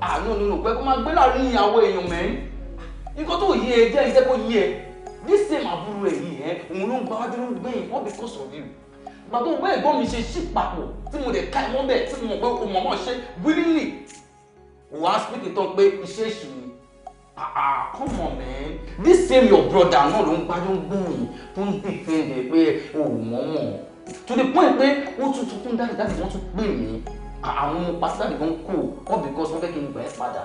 ah no no no pẹ́ kó máa gbé láàrin ìyàwó èèyàn mẹ́rin nǹkan tó yé ẹ jẹ́ iṣẹ́ kó yé ẹ this same àbúrò ẹ̀ yìí ẹ eh, òun ló ń gba wájú ló ń gbé yìí wọ́n because of you bàbá òun bẹ́ẹ̀ gbọ́ mi ṣe ṣí papọ̀ tí mo lè ká ẹ̀ wọ́n bẹ́ẹ̀ tí mo mọ̀ pé o mọ̀ mọ̀ ṣe willingly wọ́n á speak tán pé iṣẹ́ èṣù ni ah come on man this same your brother náà ló ń gbájú ń gbòòyìn tó ń defend ẹ pé o mọ̀ mọ̀ to the point pé wọ́n tún tún fún dáàdì dáàdì wọ́n tún pè mí ah, àwọn ọmọ pásítọ̀ nìkan kù all because wọ́n fẹ́ kí n gbà ẹ́ padà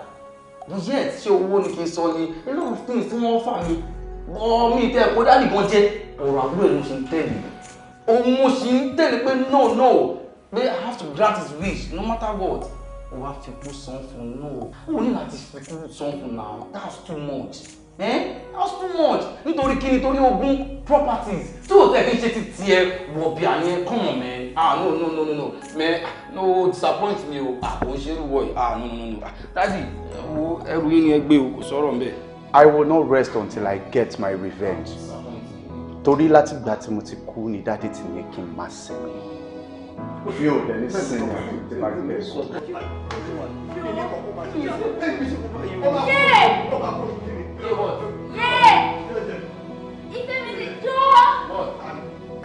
yet ṣé owó ni kí n sọ ni a lot of things tí wọ́n fà mí bọ́ mi tẹ́ kó dáàdì gan jẹ́ ọ̀rọ̀ àbúrò ẹ̀ ló ṣe ń tẹ̀lé òun mo ṣì ń tẹ̀lé pé no no pé i have to grant his wish no matter what o wá fi kún san fún un náà o ní láti fi kún san fún un that's too much eh? that's too much nítorí kí nítorí ogún properties tí o tẹ̀ fi ṣe ti tiẹ̀ wọ̀ bí àyẹn kọ̀mọ̀ mẹ́ ah no no no no no ah, no disappoint me o àbò ah, ṣerú wọ̀ yìí ah no no no ah, dadi ẹrù yín ni ẹ gbé o kò sọ̀rọ̀ mbẹ́. I will not rest until I get my revenge. Torí láti gbà tí mo ti kú ni dáàdi ti ní kí n máa sinmi mi ò dẹ̀ ah, ní sinmi àti pàdé sọ.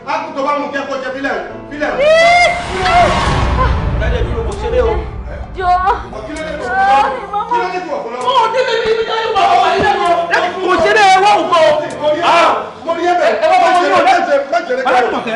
Akutu bá mú kí ẹkọ jẹ fílẹ̀ fílẹ̀. Ìdájọ́ ìdúró kò ṣeré o. Jọ. Kí ló dé tó ọ̀pọ̀lọpọ̀? Mo ò dé bíi ibi jáde wà wà nílẹ̀ mọ́. Kò ṣeré wọ́n kọ. Mo rí ẹ̀bẹ̀. Ẹ bá wọ́n mú ọ̀dọ́. Alákùnmọ̀kẹ́.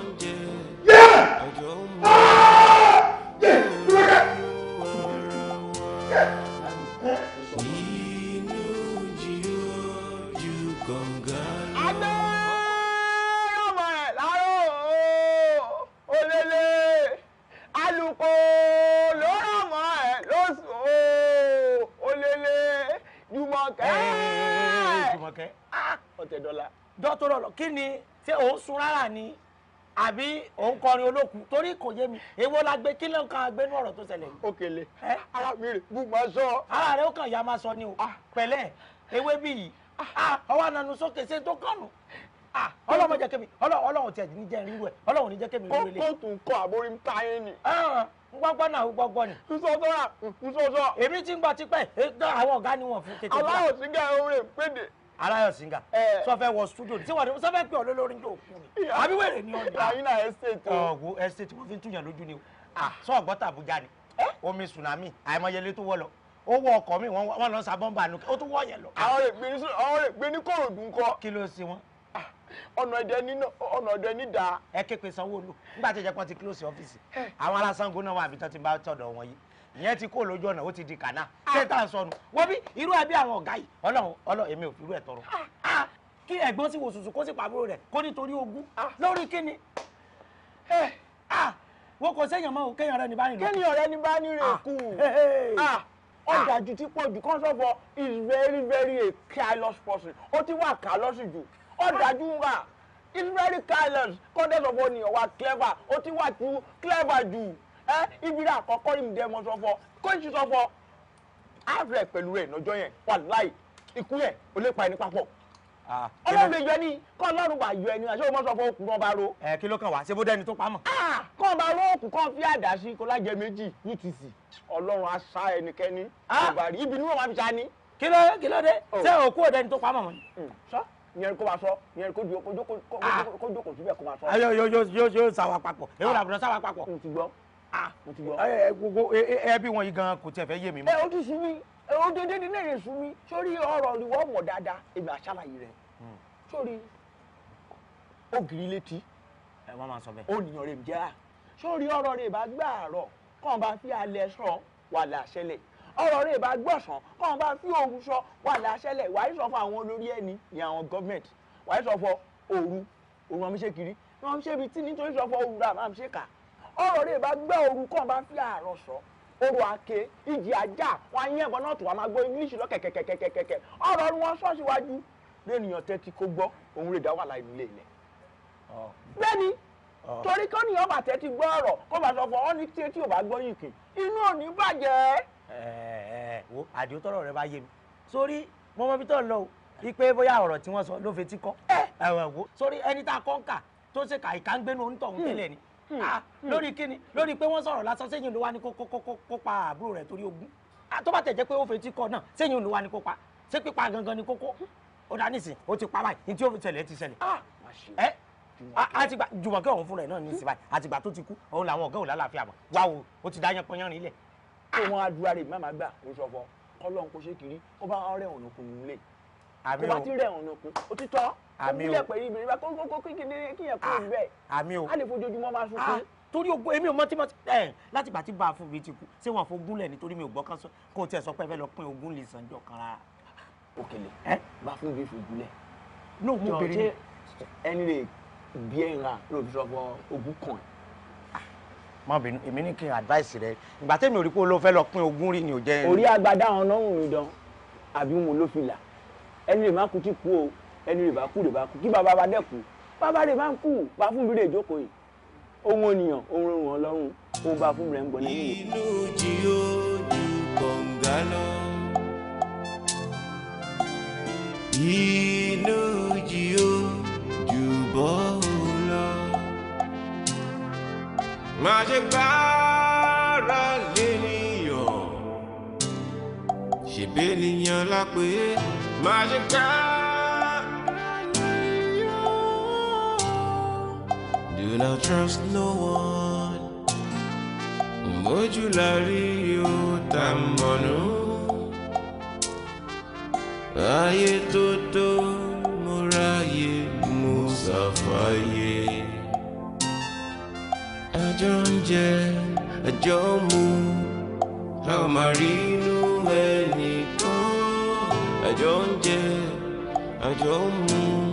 Jùmọ̀kẹ́. Jùmọ̀kẹ́. Ah, Ọ̀tẹ̀dọ́là. Dọ́tọ̀rọ̀ lọ, kí ni ṣé òun sun rárá ni àbí òun kọrin olókùn torí kò yé mi èwo la gbé kí ló ń kan agbénú ọ̀rọ̀ tó ṣẹlẹ̀ yìí. Ó kele. Ara mi rè bú máa sọ. Ara rẹ̀ ó kàn ya máa sọ ni o. Ah. Pẹ̀lẹ́ ewé bí yìí. Ah. Ọwọ́ ananu sókè ṣe tó kànù. Ah, ọlọ́run jẹ́ kémi ọlọ́run tiẹ̀ ní jẹ́ ríru ẹ̀ ọlọ́run ní jẹ́ kémi ríru ilé. kókó tún kọ àbórí ń ta yín ni. ngbọ́ngbọ́n ah, náà ngbọ́ngbọ́n ni. nsọ́sọ́ rà nsọ́sọ́. èmi ti ń gbọ́ tipẹ́ àwọn ọ̀gá ni wọ́n fún kété. aláyọ̀ sígá orin ìpéde. aláyọ̀ sígá sọ fẹ́ wọ studio tí wọ́n sọ fẹ́ pé olólórí ń jò kú ni àbí wèrè ni ọ̀dà. àyínà estate. ọ̀gùn estate wọ́n fi ni sọ ah. ọ̀gbọ́ta tsunami àìmọyẹlé tó wọ́ lọ ó wọ ọkọ̀ mi wọ́n lọ sa bọ́m̀bà nù ó tún wọ́ yẹn lọ. àwọn lè gbé ní Kòròdú ńkọ́. kí ló ṣe wọn ọ̀nà ẹ̀dẹ̀ nínà ọ̀nà ẹ̀dẹ̀ da. ẹ képe sanwó-olú nígbà tí ìjẹpọ̀ ti close ọ́fíìsì àwọn alásango náà wà àbí tó ti bá tọ̀dọ̀ wọn yìí ìyẹn ti kó lójú ọ̀nà ó ti di kànáà ah. ṣé tá à ń sọnù wọ́n bí irú ẹbí àwọn ọ̀gá yìí ọlọ́run ọlọ́run èmi ò fi irú ẹ̀ tọrọ ah. Ah, kí ẹ̀gbọ́n sì wò sùsù kó sì pàbúrò rẹ̀ kó nítorí ogún lórí kíni wọ́n kò séèyàn mọ́ kéèyàn rẹ ní bá nílò. kéèyàn rẹ ní bá nílò èkú ọ̀dàjú ti pọ̀ jù kọ́ńsọ̀fọ̀ is very very a careless person ó ti wà careless jù ọ̀dájú wa it's very careless content of one wa clever ó ti wà ju clever ju? ẹ ibi rẹ àkọ́kọ́ rí mi dẹ́ mọ́ sọ fọ kóńtì sọ fọ àárẹ̀ pẹ̀lú rẹ̀ lọ́jọ́ yẹn wà láì ikú yẹn ò lè pa ẹni papọ̀ ah, ọlọ́run lè yọ ẹni kọ́ ọlọ́run wà yọ ẹni àṣẹ òmọ́sọ fún okùn ọba ro. ẹ eh, kí ló kàn wá ṣé bó dẹni tó pamọ́. Ah, kọ́ ọba ro okùn kan fi àdá sí kó lájẹ méjì utc ọlọ́run á ẹnikẹ́ni ah! kò ibi ni wọ́n máa fi ṣá ni. kí ló kí ló dé oh. ṣé òkú òdẹni tó pamọ́ mọ́ ni. Mm yẹn kó máa sọ yẹn kó jókòó síbẹ̀ kó máa sọ. ayọ ah, yóò yóò yóò yóò sáwà papọ̀ èwo ah. làbùrọ̀ sáwà papọ̀. mo ti gbọ́ ah, mo ti gbọ́. ẹ gbogbo ẹbí wọn yìí gan kò tiẹ̀ fẹ́ yé mi mọ́. ẹ o ti sú mi o dédé ní lè sú mi sórí ọ̀rọ̀ ìwọ mọ̀ dáadáa èmi àṣàlàyé rẹ̀ hmm. sórí ògiri létí ẹ wọn máa sọ bẹ́ẹ̀. ònìyàn rẹ̀ jẹ́ à sórí ọ̀rọ̀ rẹ̀ bá gbà àárọ̀ kàn bá fi alẹ́ sọ ọ̀rọ̀ rẹ̀ bá gbọ̀sán kọ́n bá fi òru sọ wà láṣẹ́lẹ̀ wàá sọ fún àwọn olórí ẹni ní àwọn gọ́ọ̀mẹ̀ntì wàá sọ fún òru òru àmì ṣe kiri ni wọ́n ṣe ibi tí nítorí sọ fún òru àmì ṣe kà ọ̀rọ̀ rẹ̀ bá gbẹ́ òru kọ́n bá fi àárọ̀ sọ oru ake ìjì ajá wọn ayé ẹ̀bọ náà tó wà máa gbọ́ english lọ kẹ̀kẹ̀kẹ̀kẹ̀kẹ̀ ọ̀rọ̀ ni wọ́n sọ síwájú lẹ́nìyàn tẹ́tí kó gbọ́ òun rè dá wà láì lè lẹ̀ bẹ́ẹ̀ni torí kọ́nìyàn bàtẹ́ ti gbọ́ ọ̀rọ̀ kó bá sọ fún ọ ní tí etí ò bá gbọ́ wo rẹ bá yé mi sórí mo lọ o ipe bóyá ọ̀rọ̀ tí wọ́n sọ ló fetí kọ́ ẹ̀wọ̀n wo sórí ẹni tá a kọ́ ń kà tó ṣe kà ìka ń gbénu onítọ̀hún hmm. tẹ́lẹ̀ ni hmm. Ah, hmm. lórí kíni lórí pé wọ́n sọ̀rọ̀ lásán sẹ́yìn ló wá ní kó pa àbúrò rẹ̀ torí ogún ah, tó bá tẹ̀ jẹ́ pé ó fetí kọ́ náà sẹ́yìn ló wá kó pa ṣé pípa gangan ni kókó ó dá nísìn ó ti pa báyìí ní tí ó ṣẹlẹ̀ ti ṣẹlẹ̀ ah! kó wọn àdúrà rẹ̀ máa gbà kó ṣọ̀fọ̀ kọ́lọ́n kó ṣe kiri kó bá rẹ̀ ọ̀nà kún un lè kó bá ti rẹ̀ ọ̀nà kún ó ti tọ́ kó múlẹ̀ pẹ̀lú ìbìrì bá kó kékeré kíyàn kúrò ah, níbẹ̀ á lè fojoojúmọ́ máa sunkún ah, torí ogun èmi ò mọ tí mo ẹ eh, láti gbà tí bá a fún mi ti kú ṣé wọn fún gúnlẹ̀ nítorí mi ò gbọ́ kán sọ kó o tiẹ̀ sọ pé ẹ fẹ́ lọ pín ogún lè sànjọ kan rárá. òkèlè ẹ bá fún mi fún gúnlẹ̀. no mo bèrè ẹni lè bí ẹ̀ ń ra lóòótọ́ ogún kan ẹ̀ má bínú èmi ní kí n advice rẹ ìgbà tẹ́mi ò rí pé o lọ pín ogún rí ni ò jẹ́. orí agbada àwọn náà ń dán àbí mo ló fi là ẹni lè má kú tí kú o ẹni lè bá kú lè bá kú kí bàbá wa dẹ́kù bàbá rẹ̀ bá ń kú bá fún mi rè jókòó yìí ohun ènìyàn ohun rọrùn ọlọ́run ohun bá fún mi rẹ̀ ń gbọ́n lẹ́yìn. inú jí ó ju kọ̀ǹgá lọ. má ṣe gbára lé nìyàn ṣèbé nìyàn lápé má ṣe do not trust no one mójú la rí o ta mọ̀nú ayé tó tó mo ráyè mo ṣàfàyè àjọ ń jẹ àjọ ń mu a ò máa rí inú ẹnìkan àjọ ń jẹ àjọ mu.